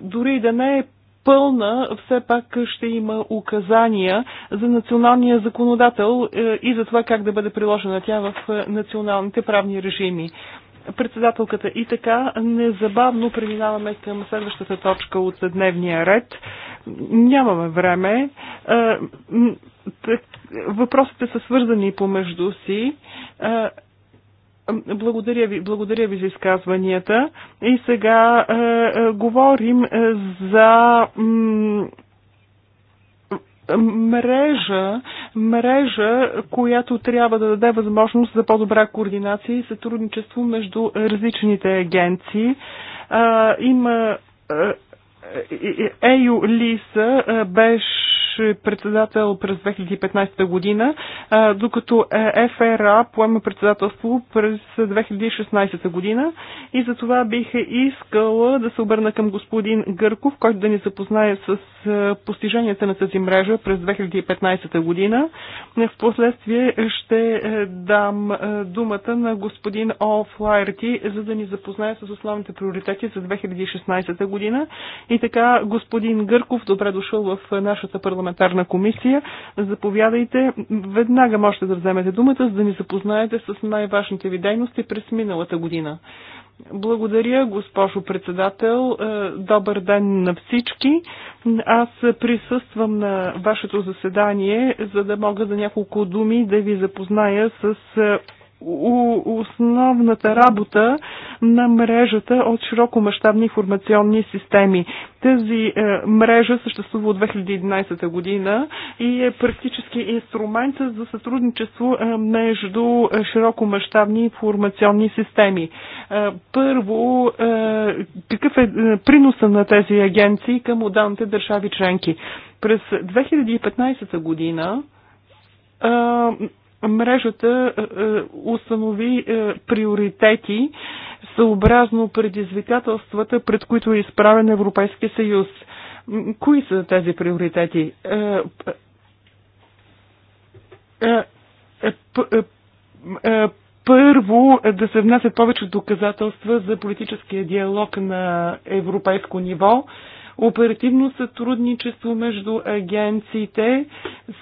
Speaker 4: дори да не е пълна, все пак ще има указания за националния законодател е, и за това как да бъде приложена тя в националните правни режими председателката. И така, незабавно преминаваме към следващата точка от дневния ред. Нямаме време. Въпросите са свързани помежду си. Благодаря ви, благодаря ви за изказванията. И сега говорим за мрежа, мрежа, която трябва да даде възможност за по-добра координация и сътрудничество между различните агенции. има Ею Лиса беше беше председател през 2015 година, докато е, ФРА поема председателство през 2016 година. И за това бих искала да се обърна към господин Гърков, който да ни запознае с е, постиженията на тази мрежа през 2015 година. В последствие ще е, дам думата на господин Офлайерти, за да ни запознае с основните приоритети за 2016 година. И така, господин Гърков, добре дошъл в нашата парламентарна парламентарна комисия. Заповядайте, веднага можете да вземете думата, за да ни запознаете с най-важните ви дейности през миналата година. Благодаря, госпожо председател. Е, добър ден на всички. Аз присъствам на вашето заседание, за да мога за няколко думи да ви запозная с е, основната работа на мрежата от широкомащабни информационни системи. Тази е, мрежа съществува от 2011 година и е практически инструмент за сътрудничество е, между широкомащабни информационни системи. Е, първо, какъв е приноса на тези агенции към отделните държави членки? През 2015 година мрежата е, е, установи е, приоритети съобразно предизвикателствата, пред които е изправен Европейския съюз. Кои са тези приоритети? Първо, да се внасят повече доказателства за политическия диалог на европейско ниво оперативно сътрудничество между агенциите,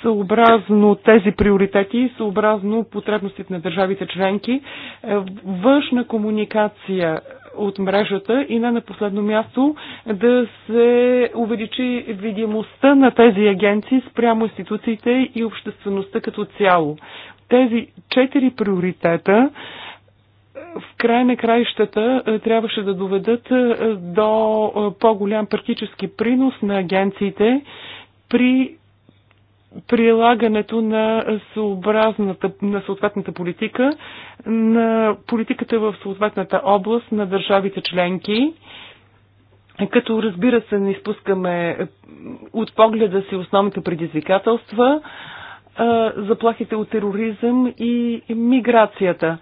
Speaker 4: съобразно тези приоритети и съобразно потребностите на държавите членки, е, външна комуникация от мрежата и не на последно място да се увеличи видимостта на тези агенции спрямо институциите и обществеността като цяло. Тези четири приоритета в край на краищата е, трябваше да доведат е, до е, по-голям практически принос на агенциите при прилагането на, на съответната политика, на политиката в съответната област на държавите членки, като разбира се не изпускаме от погледа си основните предизвикателства, заплахите от тероризъм и миграцията.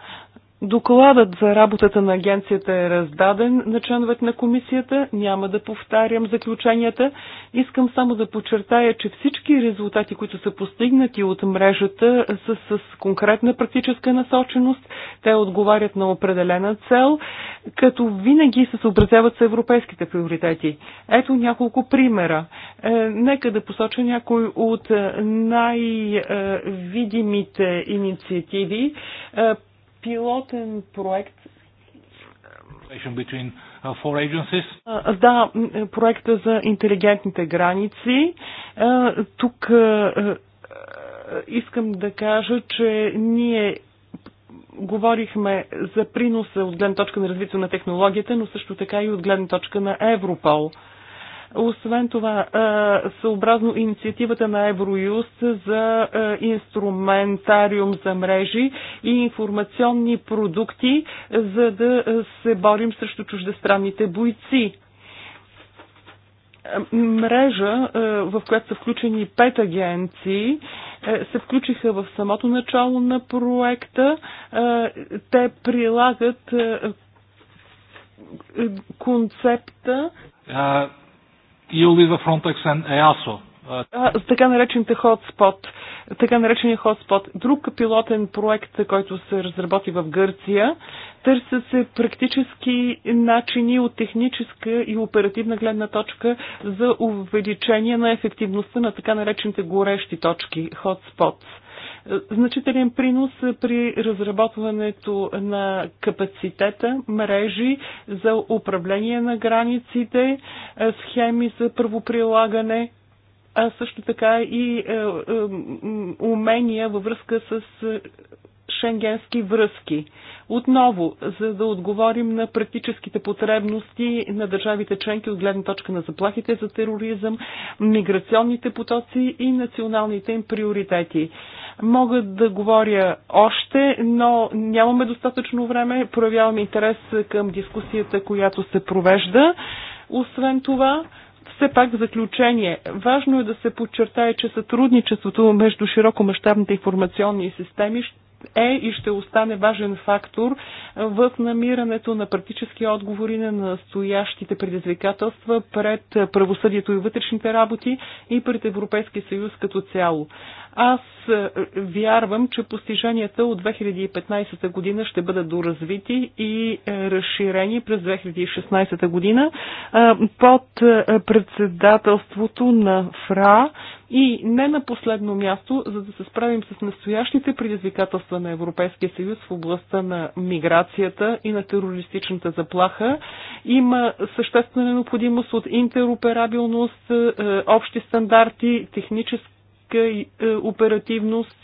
Speaker 4: Докладът за работата на агенцията е раздаден на членовете на комисията. Няма да повтарям заключенията. Искам само да подчертая, че всички резултати, които са постигнати от мрежата, са с конкретна практическа насоченост. Те отговарят на определена цел, като винаги се съобразяват с европейските приоритети. Ето няколко примера. Е, нека да посоча някой от най-видимите е, инициативи е, пилотен проект.
Speaker 6: Uh,
Speaker 4: да, е, проекта за интелигентните граници. Е, тук е, искам да кажа, че ние говорихме за приноса от гледна точка на развитие на технологията, но също така и от гледна точка на Европол. Освен това, съобразно инициативата на Евроюст за инструментариум за мрежи и информационни продукти, за да се борим срещу чуждестранните бойци мрежа, в която са включени пет агенции, се включиха в самото начало на проекта. Те прилагат концепта
Speaker 2: deal with the Frontex and EASO.
Speaker 4: така наречените hotspot, така наречения hotspot. Друг пилотен проект, който се разработи в Гърция, търсят се практически начини от техническа и оперативна гледна точка за увеличение на ефективността на така наречените горещи точки, hotspots значителен принос при разработването на капацитета, мрежи за управление на границите, е, схеми за правоприлагане, а също така и е, е, умения във връзка с шенгенски връзки. Отново, за да отговорим на практическите потребности на държавите членки от гледна точка на заплахите за тероризъм, миграционните потоци и националните им приоритети. Мога да говоря още, но нямаме достатъчно време. Проявявам интерес към дискусията, която се провежда. Освен това, все пак в заключение, важно е да се подчертае, че сътрудничеството между широкомащабните информационни системи е и ще остане важен фактор в намирането на практически отговори на настоящите предизвикателства пред правосъдието и вътрешните работи и пред Европейския съюз като цяло. Аз е, вярвам, че постиженията от 2015 година ще бъдат доразвити и е, разширени през 2016 година е, под председателството на ФРА и не на последно място, за да се справим с настоящите предизвикателства на Европейския съюз в областта на миграцията и на терористичната заплаха, има съществена необходимост от интероперабилност, общи стандарти, технически ниска е, оперативност.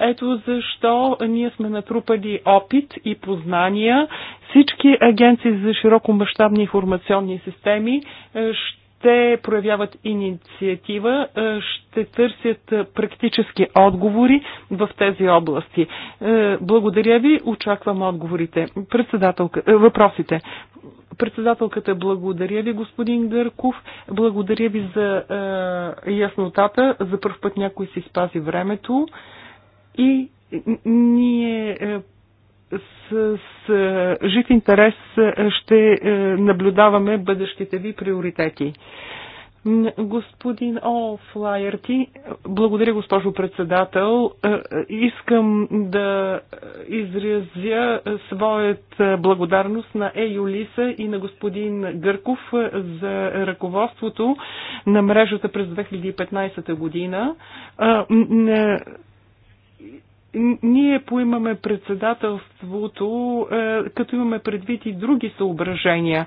Speaker 4: Ето защо ние сме натрупали опит и познания. Всички агенции за широкомащабни информационни системи е, те проявяват инициатива, е, ще търсят е, практически отговори в тези области. Е, благодаря ви, очаквам отговорите. Председателка, въпросите. Председателката, благодаря ви, господин Гърков. Благодаря ви за е, яснотата. За първ път някой си спази времето. И ние с, с е, жив интерес е, ще е, наблюдаваме бъдещите ви приоритети. Господин О. Флайерти, благодаря госпожо председател. Искам да изразя своят благодарност на Еюлиса и на господин Гърков за ръководството на мрежата през 2015 година ние поимаме председателството, е, като имаме предвид и други съображения.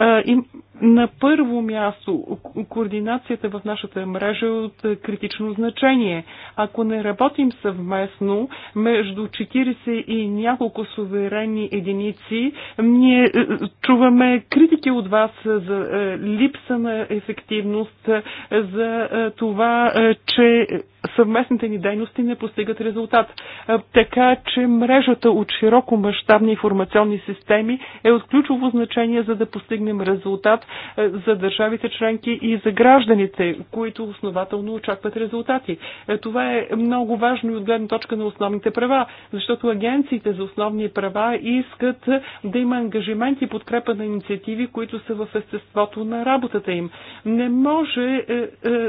Speaker 4: Е, и на първо място, координацията в нашата мрежа е от критично значение. Ако не работим съвместно между 40 и няколко суверени единици, ние е, чуваме критики от вас за липса на ефективност, за това, че съвместните ни дейности не постигат резултат. Така че мрежата от широко мащабни информационни системи е от ключово значение за да постигнем резултат за държавите членки и за гражданите, които основателно очакват резултати. Това е много важно и от гледна точка на основните права, защото агенциите за основни права искат да има ангажимент и подкрепа на инициативи, които са в естеството на работата им. Не може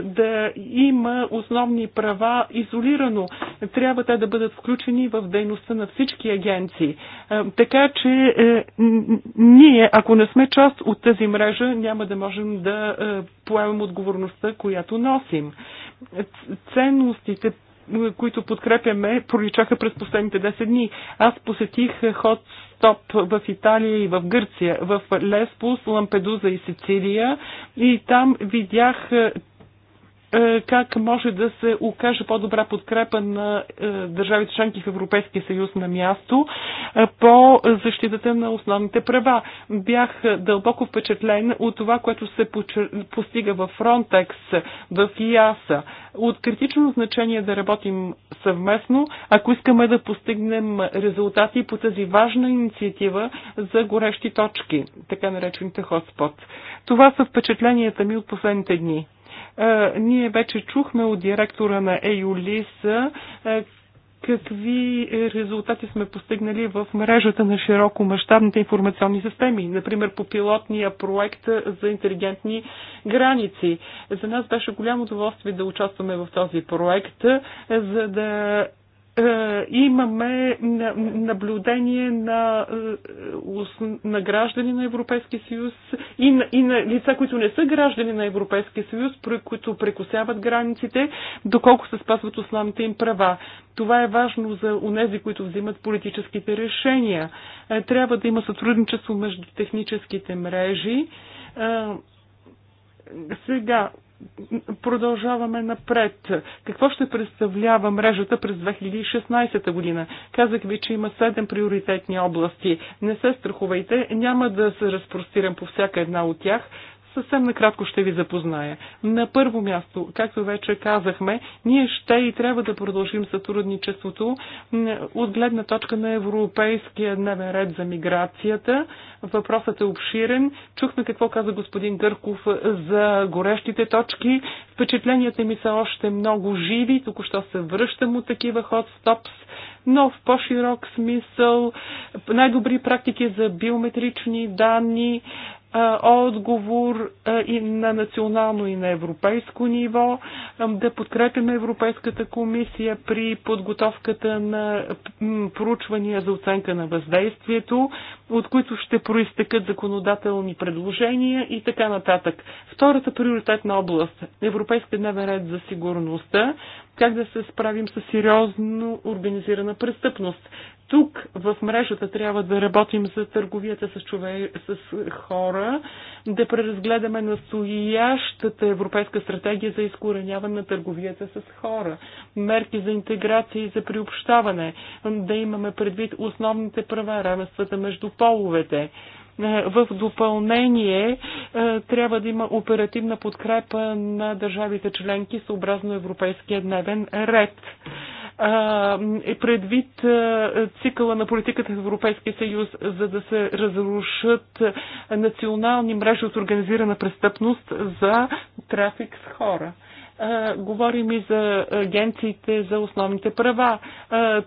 Speaker 4: да има основни права права изолирано. Трябва те да бъдат включени в дейността на всички агенции. Е, така че е, ние, ако не сме част от тази мрежа, няма да можем да е, поемем отговорността, която носим. Ценностите, които подкрепяме, проличаха през последните 10 дни. Аз посетих ход стоп в Италия и в Гърция, в Леспус, Лампедуза и Сицилия и там видях е, как може да се окаже по-добра подкрепа на е, държавите членки в Европейския съюз на място е, по защитата на основните права. Бях дълбоко впечатлен от това, което се постига в Frontex, в ИАСА. От критично значение да работим съвместно, ако искаме да постигнем резултати по тази важна инициатива за горещи точки, така наречените хотспот. Това са впечатленията ми от последните дни. Е, ние вече чухме от директора на EULIS е, какви резултати сме постигнали в мрежата на широко мащабните информационни системи, например по пилотния проект за интелигентни граници. За нас беше голямо удоволствие да участваме в този проект, е, за да е, имаме наблюдение на, е, на граждани на Европейския съюз и на, и на лица, които не са граждани на Европейския съюз, които прекусяват границите, доколко се спазват основните им права. Това е важно за унези, които взимат политическите решения. Е, трябва да има сътрудничество между техническите мрежи. Сега, продължаваме напред. Какво ще представлява мрежата през 2016 година? Казах ви, че има 7 приоритетни области. Не се страхувайте, няма да се разпростирам по всяка една от тях, Съвсем накратко ще ви запозная. На първо място, както вече казахме, ние ще и трябва да продължим сътрудничеството от гледна точка на европейския дневен ред за миграцията. Въпросът е обширен. Чухме какво каза господин Гърков за горещите точки. Впечатленията ми са още много живи. Току-що се връщам от такива хот-стопс. но в по-широк смисъл, най-добри практики за биометрични данни, отговор и на национално и на европейско ниво, да подкрепяме Европейската комисия при подготовката на проучвания за оценка на въздействието, от които ще проистъкат законодателни предложения и така нататък. Втората приоритетна област – Европейска дневен ред за сигурността, как да се справим с сериозно организирана престъпност тук в мрежата трябва да работим за търговията с, чове... с хора, да преразгледаме настоящата европейска стратегия за изкореняване на търговията с хора, мерки за интеграция и за приобщаване, да имаме предвид основните права, равенствата между половете, е, в допълнение е, трябва да има оперативна подкрепа на държавите членки съобразно европейския дневен ред е, предвид цикъла на политиката в Европейския съюз, за да се разрушат национални мрежи от организирана престъпност за трафик с хора говорим и за агенциите за основните права.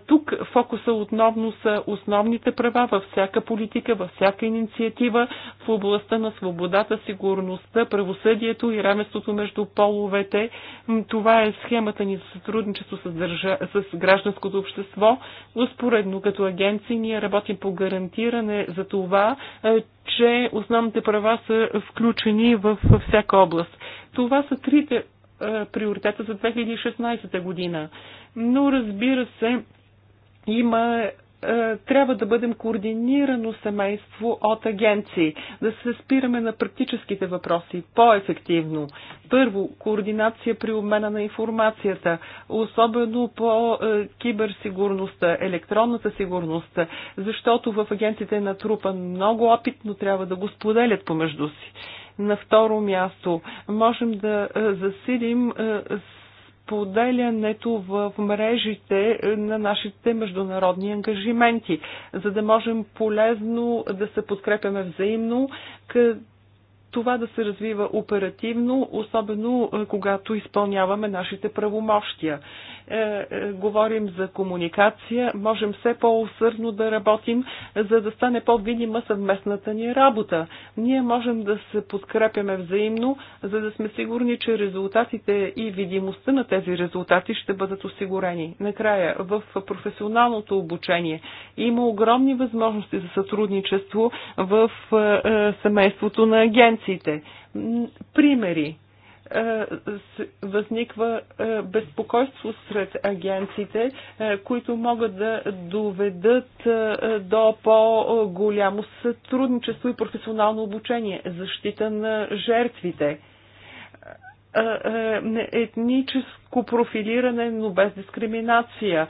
Speaker 4: Тук фокуса отново са основните права във всяка политика, във всяка инициатива в областта на свободата, сигурността, правосъдието и равенството между половете. Това е схемата ни за сътрудничество с, държа... с гражданското общество. Успоредно като агенции ние работим по гарантиране за това, че основните права са включени във всяка област. Това са трите е, приоритета за 2016 година. Но разбира се, има е, трябва да бъдем координирано семейство от агенции, да се спираме на практическите въпроси по-ефективно. Първо, координация при обмена на информацията, особено по е, киберсигурността, електронната сигурност, защото в агенциите е натрупан много опит, но трябва да го споделят помежду си. На второ място, можем да е, засилим е, споделянето в мрежите е, на нашите международни ангажименти, за да можем полезно да се подкрепяме взаимно, като това да се развива оперативно, особено е, когато изпълняваме нашите правомощия. Е, е, говорим за комуникация, можем все по-усърдно да работим, за да стане по-видима съвместната ни работа. Ние можем да се подкрепяме взаимно, за да сме сигурни, че резултатите и видимостта на тези резултати ще бъдат осигурени. Накрая, в професионалното обучение има огромни възможности за сътрудничество в е, е семейството на агенция данъците. Примери е, възниква е, безпокойство сред агенците, е, които могат да доведат до по-голямо сътрудничество и професионално обучение, защита на жертвите, етническо профилиране, но без дискриминация,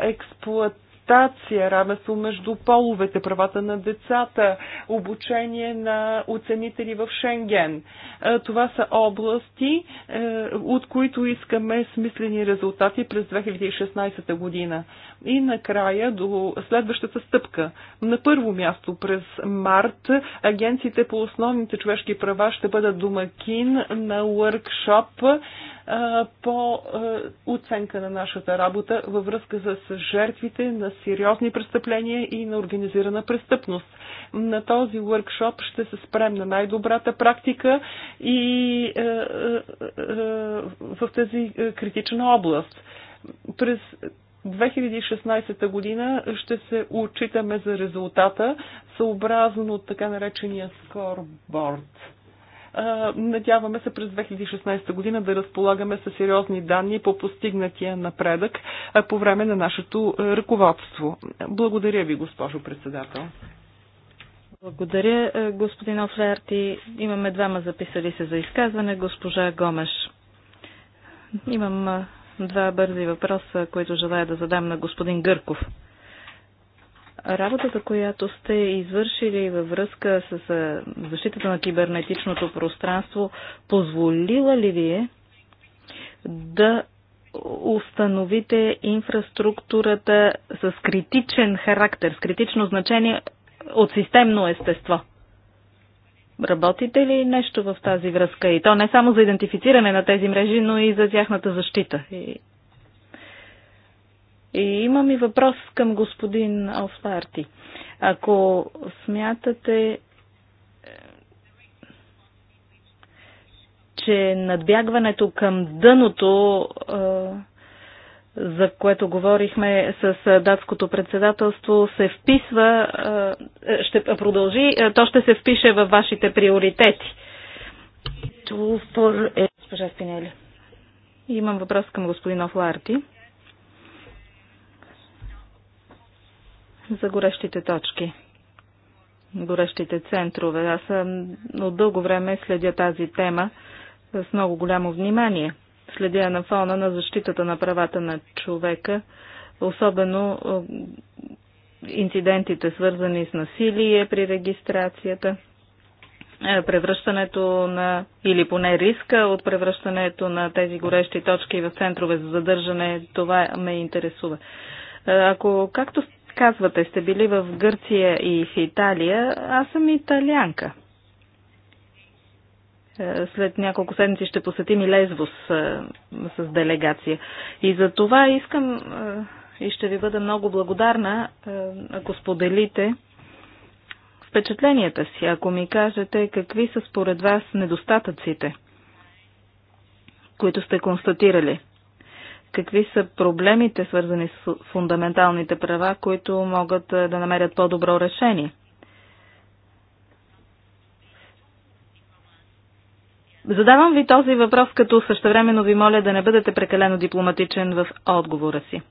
Speaker 4: експлуат адаптация, равенство между половете, правата на децата, обучение на оценители в Шенген. Е, това са области, е, от които искаме смислени резултати през 2016 година. И накрая до следващата стъпка. На първо място през март агенциите по основните човешки права ще бъдат домакин на workshop по оценка на нашата работа във връзка с жертвите на сериозни престъпления и на организирана престъпност. На този въркшоп ще се спрем на най-добрата практика и в тази критична област. През 2016 година ще се отчитаме за резултата съобразно така наречения скорборд Надяваме се през 2016 година да разполагаме с сериозни данни по постигнатия напредък по време на нашето ръководство. Благодаря ви, госпожо председател.
Speaker 5: Благодаря, господин Офлерти. Имаме двама записали се за изказване. Госпожа Гомеш. Имам два бързи въпроса, които желая да задам на господин Гърков работата, която сте извършили във връзка с защитата на кибернетичното пространство, позволила ли ви е да установите инфраструктурата с критичен характер, с критично значение от системно естество? Работите ли нещо в тази връзка? И то не само за идентифициране на тези мрежи, но и за тяхната защита. И и имам и въпрос към господин Алфарти. Ако смятате, е, че надбягването към дъното, е, за което говорихме с е, датското председателство, се вписва, ще продължи, то ще се впише във вашите приоритети. Госпожа Спинели, имам въпрос към господин Офларти. за горещите точки, горещите центрове. Аз съм, от дълго време следя тази тема с много голямо внимание. Следя на фона на защитата на правата на човека, особено инцидентите свързани с насилие при регистрацията, превръщането на, или поне риска от превръщането на тези горещи точки в центрове за задържане, това ме интересува. Ако, както казвате, сте били в Гърция и в Италия. Аз съм италианка. Е, след няколко седмици ще посетим и Лезвос е, с делегация. И за това искам е, и ще ви бъда много благодарна, ако споделите впечатленията си, ако ми кажете какви са според вас недостатъците, които сте констатирали – какви са проблемите, свързани с фундаменталните права, които могат е, да намерят по-добро решение. Задавам ви този въпрос, като същевременно ви моля да не бъдете прекалено дипломатичен в отговора си.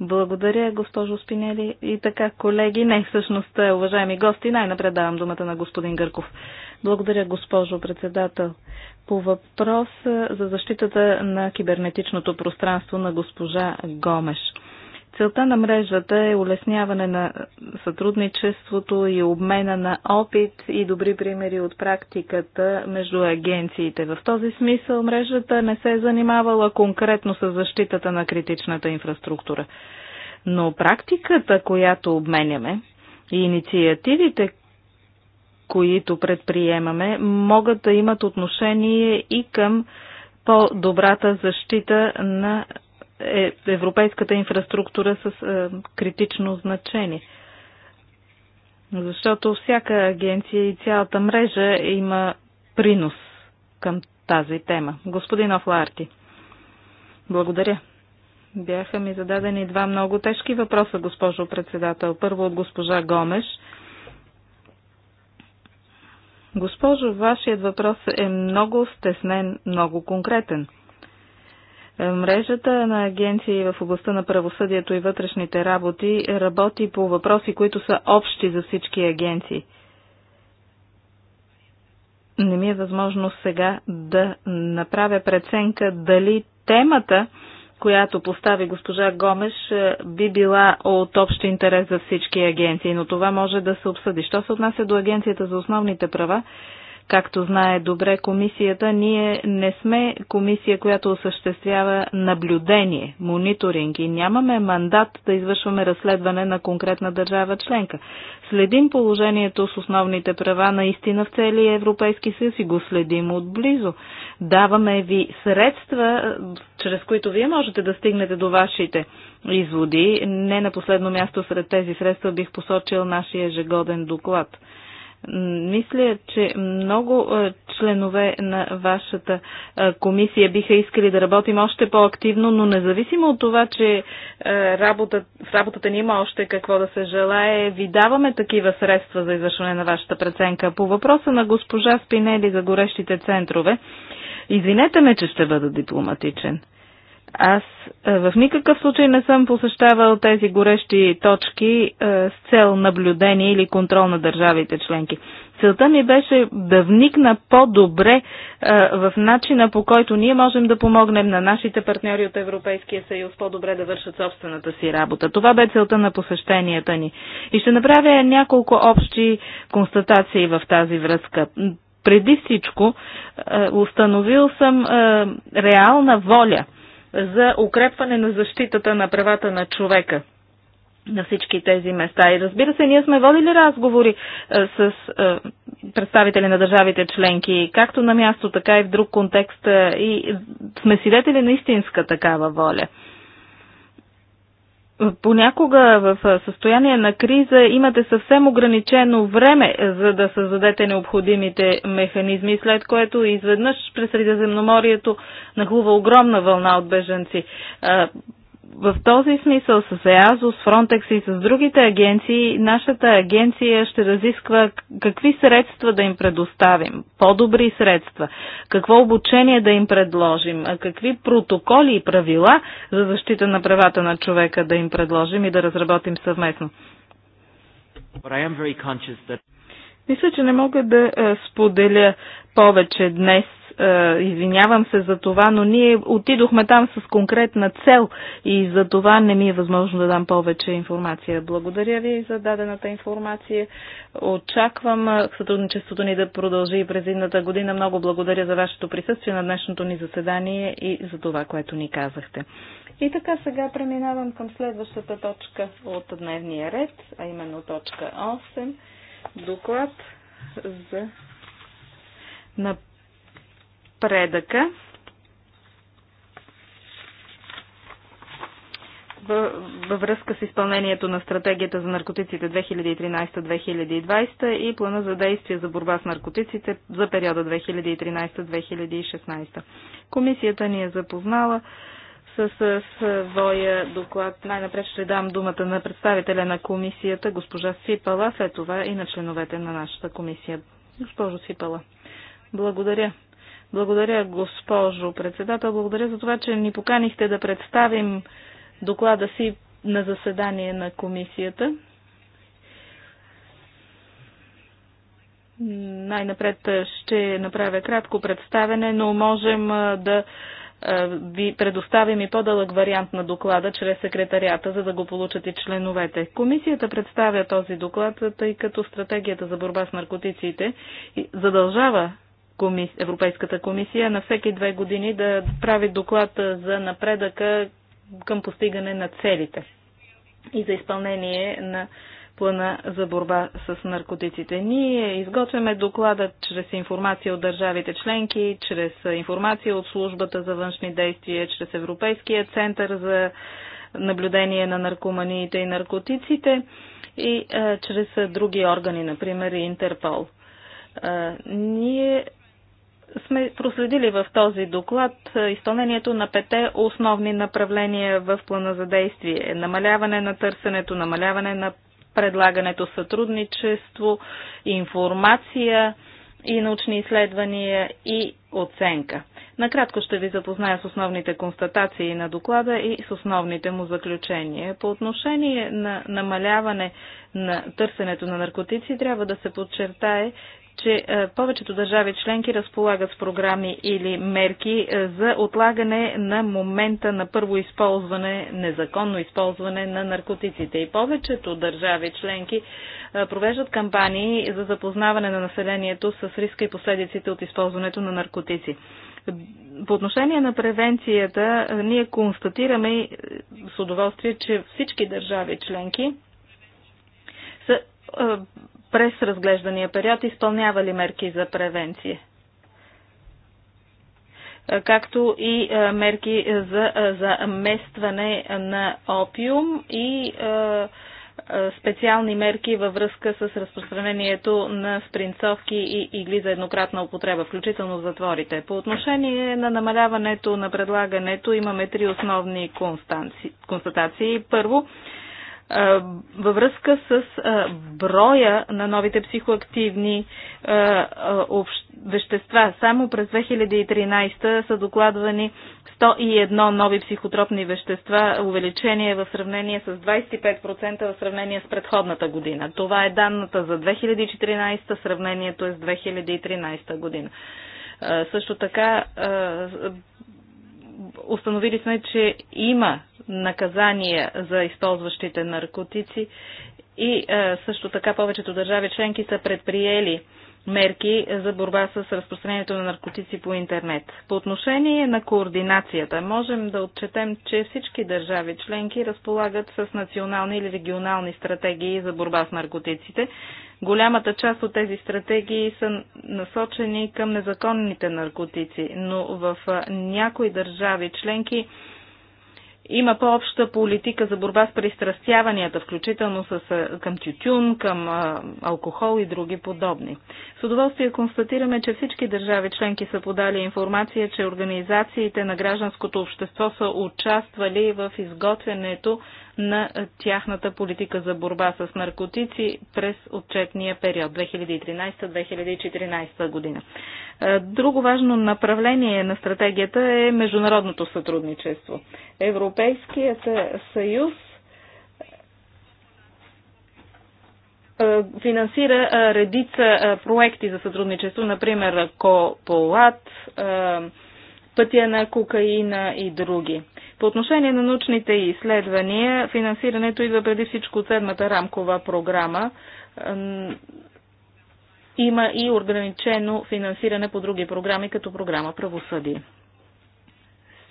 Speaker 5: Благодаря, госпожо Спинели. И така, колеги, не, всъщност, е, уважаеми гости, най-напред давам думата на господин Гърков. Благодаря, госпожо председател. По въпроса за защитата на кибернетичното пространство на госпожа Гомеш. Целта на мрежата е улесняване на сътрудничеството и обмена на опит и добри примери от практиката между агенциите. В този смисъл мрежата не се е занимавала конкретно с защитата на критичната инфраструктура. Но практиката, която обменяме, и инициативите, които предприемаме, могат да имат отношение и към по-добрата защита на е, европейската инфраструктура с е, критично значение. Защото всяка агенция и цялата мрежа има принос към тази тема. Господин Офларти, благодаря. Бяха ми зададени два много тежки въпроса, госпожо председател. Първо от госпожа Гомеш – Госпожо, вашият въпрос е много стеснен, много конкретен. Е, мрежата на агенции в областта на правосъдието и вътрешните работи работи по въпроси, които са общи за всички агенции. Не ми е възможно сега да направя преценка дали темата която постави госпожа Гомеш, е, би била от общ интерес за всички агенции, но това може да се обсъди. Що се отнася до Агенцията за основните права, Както знае добре комисията, ние не сме комисия, която осъществява наблюдение, мониторинг и нямаме мандат да извършваме разследване на конкретна държава членка. Следим положението с основните права наистина в целия Европейски съюз и го следим отблизо. Даваме ви средства, чрез които вие можете да стигнете до вашите изводи. Не на последно място сред тези средства бих посочил нашия ежегоден доклад. Мисля, че много е, членове на вашата е, комисия биха искали да работим още по-активно, но независимо от това, че е, работа, в работата ни има още какво да се желае, ви даваме такива средства за извършване на вашата преценка. По въпроса на госпожа Спинели за горещите центрове, извинете ме, че ще бъда дипломатичен. Аз е, в никакъв случай не съм посещавал тези горещи точки е, с цел наблюдение или контрол на държавите членки. Целта ми беше да вникна по-добре е, в начина по който ние можем да помогнем на нашите партньори от Европейския съюз по-добре да вършат собствената си работа. Това бе целта на посещенията ни. И ще направя няколко общи констатации в тази връзка преди всичко установил съм реална воля за укрепване на защитата на правата на човека на всички тези места. И разбира се, ние сме водили разговори е, с е, представители на държавите членки, както на място, така и в друг контекст е, и сме свидетели на истинска такава воля понякога в състояние на криза имате съвсем ограничено време, е, за да създадете необходимите механизми, след което изведнъж през Средиземноморието нахлува огромна вълна от беженци в този смисъл с ЕАЗО, с Frontex и с другите агенции, нашата агенция ще разисква какви средства да им предоставим, по-добри средства, какво обучение да им предложим, какви протоколи и правила за защита на правата на човека да им предложим и да разработим съвместно. Мисля, че не мога да споделя повече днес е, извинявам се за това, но ние отидохме там с конкретна цел и за това не ми е възможно да дам повече информация. Благодаря ви за дадената информация. Очаквам е, сътрудничеството ни да продължи и през едната година. Много благодаря за вашето присъствие на днешното ни заседание и за това, което ни казахте. И така сега преминавам към следващата точка от дневния ред, а именно точка 8. Доклад за на предъка. във връзка с изпълнението на стратегията за наркотиците 2013-2020 и плана за действие за борба с наркотиците за периода 2013-2016. Комисията ни е запознала с своя доклад. Най-напред ще дам думата на представителя на комисията, госпожа Сипала, след това и на членовете на нашата комисия. Госпожо Сипала, благодаря. Благодаря, госпожо председател. Благодаря за това, че ни поканихте да представим доклада си на заседание на комисията. Най-напред ще направя кратко представене, но можем да ви предоставим и по-дълъг вариант на доклада чрез секретарията, за да го получат и членовете. Комисията представя този доклад, тъй като стратегията за борба с наркотиците задължава комис... Европейската комисия на всеки две години да прави доклад за напредъка към постигане на целите и за изпълнение на плана за борба с наркотиците. Ние изготвяме доклада чрез информация от държавите членки, чрез информация от службата за външни действия, чрез Европейския център за наблюдение на наркоманиите и наркотиците и а, чрез други органи, например Интерпол. А, ние сме проследили в този доклад е, изпълнението на пете основни направления в плана за действие. Намаляване на търсенето, намаляване на предлагането, сътрудничество, информация и научни изследвания и оценка. Накратко ще ви запозная с основните констатации на доклада и с основните му заключения. По отношение на намаляване на търсенето на наркотици трябва да се подчертае, че е, повечето държави членки разполагат с програми или мерки е, за отлагане на момента на първо използване, незаконно използване на наркотиците. И повечето държави членки е, провеждат кампании за запознаване на населението с риска и последиците от използването на наркотици. По отношение на превенцията, ние констатираме с удоволствие, че всички държави членки са през разглеждания период изпълнява ли мерки за превенция? както и мерки за заместване на опиум и специални мерки във връзка с разпространението на спринцовки и игли за еднократна употреба, включително в затворите. По отношение на намаляването на предлагането имаме три основни констатации. Първо, във връзка с броя на новите психоактивни вещества. Само през 2013 са докладвани 101 нови психотропни вещества, увеличение в сравнение с 25% в сравнение с предходната година. Това е данната за 2014, сравнението е с 2013 година. Също така установили сме, че има наказания за използващите наркотици и е, също така повечето държави членки са предприели мерки за борба с разпространението на наркотици по интернет. По отношение на координацията, можем да отчетем, че всички държави членки разполагат с национални или регионални стратегии за борба с наркотиците. Голямата част от тези стратегии са насочени към незаконните наркотици, но в е, някои държави членки има по-обща политика за борба с пристрастяванията, включително с, към тютюн, към а, алкохол и други подобни. С удоволствие констатираме, че всички държави членки са подали информация, че организациите на гражданското общество са участвали в изготвянето на тяхната политика за борба с наркотици през отчетния период 2013-2014 година. Е, друго важно направление на стратегията е международното сътрудничество. Европейският съюз е, финансира е, редица проекти за сътрудничество, например Кополат, Пътя на кокаина и други. По отношение на научните изследвания, финансирането идва преди всичко от седмата рамкова програма. Има и ограничено финансиране по други програми, като програма Правосъдие.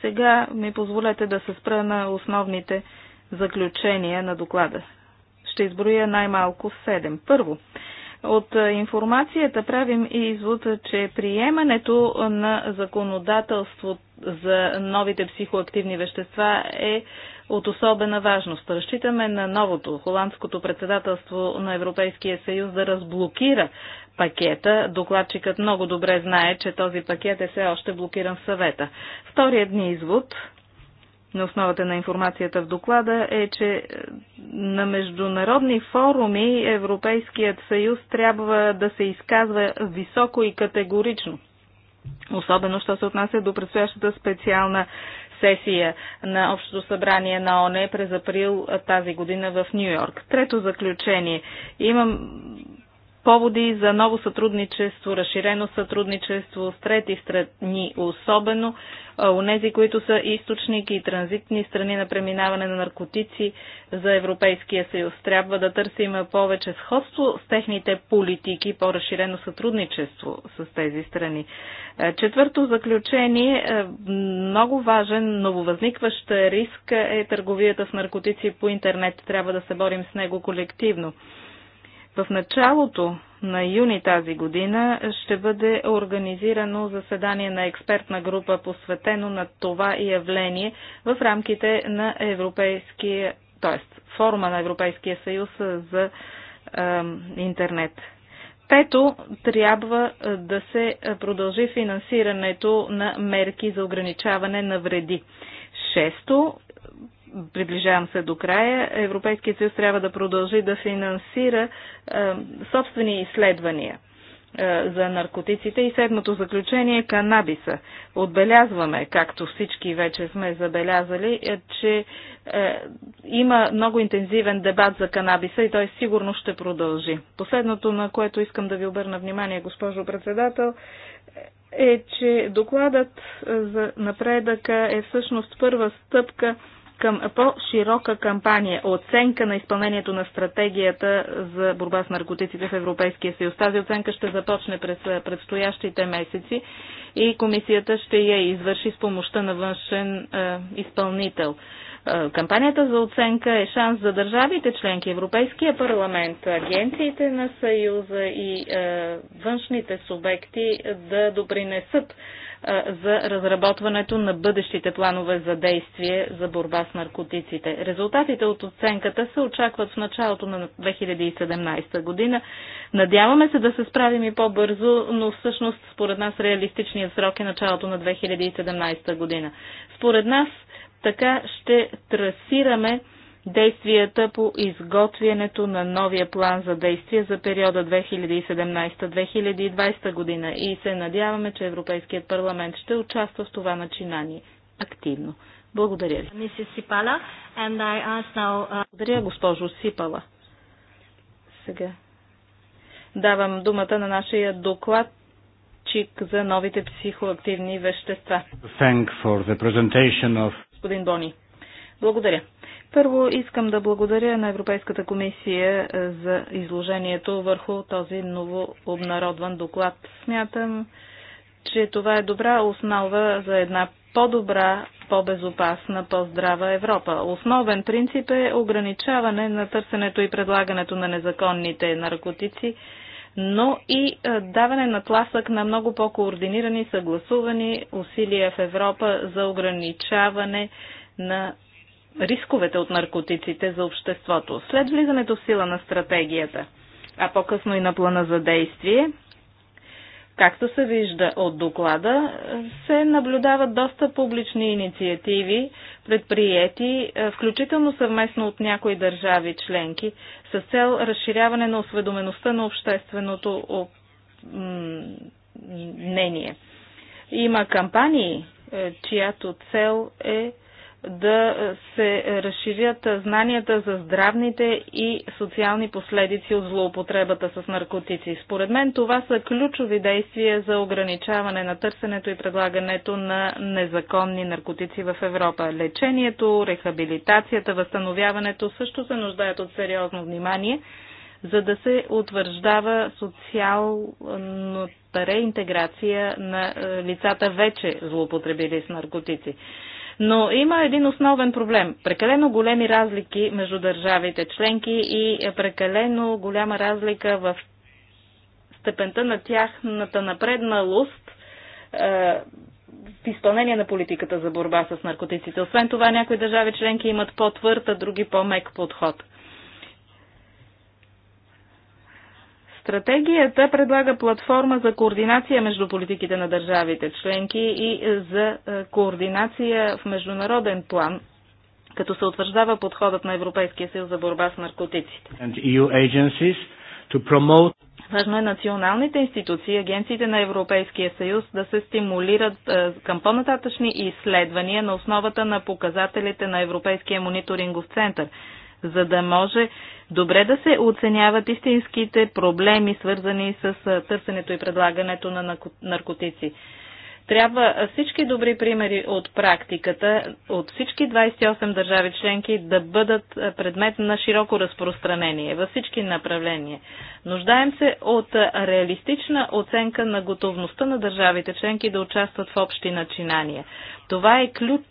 Speaker 5: Сега ми позволете да се спра на основните заключения на доклада. Ще изброя най-малко седем. Първо, от е, информацията правим и извод, че приемането на законодателство за новите психоактивни вещества е от особена важност. Разчитаме на новото холандското председателство на Европейския съюз да разблокира пакета. Докладчикът много добре знае, че този пакет е все още блокиран в съвета. Вторият ни извод – на основата на информацията в доклада е, че е, на международни форуми Европейският съюз трябва да се изказва високо и категорично. Особено, що се отнася до предстоящата специална сесия на Общото събрание на ОНЕ през април тази година в Нью Йорк. Трето заключение. Имам поводи за ново сътрудничество, разширено сътрудничество с трети страни, особено у нези, които са източники и транзитни страни на преминаване на наркотици за Европейския съюз. Трябва да търсим повече сходство с техните политики, по-разширено сътрудничество с тези страни. Четвърто заключение, много важен, нововъзникващ риск е търговията с наркотици по интернет. Трябва да се борим с него колективно. В началото на юни тази година ще бъде организирано заседание на експертна група, посветено на това явление в рамките на Европейския, т.е. форма на Европейския съюз за е, интернет. Пето, трябва да се продължи финансирането на мерки за ограничаване на вреди. Шесто, приближавам се до края, Европейският съюз трябва да продължи да финансира е, собствени изследвания е, за наркотиците. И седмото заключение е канабиса. Отбелязваме, както всички вече сме забелязали, е, че е, има много интензивен дебат за канабиса и той сигурно ще продължи. Последното, на което искам да ви обърна внимание, госпожо председател, е, че докладът е, за напредъка е всъщност първа стъпка към по-широка кампания оценка на изпълнението на стратегията за борба с наркотиците в Европейския съюз. Тази оценка ще започне през предстоящите месеци и комисията ще я извърши с помощта на външен е, изпълнител. кампанията за оценка е шанс за държавите членки, Европейския парламент, агенциите на Съюза и е, външните субекти да допринесат за разработването на бъдещите планове за действие за борба с наркотиците. Резултатите от оценката се очакват в началото на 2017 година. Надяваме се да се справим и по-бързо, но всъщност според нас реалистичният срок е началото на 2017 година. Според нас така ще трасираме действията по изготвянето на новия план за действие за периода 2017-2020 година и се надяваме, че Европейският парламент ще участва в това начинание активно. Благодаря ви. Uh, благодаря, госпожо Сипала. Сега давам думата на нашия доклад за новите психоактивни вещества.
Speaker 6: Of...
Speaker 5: Господин Бони, благодаря. Първо искам да благодаря на Европейската комисия е, за изложението върху този ново обнародван доклад. Смятам, че това е добра основа за една по-добра, по-безопасна, по-здрава Европа. Основен принцип е ограничаване на търсенето и предлагането на незаконните наркотици, но и е, даване на тласък на много по-координирани, съгласувани усилия в Европа за ограничаване на рисковете от наркотиците за обществото. След влизането в сила на стратегията, а по-късно и на плана за действие, както се вижда от доклада, се наблюдават доста публични инициативи, предприяти, е, включително съвместно от някои държави членки, с цел разширяване на осведомеността на общественото мнение. Има кампании, е, чиято цел е да се разширят знанията за здравните и социални последици от злоупотребата с наркотици. Според мен това са ключови действия за ограничаване на търсенето и предлагането на незаконни наркотици в Европа. Лечението, рехабилитацията, възстановяването също се нуждаят от сериозно внимание, за да се утвърждава социалната реинтеграция на е, лицата вече злоупотребили с наркотици. Но има един основен проблем. Прекалено големи разлики между държавите членки и прекалено голяма разлика в степента на тяхната напредналост е, в изпълнение на политиката за борба с наркотиците. Освен това, някои държави членки имат по-твърд, а други по-мек подход – Стратегията предлага платформа за координация между политиките на държавите членки и е, за е, координация в международен план като се утвърждава подходът на Европейския съюз за борба с наркотиците.
Speaker 2: E promote...
Speaker 5: Важно е националните институции агенциите на Европейския съюз да се стимулират е, към по-нататъчни изследвания на основата на показателите на Европейския мониторингов център за да може добре да се оценяват истинските проблеми, свързани с търсенето и предлагането на наркотици. Трябва всички добри примери от практиката от всички 28 държави членки да бъдат предмет на широко разпространение във всички направления. Нуждаем се от реалистична оценка на готовността на държавите членки да участват в общи начинания. Това е ключ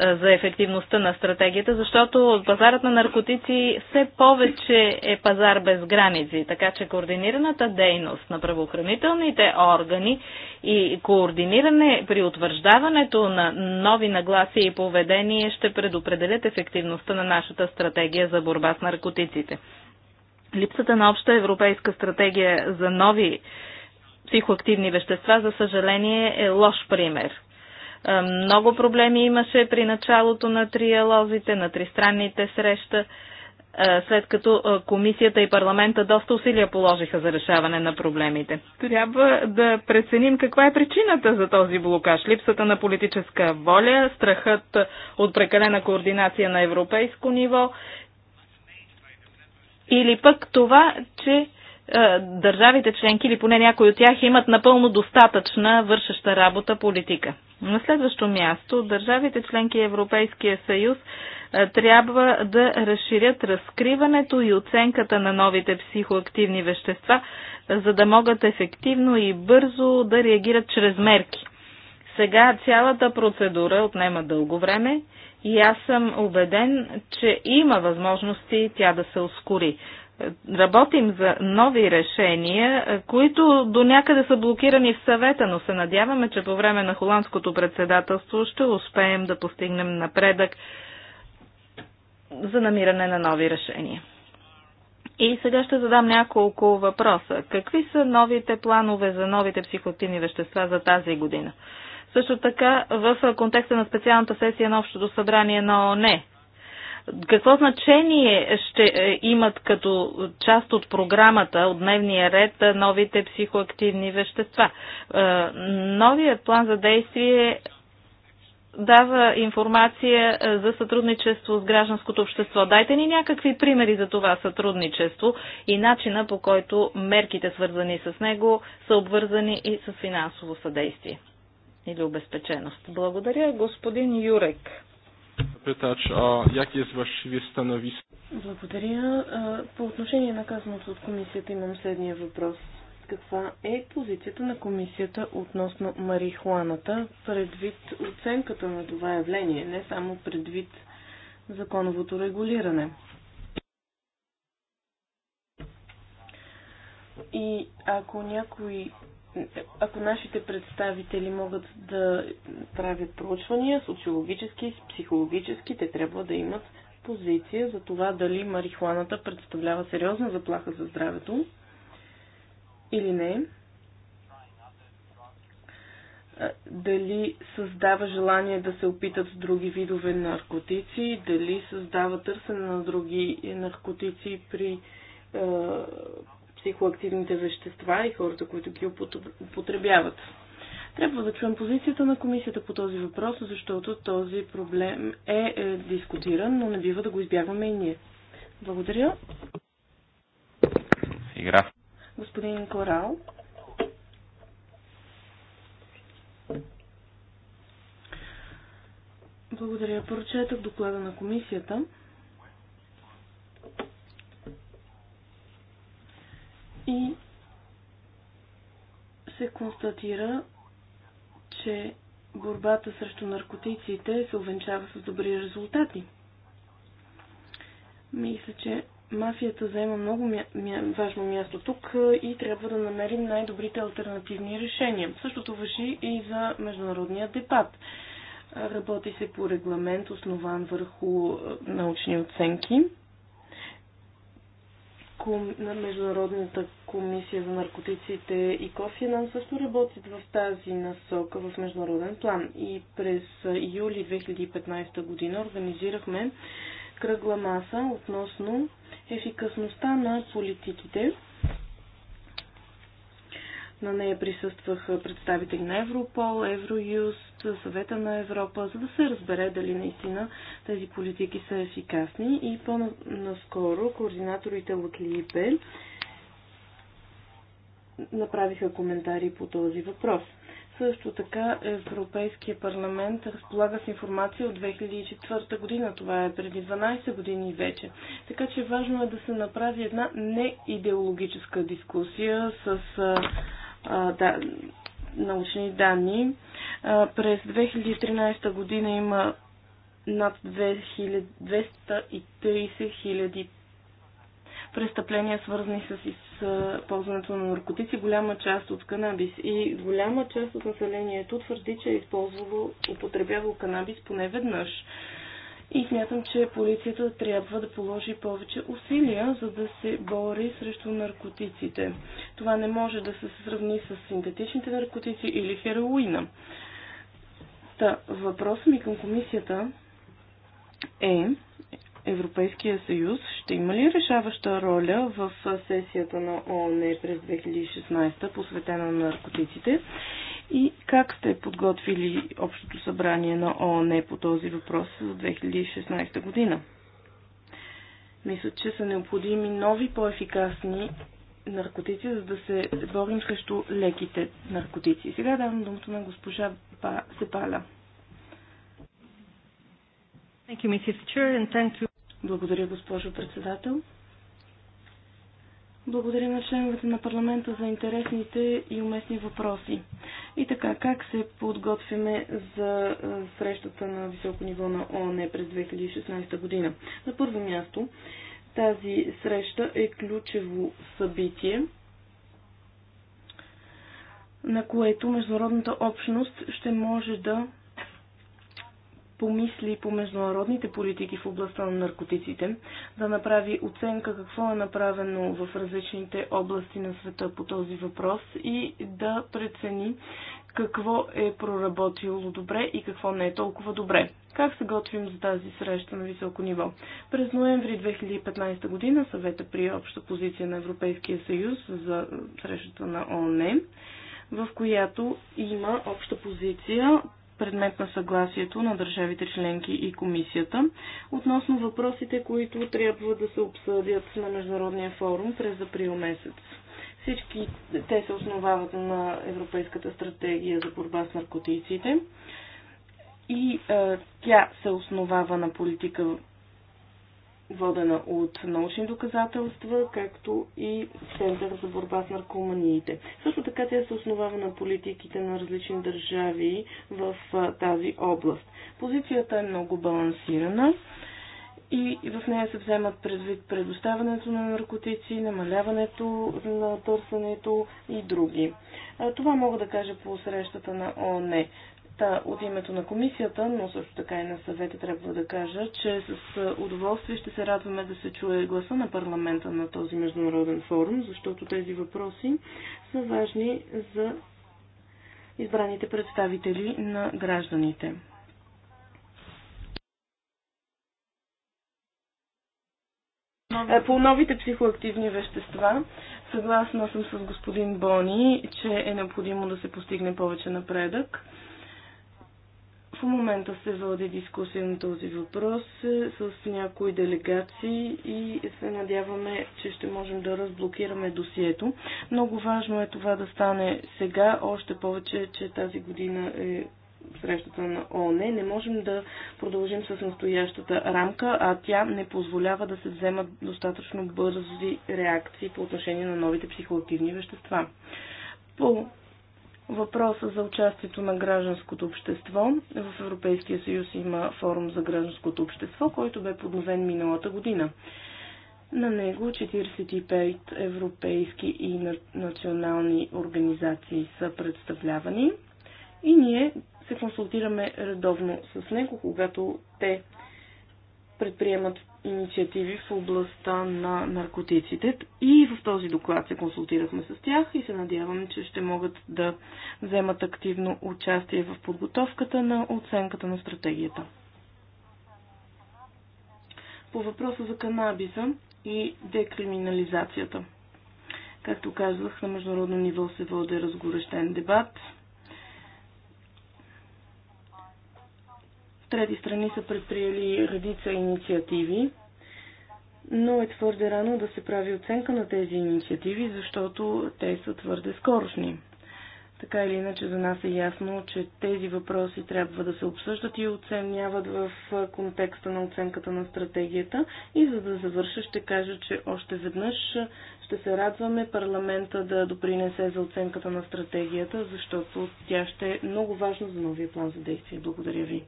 Speaker 5: е, за ефективността на стратегията, защото пазарът на наркотици все повече е пазар без граници, така че координираната дейност на правоохранителните органи и координиране при утвърждаването на нови нагласи и поведение ще предопределят ефективността на нашата стратегия за борба с наркотиците. Липсата на обща европейска стратегия за нови психоактивни вещества, за съжаление, е лош пример – е, много проблеми имаше при началото на триалозите, на тристранните среща, е, след като е, комисията и парламента доста усилия положиха за решаване на проблемите. Трябва да преценим каква е причината за този блокаж. Липсата на политическа воля, страхът от прекалена координация на европейско ниво или пък това, че държавите членки или поне някои от тях имат напълно достатъчна вършеща работа политика. На следващо място, държавите членки Европейския съюз трябва да разширят разкриването и оценката на новите психоактивни вещества, за да могат ефективно и бързо да реагират чрез мерки. Сега цялата процедура отнема дълго време и аз съм убеден, че има възможности тя да се ускори. Работим за нови решения, които до някъде са блокирани в съвета, но се надяваме, че по време на холандското председателство ще успеем да постигнем напредък за намиране на нови решения. И сега ще задам няколко въпроса. Какви са новите планове за новите психоактивни вещества за тази година? Също така, в контекста на специалната сесия на Общото събрание на ОНЕ какво значение ще е, имат като част от програмата, от дневния ред, е, новите психоактивни вещества? Е, новият план за действие дава информация за сътрудничество с гражданското общество. Дайте ни някакви примери за това сътрудничество и начина по който мерките, свързани с него, са обвързани и с финансово съдействие или обезпеченост.
Speaker 1: Благодаря, господин Юрек
Speaker 2: запитач, а jakie jest właściwie становище?
Speaker 1: Благодаря. По отношение на казаното от комисията имам следния въпрос. Каква е позицията на комисията относно марихуаната, предвид оценката на това явление, не само предвид законовото регулиране? И ако някой ако нашите представители могат да правят проучвания, социологически, психологически, те трябва да имат позиция за това дали марихуаната представлява сериозна заплаха за здравето или не. Дали създава желание да се опитат с други видове наркотици, дали създава търсене на други наркотици при психоактивните вещества и хората, които ги употребяват. Трябва да чуем позицията на комисията по този въпрос, защото този проблем е, е дискутиран, но не бива да го избягваме и ние. Благодаря. Игра. Господин Корал. Благодаря. в доклада на комисията. И се констатира, че борбата срещу наркотиците се увенчава с добри резултати. Мисля, че мафията заема много мя... Мя... важно място тук и трябва да намерим най-добрите альтернативни решения. Същото въжи и за международния дебат. Работи се по регламент, основан върху научни оценки ком... на Международната комисия за наркотиците и Кофинан също работят в тази насока в международен план. И през юли 2015 година организирахме кръгла маса относно ефикасността на политиките на нея присъстваха представители на Европол, Евроюст, Съвета на Европа, за да се разбере дали наистина тези политики са ефикасни. И по-наскоро координаторите от ЛИБЕ направиха коментари по този въпрос. Също така Европейския парламент разполага с информация от 2004 година. Това е преди 12 години вече. Така че важно е да се направи една неидеологическа дискусия с да, научни данни. През 2013 година има над 230 хиляди престъпления, свързани с, с ползването на наркотици, голяма част от канабис. И голяма част от населението твърди, че е използвало, употребявало канабис поне веднъж. И смятам, че полицията трябва да положи повече усилия, за да се бори срещу наркотиците. Това не може да се сравни с синтетичните наркотици или хероина. Та, въпросът ми към комисията е Европейския съюз ще има ли решаваща роля в сесията на ООН през 2016, посветена на наркотиците? И как сте подготвили Общото събрание на ООН по този въпрос за 2016 година? Мисля, че са необходими нови по-ефикасни наркотици, за да се борим срещу леките наркотици. Сега давам думата на госпожа Сепаля. Благодаря, госпожо председател. Благодарим на членовете на парламента за интересните и уместни въпроси. И така, как се подготвяме за срещата на високо ниво на ООН през 2016 година? На първо място, тази среща е ключево събитие, на което международната общност ще може да помисли по международните политики в областта на наркотиците, да направи оценка какво е направено в различните области на света по този въпрос и да прецени какво е проработило добре и какво не е толкова добре. Как се готвим за тази среща на високо ниво? През ноември 2015 година съвета прие обща позиция на Европейския съюз за срещата на ООН в която има обща позиция предмет на съгласието на държавите членки и комисията, относно въпросите, които трябва да се обсъдят на Международния форум през април месец. Всички те се основават на Европейската стратегия за борба с наркотиците и е, тя се основава на политика водена от научни доказателства, както и Център за борба с наркоманиите. Също така тя се основава на политиките на различни държави в тази област. Позицията е много балансирана и в нея се вземат предвид предоставянето на наркотици, намаляването на търсенето и други. Това мога да кажа по срещата на ОНЕ. Та, от името на комисията, но също така и на съвета трябва да кажа, че с удоволствие ще се радваме да се чуе гласа на парламента на този международен форум, защото тези въпроси са важни за избраните представители на гражданите. Е, по новите психоактивни вещества, съгласна съм с господин Бони, че е необходимо да се постигне повече напредък. В момента се води дискусия на този въпрос е, с някои делегации и се надяваме, че ще можем да разблокираме досието. Много важно е това да стане сега, още повече, че тази година е срещата на ОНЕ. Не можем да продължим с настоящата рамка, а тя не позволява да се вземат достатъчно бързи реакции по отношение на новите психоактивни вещества. По Въпроса за участието на гражданското общество. В Европейския съюз има форум за гражданското общество, който бе подновен миналата година. На него 45 европейски и национални организации са представлявани и ние се консултираме редовно с него, когато те предприемат инициативи в областта на наркотиците и в този доклад се консултирахме с тях и се надявам, че ще могат да вземат активно участие в подготовката на оценката на стратегията. По въпроса за канабиса и декриминализацията. Както казах, на международно ниво се води разгорещен дебат – Трети страни са предприели редица инициативи, но е твърде рано да се прави оценка на тези инициативи, защото те са твърде скорошни. Така или иначе за нас е ясно, че тези въпроси трябва да се обсъждат и оценяват в контекста на оценката на стратегията. И за да завърша, ще кажа, че още веднъж ще се радваме парламента да допринесе за оценката на стратегията, защото тя ще е много важна за новия план за действие. Благодаря ви.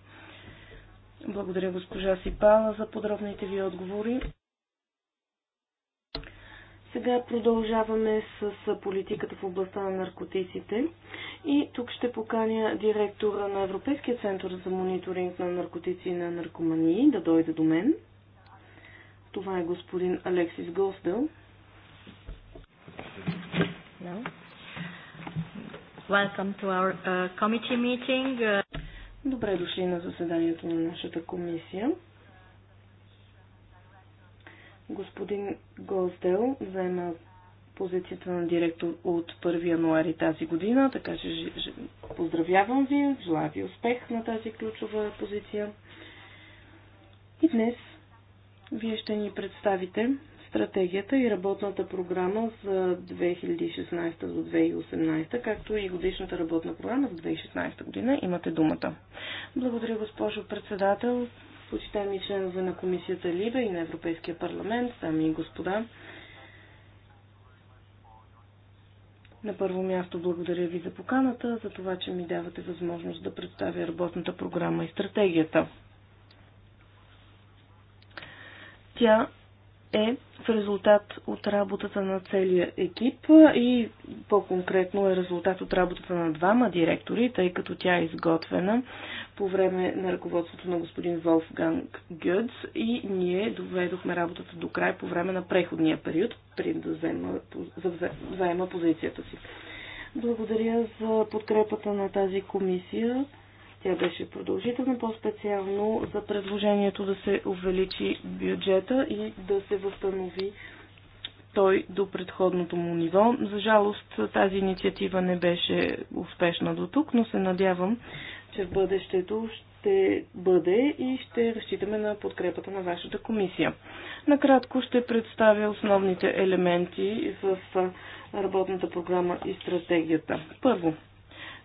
Speaker 1: Благодаря госпожа Сипала за подробните ви отговори. Сега продължаваме с политиката в областта на наркотиците. И тук ще поканя директора на Европейския център за мониторинг на наркотици и на наркомании да дойде до мен. Това е
Speaker 3: господин Алексис Госдел. Welcome to our uh, committee meeting. Uh... Добре дошли на заседанието на нашата комисия.
Speaker 1: Господин Голсдел заема позицията на директор от 1 януари тази година, така че поздравявам ви, желая ви успех на тази ключова позиция. И днес вие ще ни представите стратегията и работната програма за 2016 до 2018, както и годишната работна програма за 2016 година. Имате думата. Благодаря, госпожо председател, почитаеми членове на комисията Либе и на Европейския парламент, дами и господа. На първо място благодаря ви за поканата, за това, че ми давате възможност да представя работната програма и стратегията. Тя е в резултат от работата на целия екип и по-конкретно е резултат от работата на двама директори, тъй като тя е изготвена по време на ръководството на господин Волфганг Гюдс и ние доведохме работата до край по време на преходния период, при да взема, заема позицията си. Благодаря за подкрепата на тази комисия. Тя беше продължителна, по-специално за предложението да се увеличи бюджета и да се възстанови той до предходното му ниво. За жалост тази инициатива не беше успешна до тук, но се надявам, че в бъдещето ще бъде и ще разчитаме на подкрепата на вашата комисия. Накратко ще представя основните елементи в работната програма и стратегията. Първо,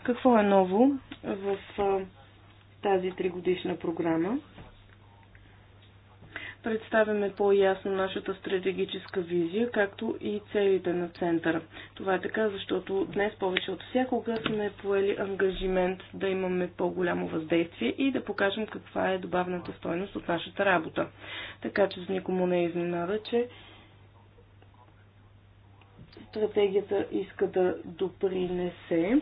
Speaker 1: какво е ново в тази тригодишна програма? представяме по-ясно нашата стратегическа визия, както и целите на центъра. Това е така, защото днес повече от всякога сме поели ангажимент да имаме по-голямо въздействие и да покажем каква е добавната стойност от нашата работа. Така че с никому не е изненада, че стратегията иска да допринесе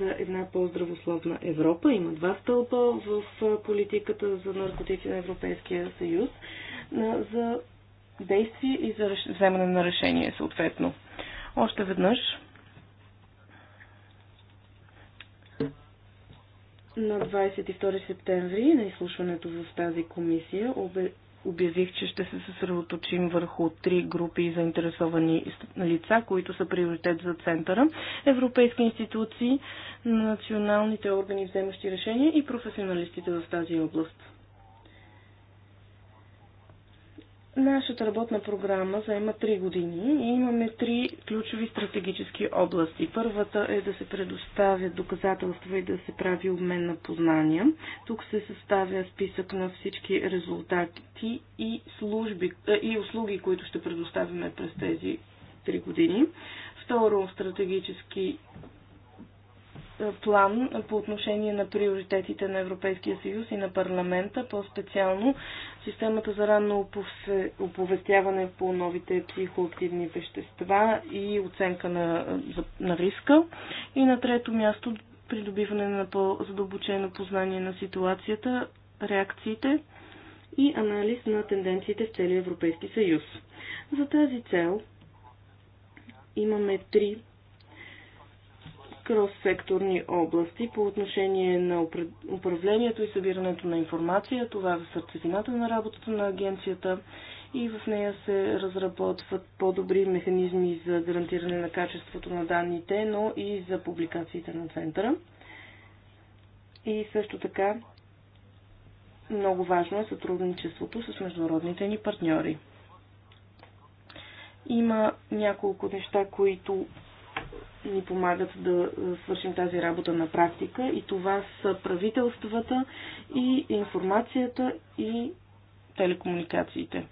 Speaker 1: за една по-здравословна Европа. Има два стълба в политиката за наркотици на Европейския съюз за действие и за вземане на решение съответно. Още веднъж на 22 септември на изслушването в тази комисия обе, обявих, че ще се съсредоточим върху три групи заинтересовани лица, които са приоритет за центъра европейски институции, националните органи вземащи решения и професионалистите в тази област. Нашата работна програма заема 3 години и имаме три ключови стратегически области. Първата е да се предоставят доказателства и да се прави обмен на познания. Тук се съставя списък на всички резултати и, служби, е, и услуги, които ще предоставяме през тези 3 години. Второ, стратегически план по отношение на приоритетите на Европейския съюз и на парламента, по-специално системата за ранно оповестяване по новите психоактивни вещества и оценка на, на риска. И на трето място придобиване на по-задълбочено познание на ситуацията, реакциите и анализ на тенденциите в целия Европейски съюз. За тази цел имаме три кроссекторни области по отношение на управлението и събирането на информация. Това е в сърцевината на работата на агенцията и в нея се разработват по-добри механизми за гарантиране на качеството на данните, но и за публикациите на центъра. И също така много важно е сътрудничеството с международните ни партньори. Има няколко неща, които ни помагат да свършим тази работа на практика и това са правителствата и информацията и телекомуникациите.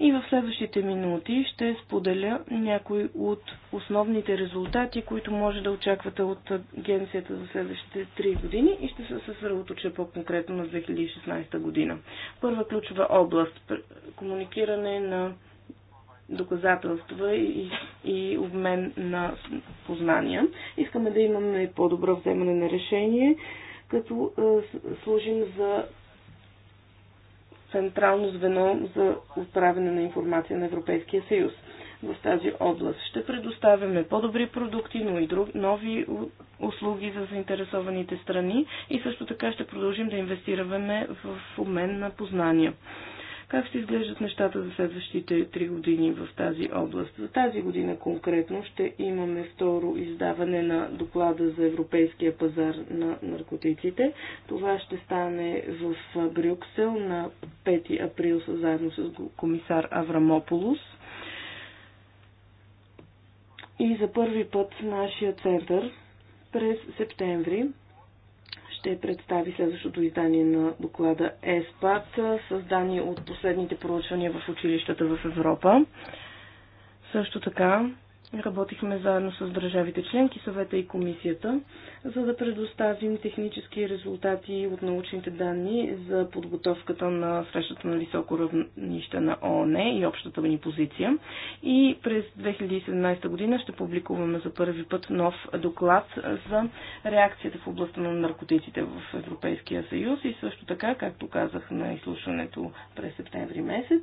Speaker 1: И в следващите минути ще споделя някои от основните резултати, които може да очаквате от агенцията за следващите 3 години и ще се съсредоточа по-конкретно на 2016 година. Първа ключова област – комуникиране на доказателства и, и обмен на познания. Искаме да имаме по-добро вземане на решение, като е, служим за централно звено за отправяне на информация на Европейския съюз в тази област. Ще предоставяме по-добри продукти, но и друг, нови услуги за заинтересованите страни и също така ще продължим да инвестираме в обмен на познания. Как ще изглеждат нещата за следващите три години в тази област? За тази година конкретно ще имаме второ издаване на доклада за европейския пазар на наркотиците. Това ще стане в Брюксел на 5 април заедно с комисар Аврамополус. И за първи път нашия център през септември ще представи следващото издание на доклада ЕСПАД създание от последните проучвания в училищата в Европа. Също така Работихме заедно с държавите членки, съвета и комисията, за да предоставим технически резултати от научните данни за подготовката на срещата на високо равнище на ООН и общата ни позиция. И през 2017 година ще публикуваме за първи път нов доклад за реакцията в областта на наркотиците в Европейския съюз и също така, както казах на изслушването през септември месец,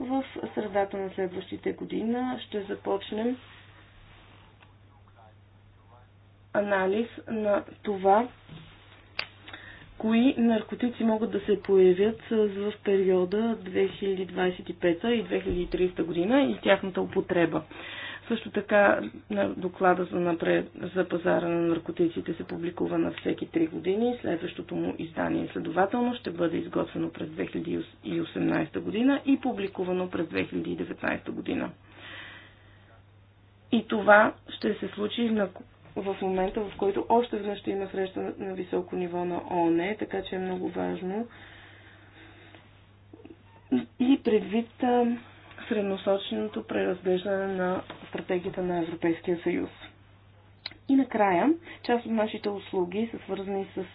Speaker 1: в средата на следващите година ще започнем анализ на това, кои наркотици могат да се появят в периода 2025 и 2030 година и тяхната употреба. Също така доклада за, напред, за пазара на наркотиците се публикува на всеки 3 години. Следващото му издание следователно ще бъде изготвено през 2018 година и публикувано през 2019 година. И това ще се случи на в момента, в който още веднъж ще има среща на високо ниво на ООН, така че е много важно и предвид средносоченото преразглеждане на стратегията на Европейския съюз. И накрая, част от нашите услуги са свързани с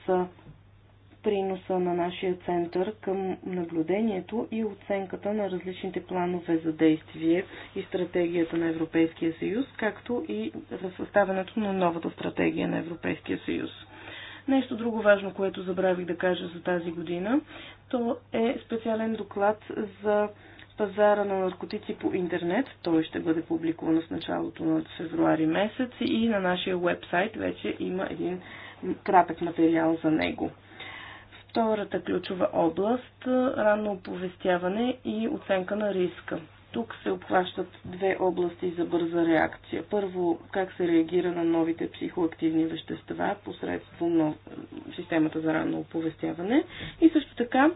Speaker 1: приноса на нашия център към наблюдението и оценката на различните планове за действие и стратегията на Европейския съюз, както и за съставянето на новата стратегия на Европейския съюз. Нещо друго важно, което забравих да кажа за тази година, то е специален доклад за пазара на наркотици по интернет. Той ще бъде публикуван в началото на февруари месец и на нашия вебсайт вече има един кратък материал за него. Втората ключова област е – ранно оповестяване и оценка на риска. Тук се обхващат две области за бърза реакция. Първо, как се реагира на новите психоактивни вещества посредством нов... Е, системата за ранно оповестяване и също така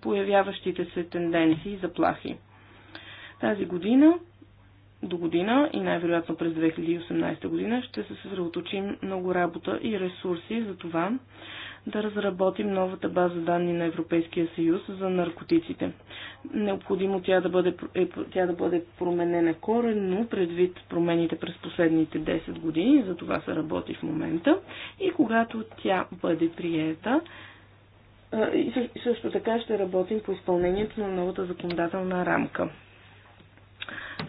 Speaker 1: появяващите се тенденции и заплахи. Тази година, до година и най-вероятно през 2018 година ще се съсредоточим много работа и ресурси за това да разработим новата база данни на Европейския съюз за наркотиците. Необходимо тя да бъде, е, тя да бъде променена коренно предвид промените през последните 10 години, за това се работи в момента. И когато тя бъде приета, и също така ще работим по изпълнението на новата законодателна рамка.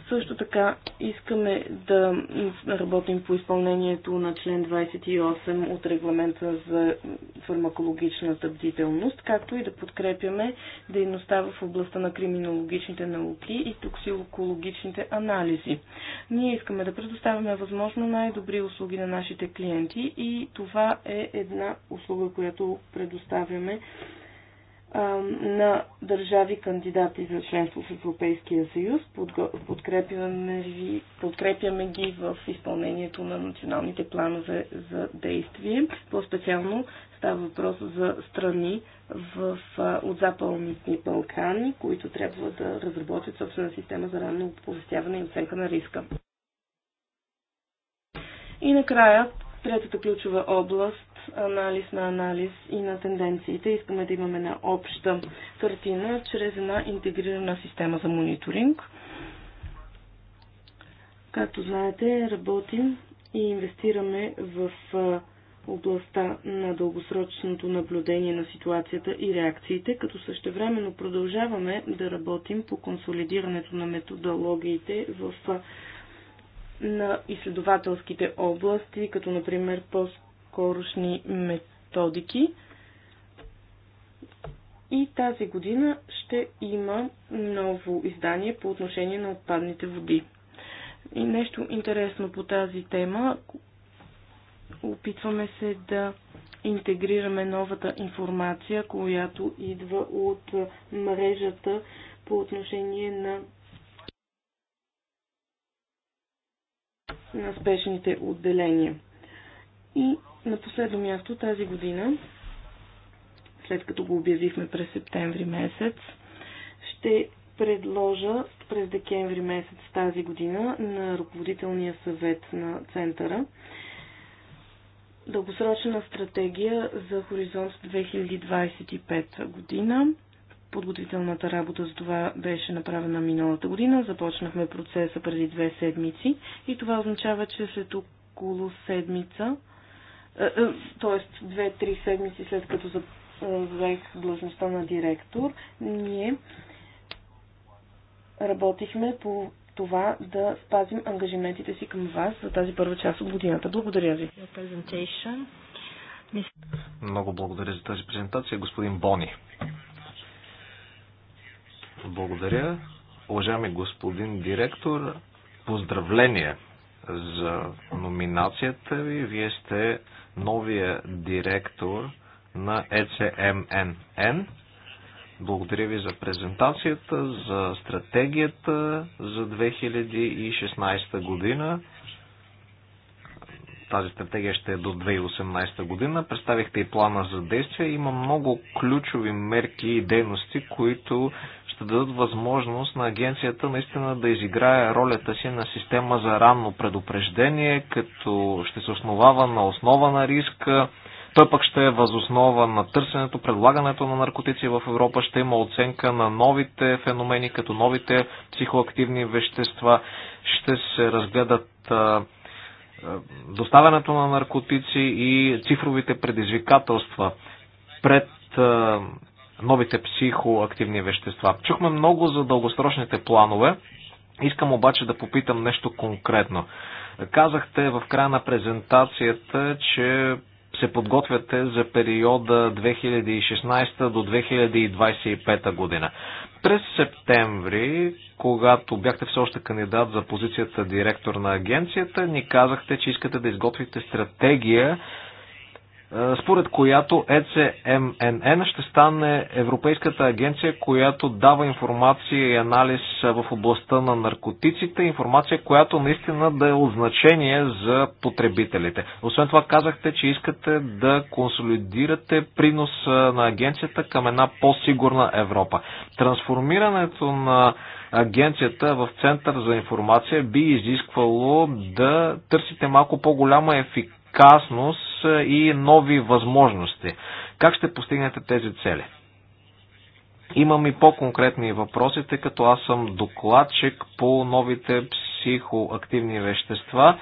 Speaker 1: Също така искаме да работим по изпълнението на член 28 от регламента за фармакологичната бдителност, както и да подкрепяме дейността в областта на криминологичните науки и токсикологичните анализи. Ние искаме да предоставяме възможно най-добри услуги на нашите клиенти и това е една услуга, която предоставяме на държави кандидати за членство в Европейския съюз. Подкрепяме, ви, подкрепяме ги в изпълнението на националните планове за действие. По-специално става въпрос за страни в, от Западните Балкани, които трябва да разработят собствена система за ранно оповестяване и оценка на риска. И накрая Третата ключова област анализ на анализ и на тенденциите. Искаме да имаме една обща картина чрез една интегрирана система за мониторинг. Както знаете, работим и инвестираме в областта на дългосрочното наблюдение на ситуацията и реакциите, като същевременно продължаваме да работим по консолидирането на методологиите в на изследователските области, като например по-скорошни методики. И тази година ще има ново издание по отношение на отпадните води. И нещо интересно по тази тема. Опитваме се да интегрираме новата информация, която идва от мрежата по отношение на на спешните отделения. И на последно място тази година, след като го обявихме през септември месец, ще предложа през декември месец тази година на ръководителния съвет на центъра дългосрочна стратегия за Хоризонт 2025 година Подготвителната работа за това беше направена миналата година. Започнахме процеса преди две седмици и това означава, че след около седмица, т.е. Е, две-три седмици след като е, взех длъжността на директор, ние работихме по това да спазим ангажиментите си към вас за тази първа част от годината. Благодаря ви.
Speaker 2: Много благодаря за тази презентация, господин Бони. Благодаря. Уважаеми господин директор, поздравление за номинацията ви. Вие сте новия директор на ECMNN. Е Благодаря ви за презентацията, за стратегията за 2016 година. Тази стратегия ще е до 2018 година. Представихте и плана за действие. Има много ключови мерки и дейности, които ще дадат възможност на агенцията наистина да изиграе ролята си на система за ранно предупреждение, като ще се основава на основа на риска, той пък ще е възоснова на търсенето, предлагането на наркотици в Европа, ще има оценка на новите феномени, като новите психоактивни вещества, ще се разгледат доставянето на наркотици и цифровите предизвикателства пред новите психоактивни вещества. Чухме много за дългосрочните планове. Искам обаче да попитам нещо конкретно. Казахте в края на презентацията, че се подготвяте за периода 2016 до 2025 година. През септември, когато бяхте все още кандидат за позицията директор на агенцията, ни казахте, че искате да изготвите стратегия според която ECMNN е ще стане Европейската агенция, която дава информация и анализ в областта на наркотиците, информация, която наистина да е от значение за потребителите. Освен това казахте, че искате да консолидирате принос на агенцията към една по-сигурна Европа. Трансформирането на агенцията в Център за информация би изисквало да търсите малко по-голяма ефикасност ефикасност е, и нови възможности. Как ще постигнете тези цели? Имам и по-конкретни въпроси, тъй като аз съм докладчик по новите психоактивни вещества.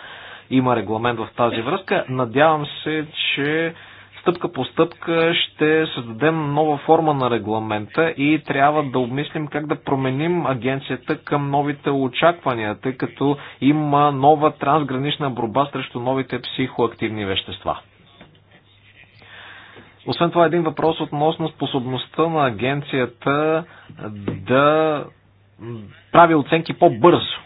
Speaker 2: Има регламент в тази връзка. Надявам се, че стъпка по стъпка ще създадем нова форма на регламента и трябва да обмислим как да променим агенцията към новите очаквания, тъй като има нова трансгранична борба срещу новите психоактивни вещества. Освен това, един въпрос относно способността на агенцията да прави оценки по-бързо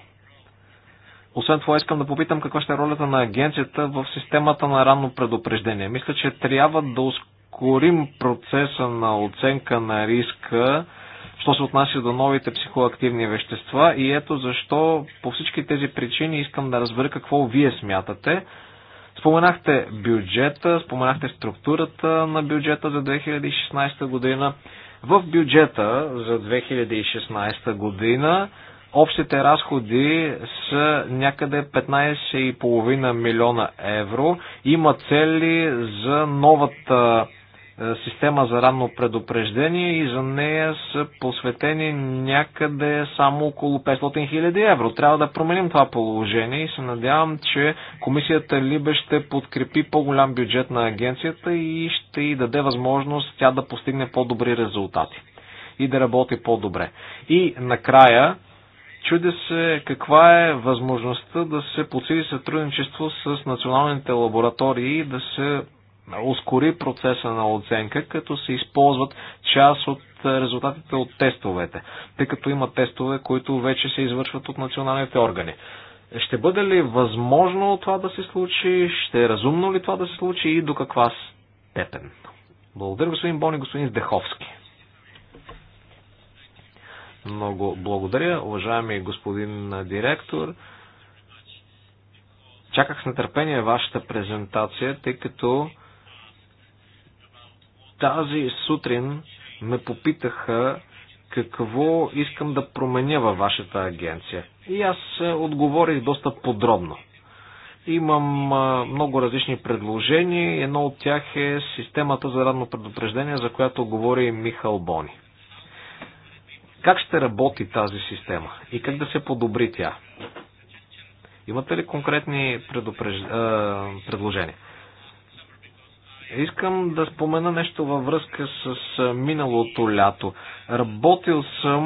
Speaker 2: освен това искам да попитам каква ще е ролята на агенцията в системата на ранно предупреждение. Мисля, че трябва да ускорим процеса на оценка на риска, що се отнася до новите психоактивни вещества и ето защо по всички тези причини искам да разбера какво вие смятате. Споменахте бюджета, споменахте структурата на бюджета за 2016 година. В бюджета за 2016 година Общите разходи са някъде 15,5 милиона евро. Има цели за новата е, система за ранно предупреждение и за нея са посветени някъде само около 500 хиляди евро. Трябва да променим това положение и се надявам, че комисията Либе ще подкрепи по-голям бюджет на агенцията и ще й даде възможност тя да постигне по-добри резултати и да работи по-добре. И накрая, Чуди се каква е възможността да се подсили сътрудничество с националните лаборатории и да се ускори процеса на оценка, като се използват част от резултатите от тестовете, тъй като има тестове, които вече се извършват от националните органи. Ще бъде ли възможно това да се случи? Ще е разумно ли това да се случи и до каква степен? Благодаря, господин Бони, господин Здеховски. Много благодаря, уважаеми господин директор. Чаках с нетърпение вашата презентация, тъй като тази сутрин ме попитаха какво искам да променя във вашата агенция. И аз е, отговорих доста подробно. Имам е, много различни предложения. Едно от тях е системата за радно предупреждение, за която говори Михал Бони. Как ще работи тази система и как да се подобри тя? Имате ли конкретни предупреж... предложения? Искам да спомена нещо във връзка с миналото лято. Работил съм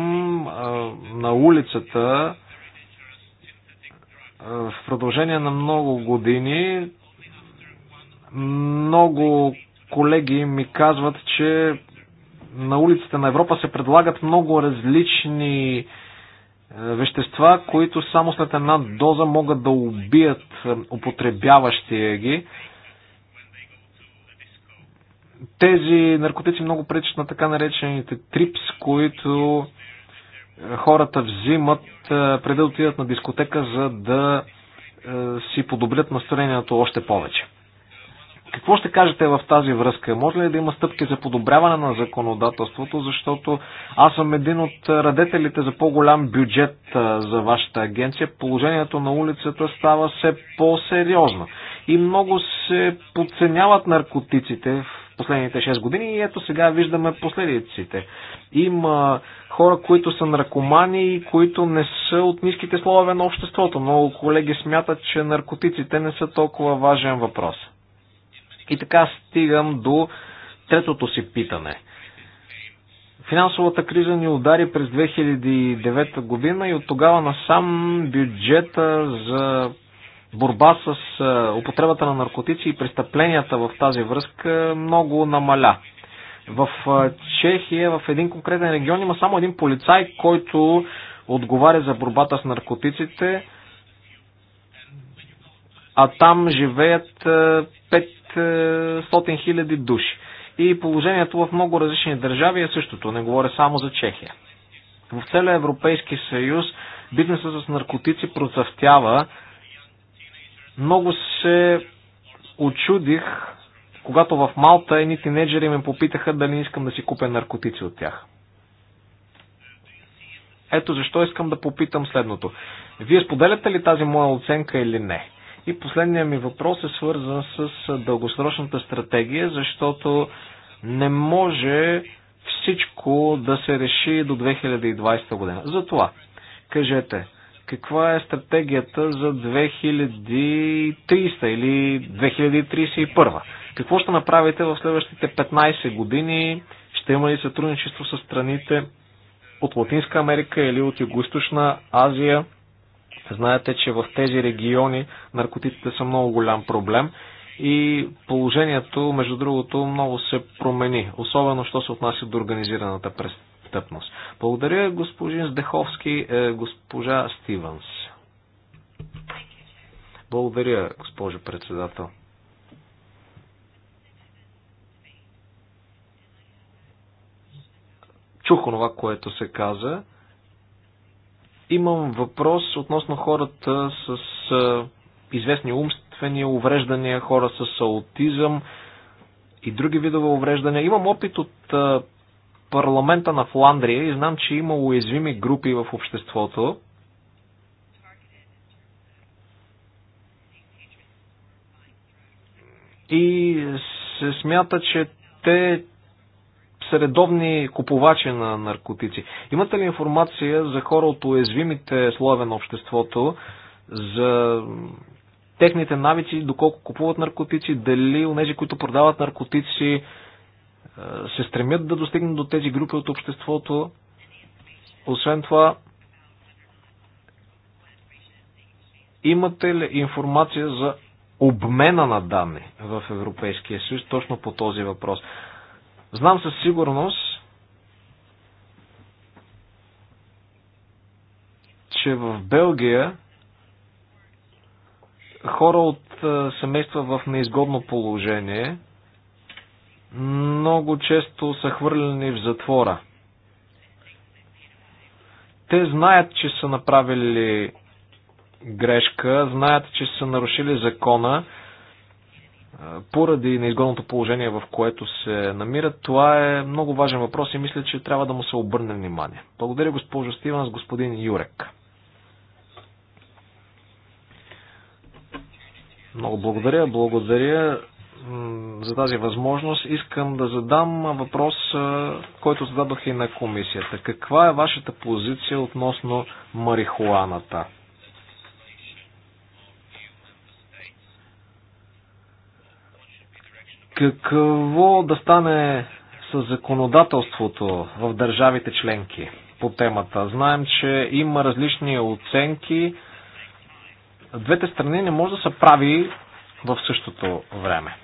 Speaker 2: на улицата в продължение на много години. Много колеги ми казват, че на улиците на Европа се предлагат много различни е, вещества, които само след една доза могат да убият е, употребяващия ги. Тези наркотици много пречат на така наречените трипс, които е, хората взимат преди да отидат на дискотека, за да си подобрят настроението още повече. Какво ще кажете в тази връзка? Може ли да има стъпки за подобряване на законодателството, защото аз съм един от радетелите за по-голям бюджет за вашата агенция. Положението на улицата става все по-сериозно и много се подценяват наркотиците в последните 6 години и ето сега виждаме последиците. Има хора, които са наркомани и които не са от ниските слове на обществото. Много колеги смятат, че наркотиците не са толкова важен въпрос. И така стигам до третото си питане. Финансовата криза ни удари през 2009 година и от тогава насам бюджета за борба с употребата на наркотици и престъпленията в тази връзка много намаля. В Чехия, в един конкретен регион има само един полицай, който отговаря за борбата с наркотиците, а там живеят 100 хиляди души. И положението в много различни държави е същото, не говоря само за Чехия. В целия Европейски съюз бизнесът с наркотици процъфтява. Много се очудих, когато в Малта едни тинейджери ме попитаха дали искам да си купя наркотици от тях. Ето защо искам да попитам следното. Вие споделяте ли тази моя оценка или не? И последният ми въпрос е свързан с дългосрочната стратегия, защото не може всичко да се реши до 2020 година. Затова, кажете, каква е стратегията за 2300 или 2031? Какво ще направите в следващите 15 години? Ще има ли сътрудничество с страните от Латинска Америка или от Юго-Источна Азия? Знаете, че в тези региони наркотиците са много голям проблем и положението, между другото, много се промени, особено що се отнася до организираната престъпност. Благодаря господин Здеховски, е, госпожа Стивенс. Благодаря, госпожо председател. Чух онова, което се каза Имам въпрос относно хората с известни умствени увреждания, хора с аутизъм и други видове увреждания. Имам опит от парламента на Фландрия и знам, че има уязвими групи в обществото. И се смята, че те са редовни купувачи на наркотици. Имате ли информация за хора от уязвимите слоеве на обществото, за техните навици, доколко купуват наркотици, дали у нези, които продават наркотици, е, се стремят да достигнат до тези групи от обществото. Освен това, имате ли информация за обмена на данни в Европейския съюз точно по този въпрос? Знам със сигурност, че в Белгия хора от семейства в неизгодно положение много често са хвърлени в затвора. Те знаят, че са направили грешка, знаят, че са нарушили закона, поради неизгодното положение, в което се намират. Това е много важен въпрос и мисля, че трябва да му се обърне внимание. Благодаря госпожо Стивенс, господин Юрек. Много благодаря, благодаря за тази възможност. Искам да задам въпрос, който зададох и на комисията. Каква е вашата позиция относно марихуаната? Какво да стане с законодателството в държавите членки по темата? Знаем, че има различни оценки. Двете страни не може да са прави в същото време.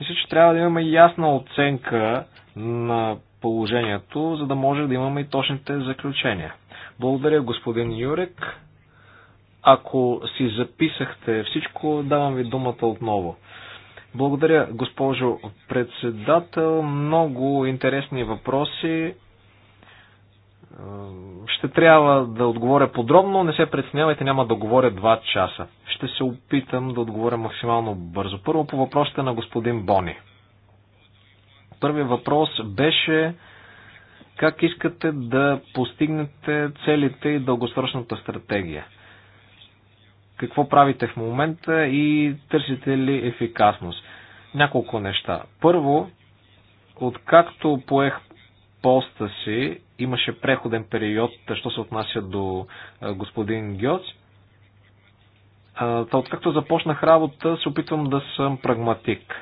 Speaker 2: Мисля, че трябва да имаме ясна оценка на положението, за да може да имаме и точните заключения. Благодаря, господин Юрек. Ако си записахте всичко, давам ви думата отново. Благодаря, госпожо председател. Много интересни въпроси. Е, ще трябва да отговоря подробно. Не се преценявайте, няма да говоря два часа. Ще се опитам да отговоря максимално бързо. Първо по въпросите на господин Бони. Първият въпрос беше как искате да постигнете целите и дългосрочната стратегия какво правите в момента и търсите ли ефикасност. Няколко неща. Първо, откакто поех поста си, имаше преходен период, що се отнася до господин Гьоц. откакто започнах работа, се опитвам да съм прагматик.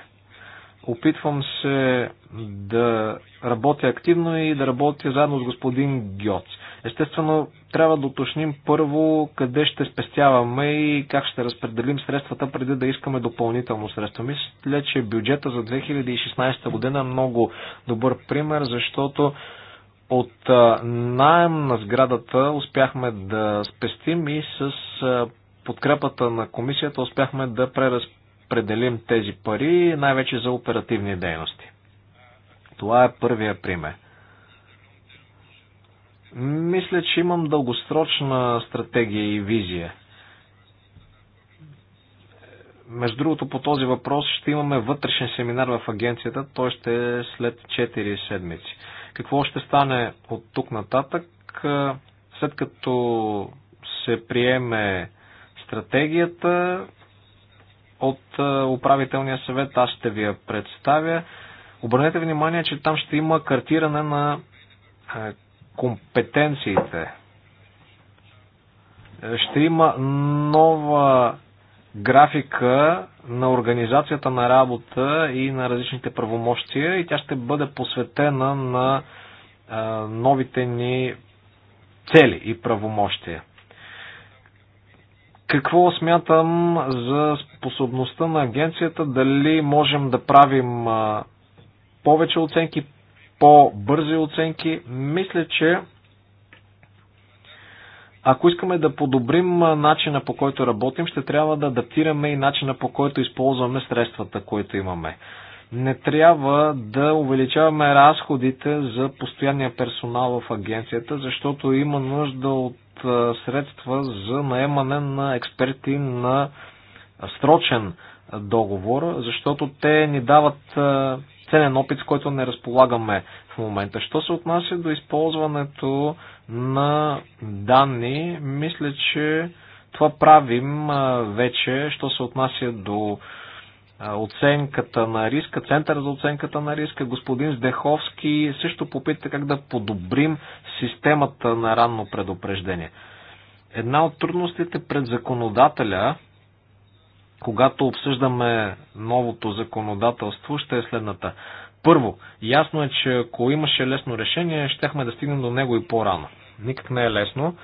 Speaker 2: Опитвам се да работя активно и да работя заедно с господин Гьоц. Естествено, трябва да уточним първо къде ще спестяваме и как ще разпределим средствата преди да искаме допълнително средства. Мисля, че бюджета за 2016 година е много добър пример, защото от найем на сградата успяхме да спестим и с подкрепата на комисията успяхме да преразпределим тези пари, най-вече за оперативни дейности. Това е първия пример. Мисля, че имам дългосрочна стратегия и визия. Между другото, по този въпрос ще имаме вътрешен семинар в агенцията. Той ще е след 4 седмици. Какво ще стане от тук нататък? След като се приеме стратегията от е, управителния съвет, аз ще ви я представя. Обърнете внимание, че там ще има картиране на е, компетенциите. Ще има нова графика на организацията на работа и на различните правомощия и тя ще бъде посветена на новите ни цели и правомощия. Какво смятам за способността на агенцията? Дали можем да правим повече оценки, по-бързи оценки. Мисля, че ако искаме да подобрим начина по който работим, ще трябва да адаптираме и начина по който използваме средствата, които имаме. Не трябва да увеличаваме разходите за постоянния персонал в агенцията, защото има нужда от средства за наемане на експерти на срочен договор, защото те ни дават ценен опит, с който не разполагаме в момента. Що се отнася до използването на данни, мисля, че това правим вече, що се отнася до оценката на риска, Център за оценката на риска. Господин Здеховски също попита как да подобрим системата на ранно предупреждение. Една от трудностите пред законодателя когато обсъждаме новото законодателство, ще е следната. Първо, ясно е, че ако имаше лесно решение, щехме да стигнем до него и по-рано. Никак не е лесно.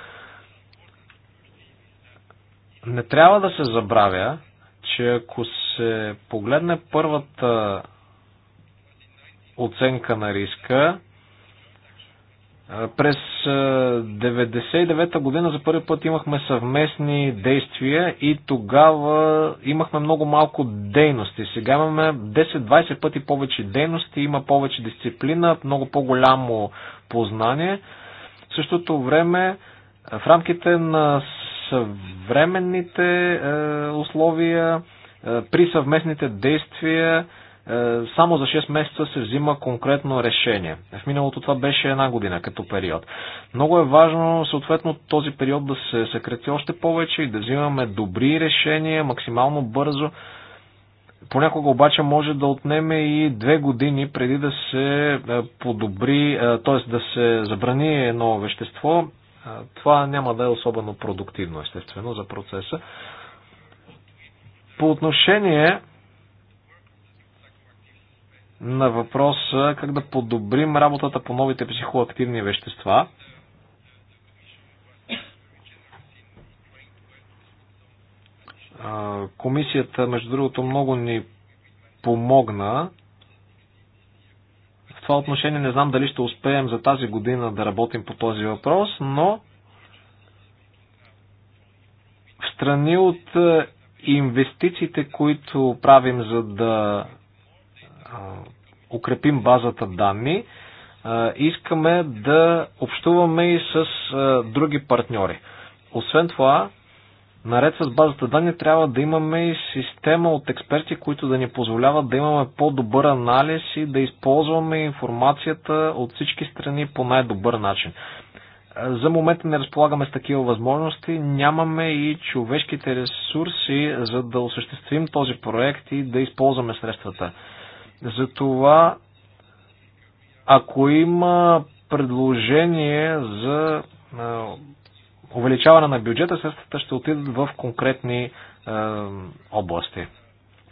Speaker 2: Не трябва да се забравя, че ако се погледне първата оценка на риска, през 1999 година за първи път имахме съвместни действия и тогава имахме много малко дейности. Сега имаме 10-20 пъти повече дейности, има повече дисциплина, много по-голямо познание. В същото време, в рамките на съвременните условия, при съвместните действия, е, само за 6 месеца се взима конкретно решение. В миналото това беше една година като период. Много е важно, съответно, този период да се съкрати още повече и да взимаме добри решения максимално бързо. Понякога обаче може да отнеме и две години преди да се е, подобри, е, т.е. да се забрани едно вещество. Това няма да е особено продуктивно, естествено, за процеса. По отношение на въпроса как да подобрим работата по новите психоактивни вещества. Комисията, между другото, много ни помогна. В това отношение не знам дали ще успеем за тази година да работим по този въпрос, но в страни от инвестициите, които правим за да укрепим базата данни, искаме да общуваме и с други партньори. Освен това, наред с базата данни трябва да имаме и система от експерти, които да ни позволяват да имаме по-добър анализ и да използваме информацията от всички страни по най-добър начин. За момента не разполагаме с такива възможности, нямаме и човешките ресурси, за да осъществим този проект и да използваме средствата затова, ако има предложение за увеличаване на бюджета, средствата ще отидат в конкретни области.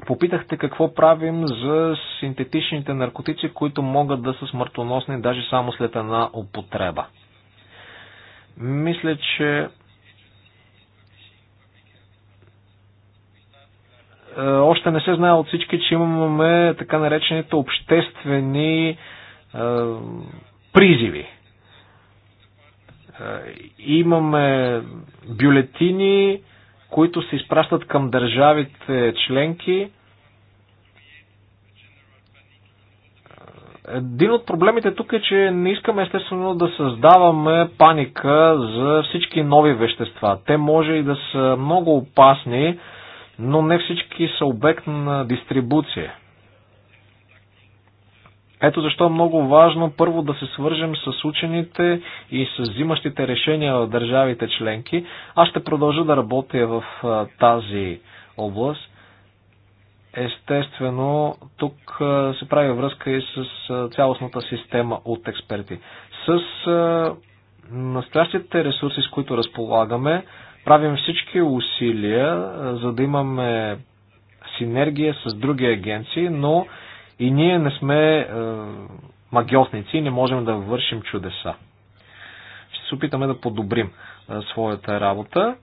Speaker 2: Попитахте какво правим за синтетичните наркотици, които могат да са смъртоносни даже само след една употреба. Мисля, че Е, още не се знае от всички, че имаме така наречените обществени е, призиви. Е, имаме бюлетини, които се изпращат към държавите членки. Един от проблемите тук е, че не искаме естествено да създаваме паника за всички нови вещества. Те може и да са много опасни, но не всички са обект на дистрибуция. Ето защо е много важно първо да се свържем с учените и с взимащите решения в държавите членки. Аз ще продължа да работя в тази област. Естествено, тук се прави връзка и с цялостната система от експерти. С настоящите ресурси, с които разполагаме, Правим всички усилия, за да имаме синергия с други агенции, но и ние не сме е, магиосници и не можем да вършим чудеса. Ще се опитаме да подобрим е, своята работа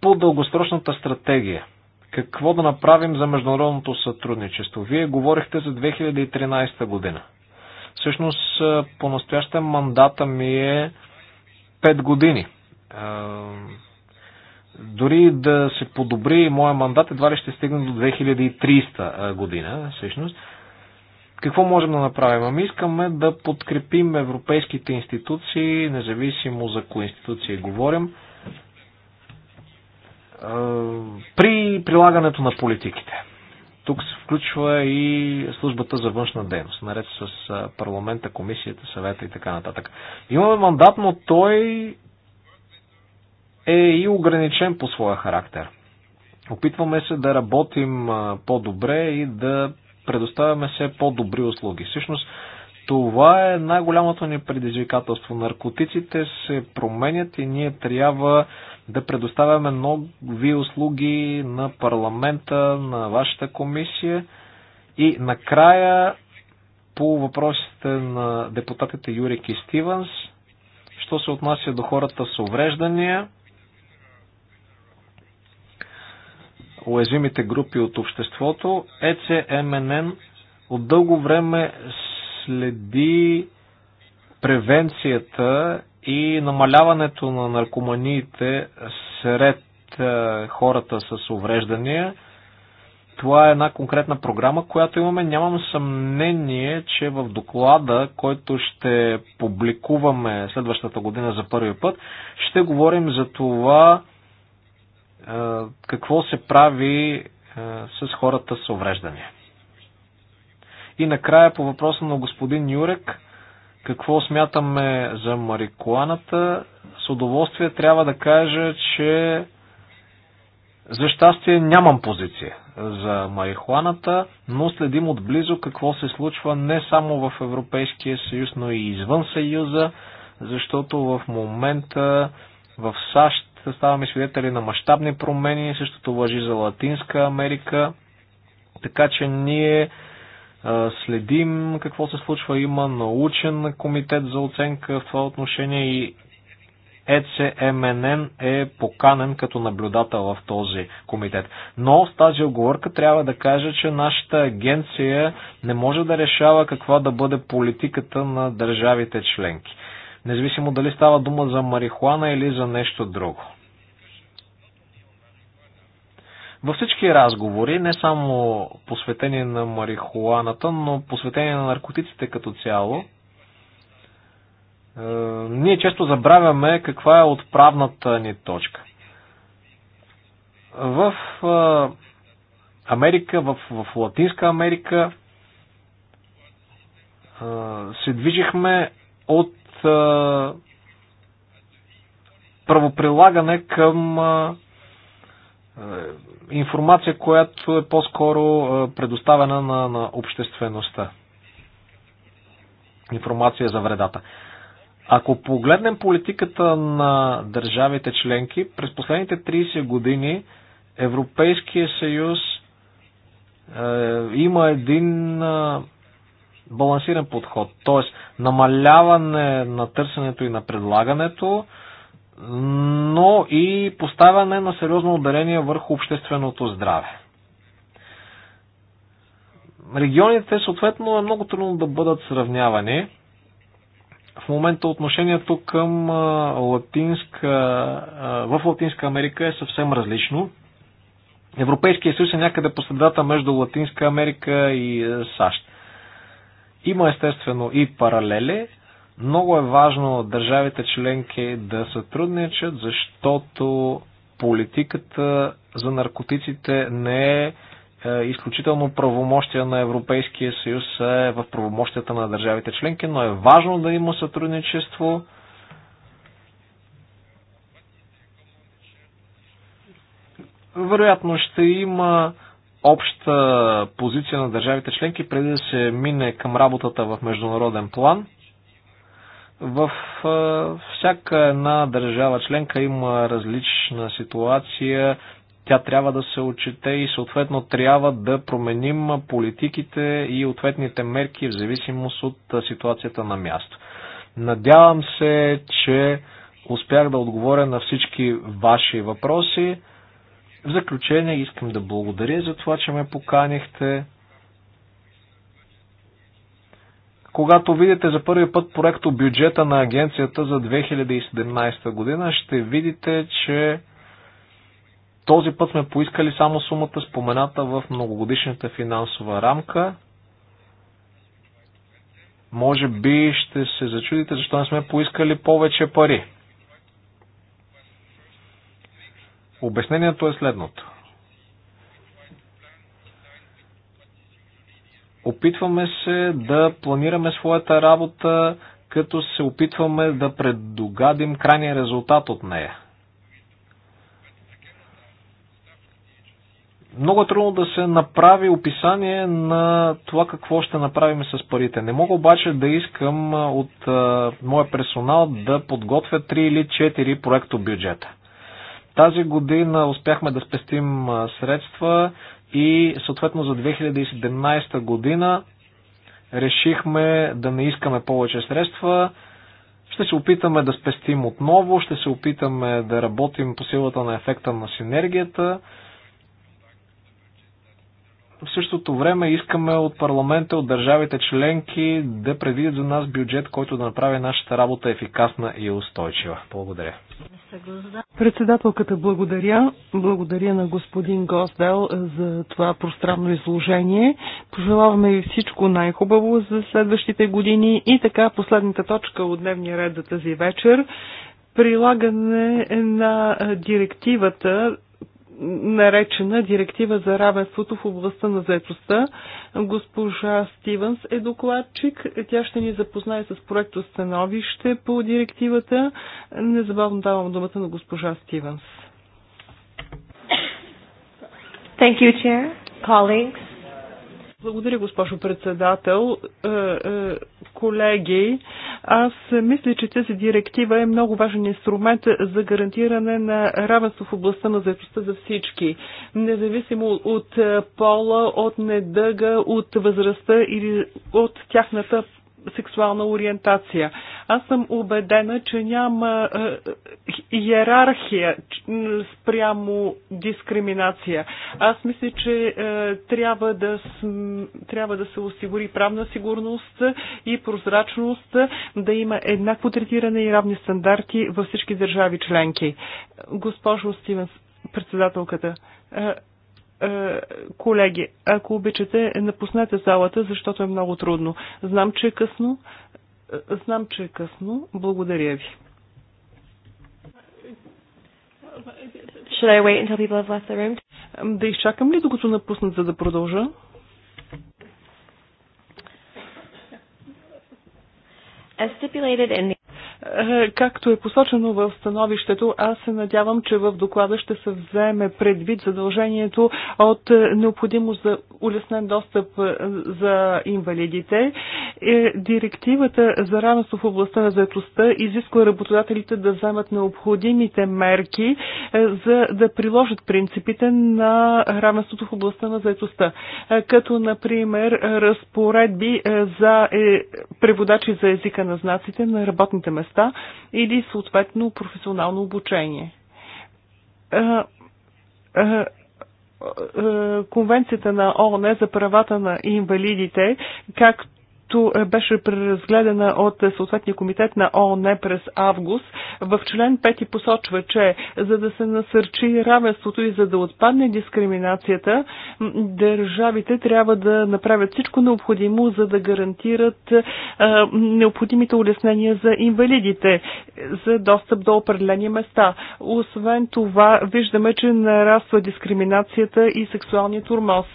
Speaker 2: по дългосрочната стратегия. Какво да направим за международното сътрудничество? Вие говорихте за 2013 година. Всъщност, по-настоящен мандата ми е 5 години – дори да се подобри моя мандат, едва ли ще стигна до 2300 година, всъщност. Какво можем да направим? Ами искаме да подкрепим европейските институции, независимо за кои институции говорим, при прилагането на политиките. Тук се включва и службата за външна дейност, наред с парламента, комисията, съвета и така нататък. Имаме мандат, но той е и ограничен по своя характер. Опитваме се да работим по-добре и да предоставяме все по-добри услуги. Всъщност, това е най-голямото ни предизвикателство. Наркотиците се променят и ние трябва да предоставяме нови услуги на парламента, на вашата комисия. И накрая, по въпросите на депутатите Юрик и Стивенс, що се отнася до хората с увреждания, уязвимите групи от обществото. ЕЦМНН от дълго време следи превенцията и намаляването на наркоманиите сред е, хората с увреждания. Това е една конкретна програма, която имаме. Нямам съмнение, че в доклада, който ще публикуваме следващата година за първи път, ще говорим за това какво се прави с хората с увреждания. И накрая по въпроса на господин Юрек, какво смятаме за марикуаната, с удоволствие трябва да кажа, че за щастие нямам позиция за марихуаната, но следим отблизо какво се случва не само в Европейския съюз, но и извън съюза, защото в момента в САЩ ставаме свидетели на мащабни промени, същото въжи за Латинска Америка, така че ние следим какво се случва. Има научен комитет за оценка в това отношение и ЕЦМНН е поканен като наблюдател в този комитет. Но с тази оговорка трябва да кажа, че нашата агенция не може да решава каква да бъде политиката на държавите членки независимо дали става дума за марихуана или за нещо друго. Във всички разговори, не само посветени на марихуаната, но посветени на наркотиците като цяло, е, ние често забравяме каква е отправната ни точка. В е, Америка, в, в Латинска Америка е, се движихме от правоприлагане към е, информация, която е по-скоро предоставена на, на обществеността. Информация за вредата. Ако погледнем политиката на държавите членки, през последните 30 години Европейския съюз е, има един е, балансиран подход, т.е. намаляване на търсенето и на предлагането, но и поставяне на сериозно ударение върху общественото здраве. Регионите съответно е много трудно да бъдат сравнявани. В момента отношението към латинска, в Латинска Америка е съвсем различно. Европейския съюз е някъде по средата между Латинска Америка и САЩ. Има естествено и паралели. Много е важно държавите членки да сътрудничат, защото политиката за наркотиците не е, е изключително правомощия на Европейския съюз е в правомощията на държавите членки, но е важно да има сътрудничество. Вероятно ще има обща позиция на държавите членки, преди да се мине към работата в международен план. В всяка една държава членка има различна ситуация, тя трябва да се отчете и съответно трябва да променим политиките и ответните мерки в зависимост от ситуацията на място. Надявам се, че успях да отговоря на всички ваши въпроси. В заключение искам да благодаря за това, че ме поканихте. Когато видите за първи път проекто бюджета на агенцията за 2017 година, ще видите, че този път сме поискали само сумата спомената в многогодишната финансова рамка. Може би ще се зачудите защо не сме поискали повече пари. Обяснението е следното. Опитваме се да планираме своята работа, като се опитваме да предогадим крайния резултат от нея. много е трудно да се направи описание на това какво ще направим с парите. Не мога обаче да искам от а, моя персонал да подготвя 3 или 4 проекто бюджета. Тази година успяхме да спестим средства и съответно за 2017 година решихме да не искаме повече средства. Ще се опитаме да спестим отново, ще се опитаме да работим по силата на ефекта на синергията. В същото време искаме от парламента, от държавите членки да предвидят за нас бюджет, който да направи нашата работа ефикасна и устойчива. Благодаря.
Speaker 4: Председателката благодаря. Благодаря на господин Госдел за това пространно изложение. Пожелаваме ви всичко най-хубаво за следващите години и така последната точка от дневния ред за тази вечер прилагане на директивата наречена директива за равенството в областта на заетостта. Госпожа Стивенс е докладчик. Тя ще ни запознае с проекто становище по директивата. Незабавно давам думата на госпожа Стивенс. Thank you, Chair. Colleagues. Благодаря, госпожо председател. Е, е, колеги, аз мисля, че тази директива е много важен инструмент за гарантиране на равенство в областта на заедостта за всички, независимо от е, пола, от недъга, от възрастта или от тяхната сексуална ориентация. Аз съм убедена, че няма е, е иерархия спрямо дискриминация. Аз мисля, че е, трябва, да, трябва да се осигури правна сигурност и прозрачност, да има еднакво третиране и равни стандарти във всички държави членки. Госпожо Стивенс, председателката, е, е, колеги, ако обичате, напуснете залата, защото е много трудно. Знам, че е късно. Е, знам, че е късно. Благодаря ви. Should I wait until people have left the room? Да изчакам ли докато напуснат, за да продължа? As stipulated in the е, както е посочено в становището, аз се надявам, че в доклада ще се вземе предвид задължението от е, необходимост за улеснен достъп е, за инвалидите. Директивата за равенство в областта на заедостта изисква работодателите да вземат необходимите мерки, за да приложат принципите на равенството в областта на заедостта, като например разпоредби за преводачи за езика на знаците на работните места заетостта или съответно професионално обучение. Е, е, е, конвенцията на ООН за правата на инвалидите, както която е, беше преразгледана от е, съответния комитет на ООН през август. В член 5 посочва, че за да се насърчи равенството и за да отпадне дискриминацията, държавите трябва да направят всичко необходимо, за да гарантират а, е, необходимите улеснения за инвалидите, за достъп до определени места. Освен това, виждаме, че нараства дискриминацията и сексуалния турмоз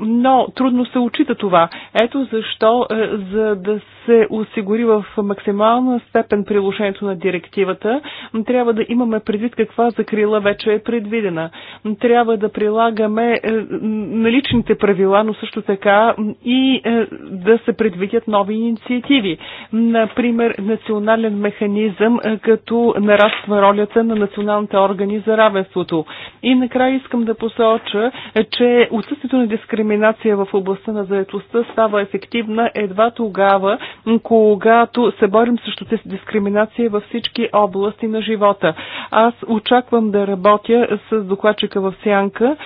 Speaker 4: но трудно се очита това. Ето защо е, за да се осигури в максимална степен приложението на директивата, трябва да имаме предвид каква закрила вече е предвидена. Трябва да прилагаме е, наличните правила, но също така и е, да се предвидят нови инициативи. Например, национален механизъм, като нараства ролята на националните органи за равенството. И накрая искам да посоча, че отсъствието на дискриминация в областта на заетостта става ефективна едва тогава, когато се борим срещу тази дискриминация във всички области на живота. Аз очаквам да работя с докладчика в Сянка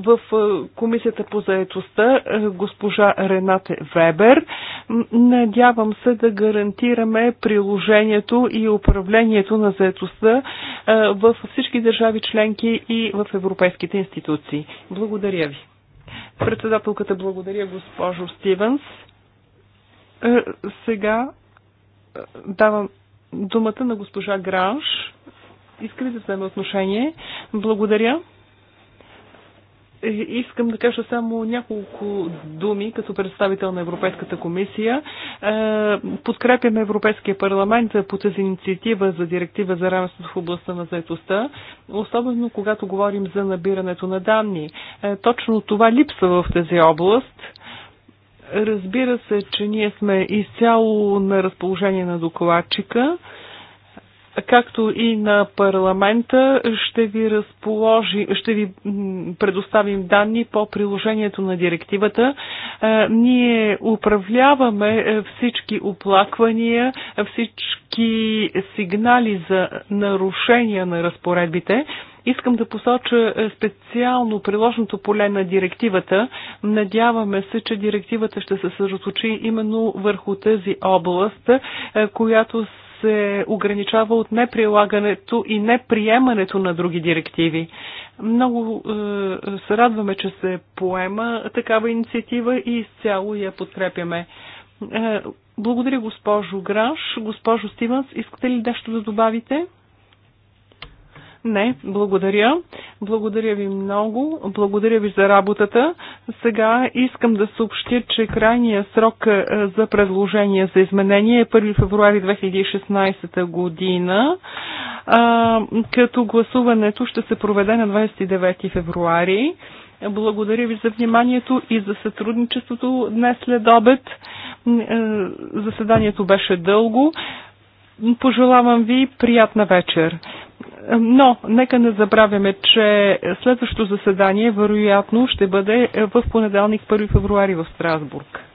Speaker 4: в е, Комисията по заетостта е, госпожа Ренате Вебер. Надявам се да гарантираме приложението и управлението на заетостта във е, всички държави членки и в европейските институции. Благодаря ви. Председателката благодаря госпожо Стивенс. Е, сега е, давам думата на госпожа Гранш. искате да вземе отношение? Благодаря. Е, искам да кажа само няколко думи като представител на Европейската комисия. Е, подкрепяме Европейския парламент по тази инициатива за директива за равенството в областта на заетостта, особено когато говорим за набирането на данни. Е, точно това липсва в тази област. Разбира се, че ние сме изцяло на разположение на докладчика както и на парламента, ще ви разположи, ще ви предоставим данни по приложението на директивата. Е, ние управляваме е, всички оплаквания, всички сигнали за нарушения на разпоредбите. Искам да посоча е, специално приложното поле на директивата. Надяваме се, че директивата ще се съсредоточи именно върху тази област, която се ограничава от неприлагането и неприемането на други директиви. Много е, се радваме, че се поема такава инициатива и изцяло я подкрепяме. Е, благодаря, госпожо Гранш. Госпожо Стивенс, искате ли нещо да добавите? Не, благодаря. Благодаря ви много. Благодаря ви за работата. Сега искам да съобщя, че крайният срок е, за предложение за изменение е 1 февруари 2016 година, като гласуването ще се проведе на 29 февруари. Благодаря ви за вниманието и за сътрудничеството днес след обед. Е, заседанието беше дълго. Пожелавам ви приятна вечер. Но нека не забравяме, че следващото заседание вероятно ще бъде в понеделник 1 февруари в Страсбург.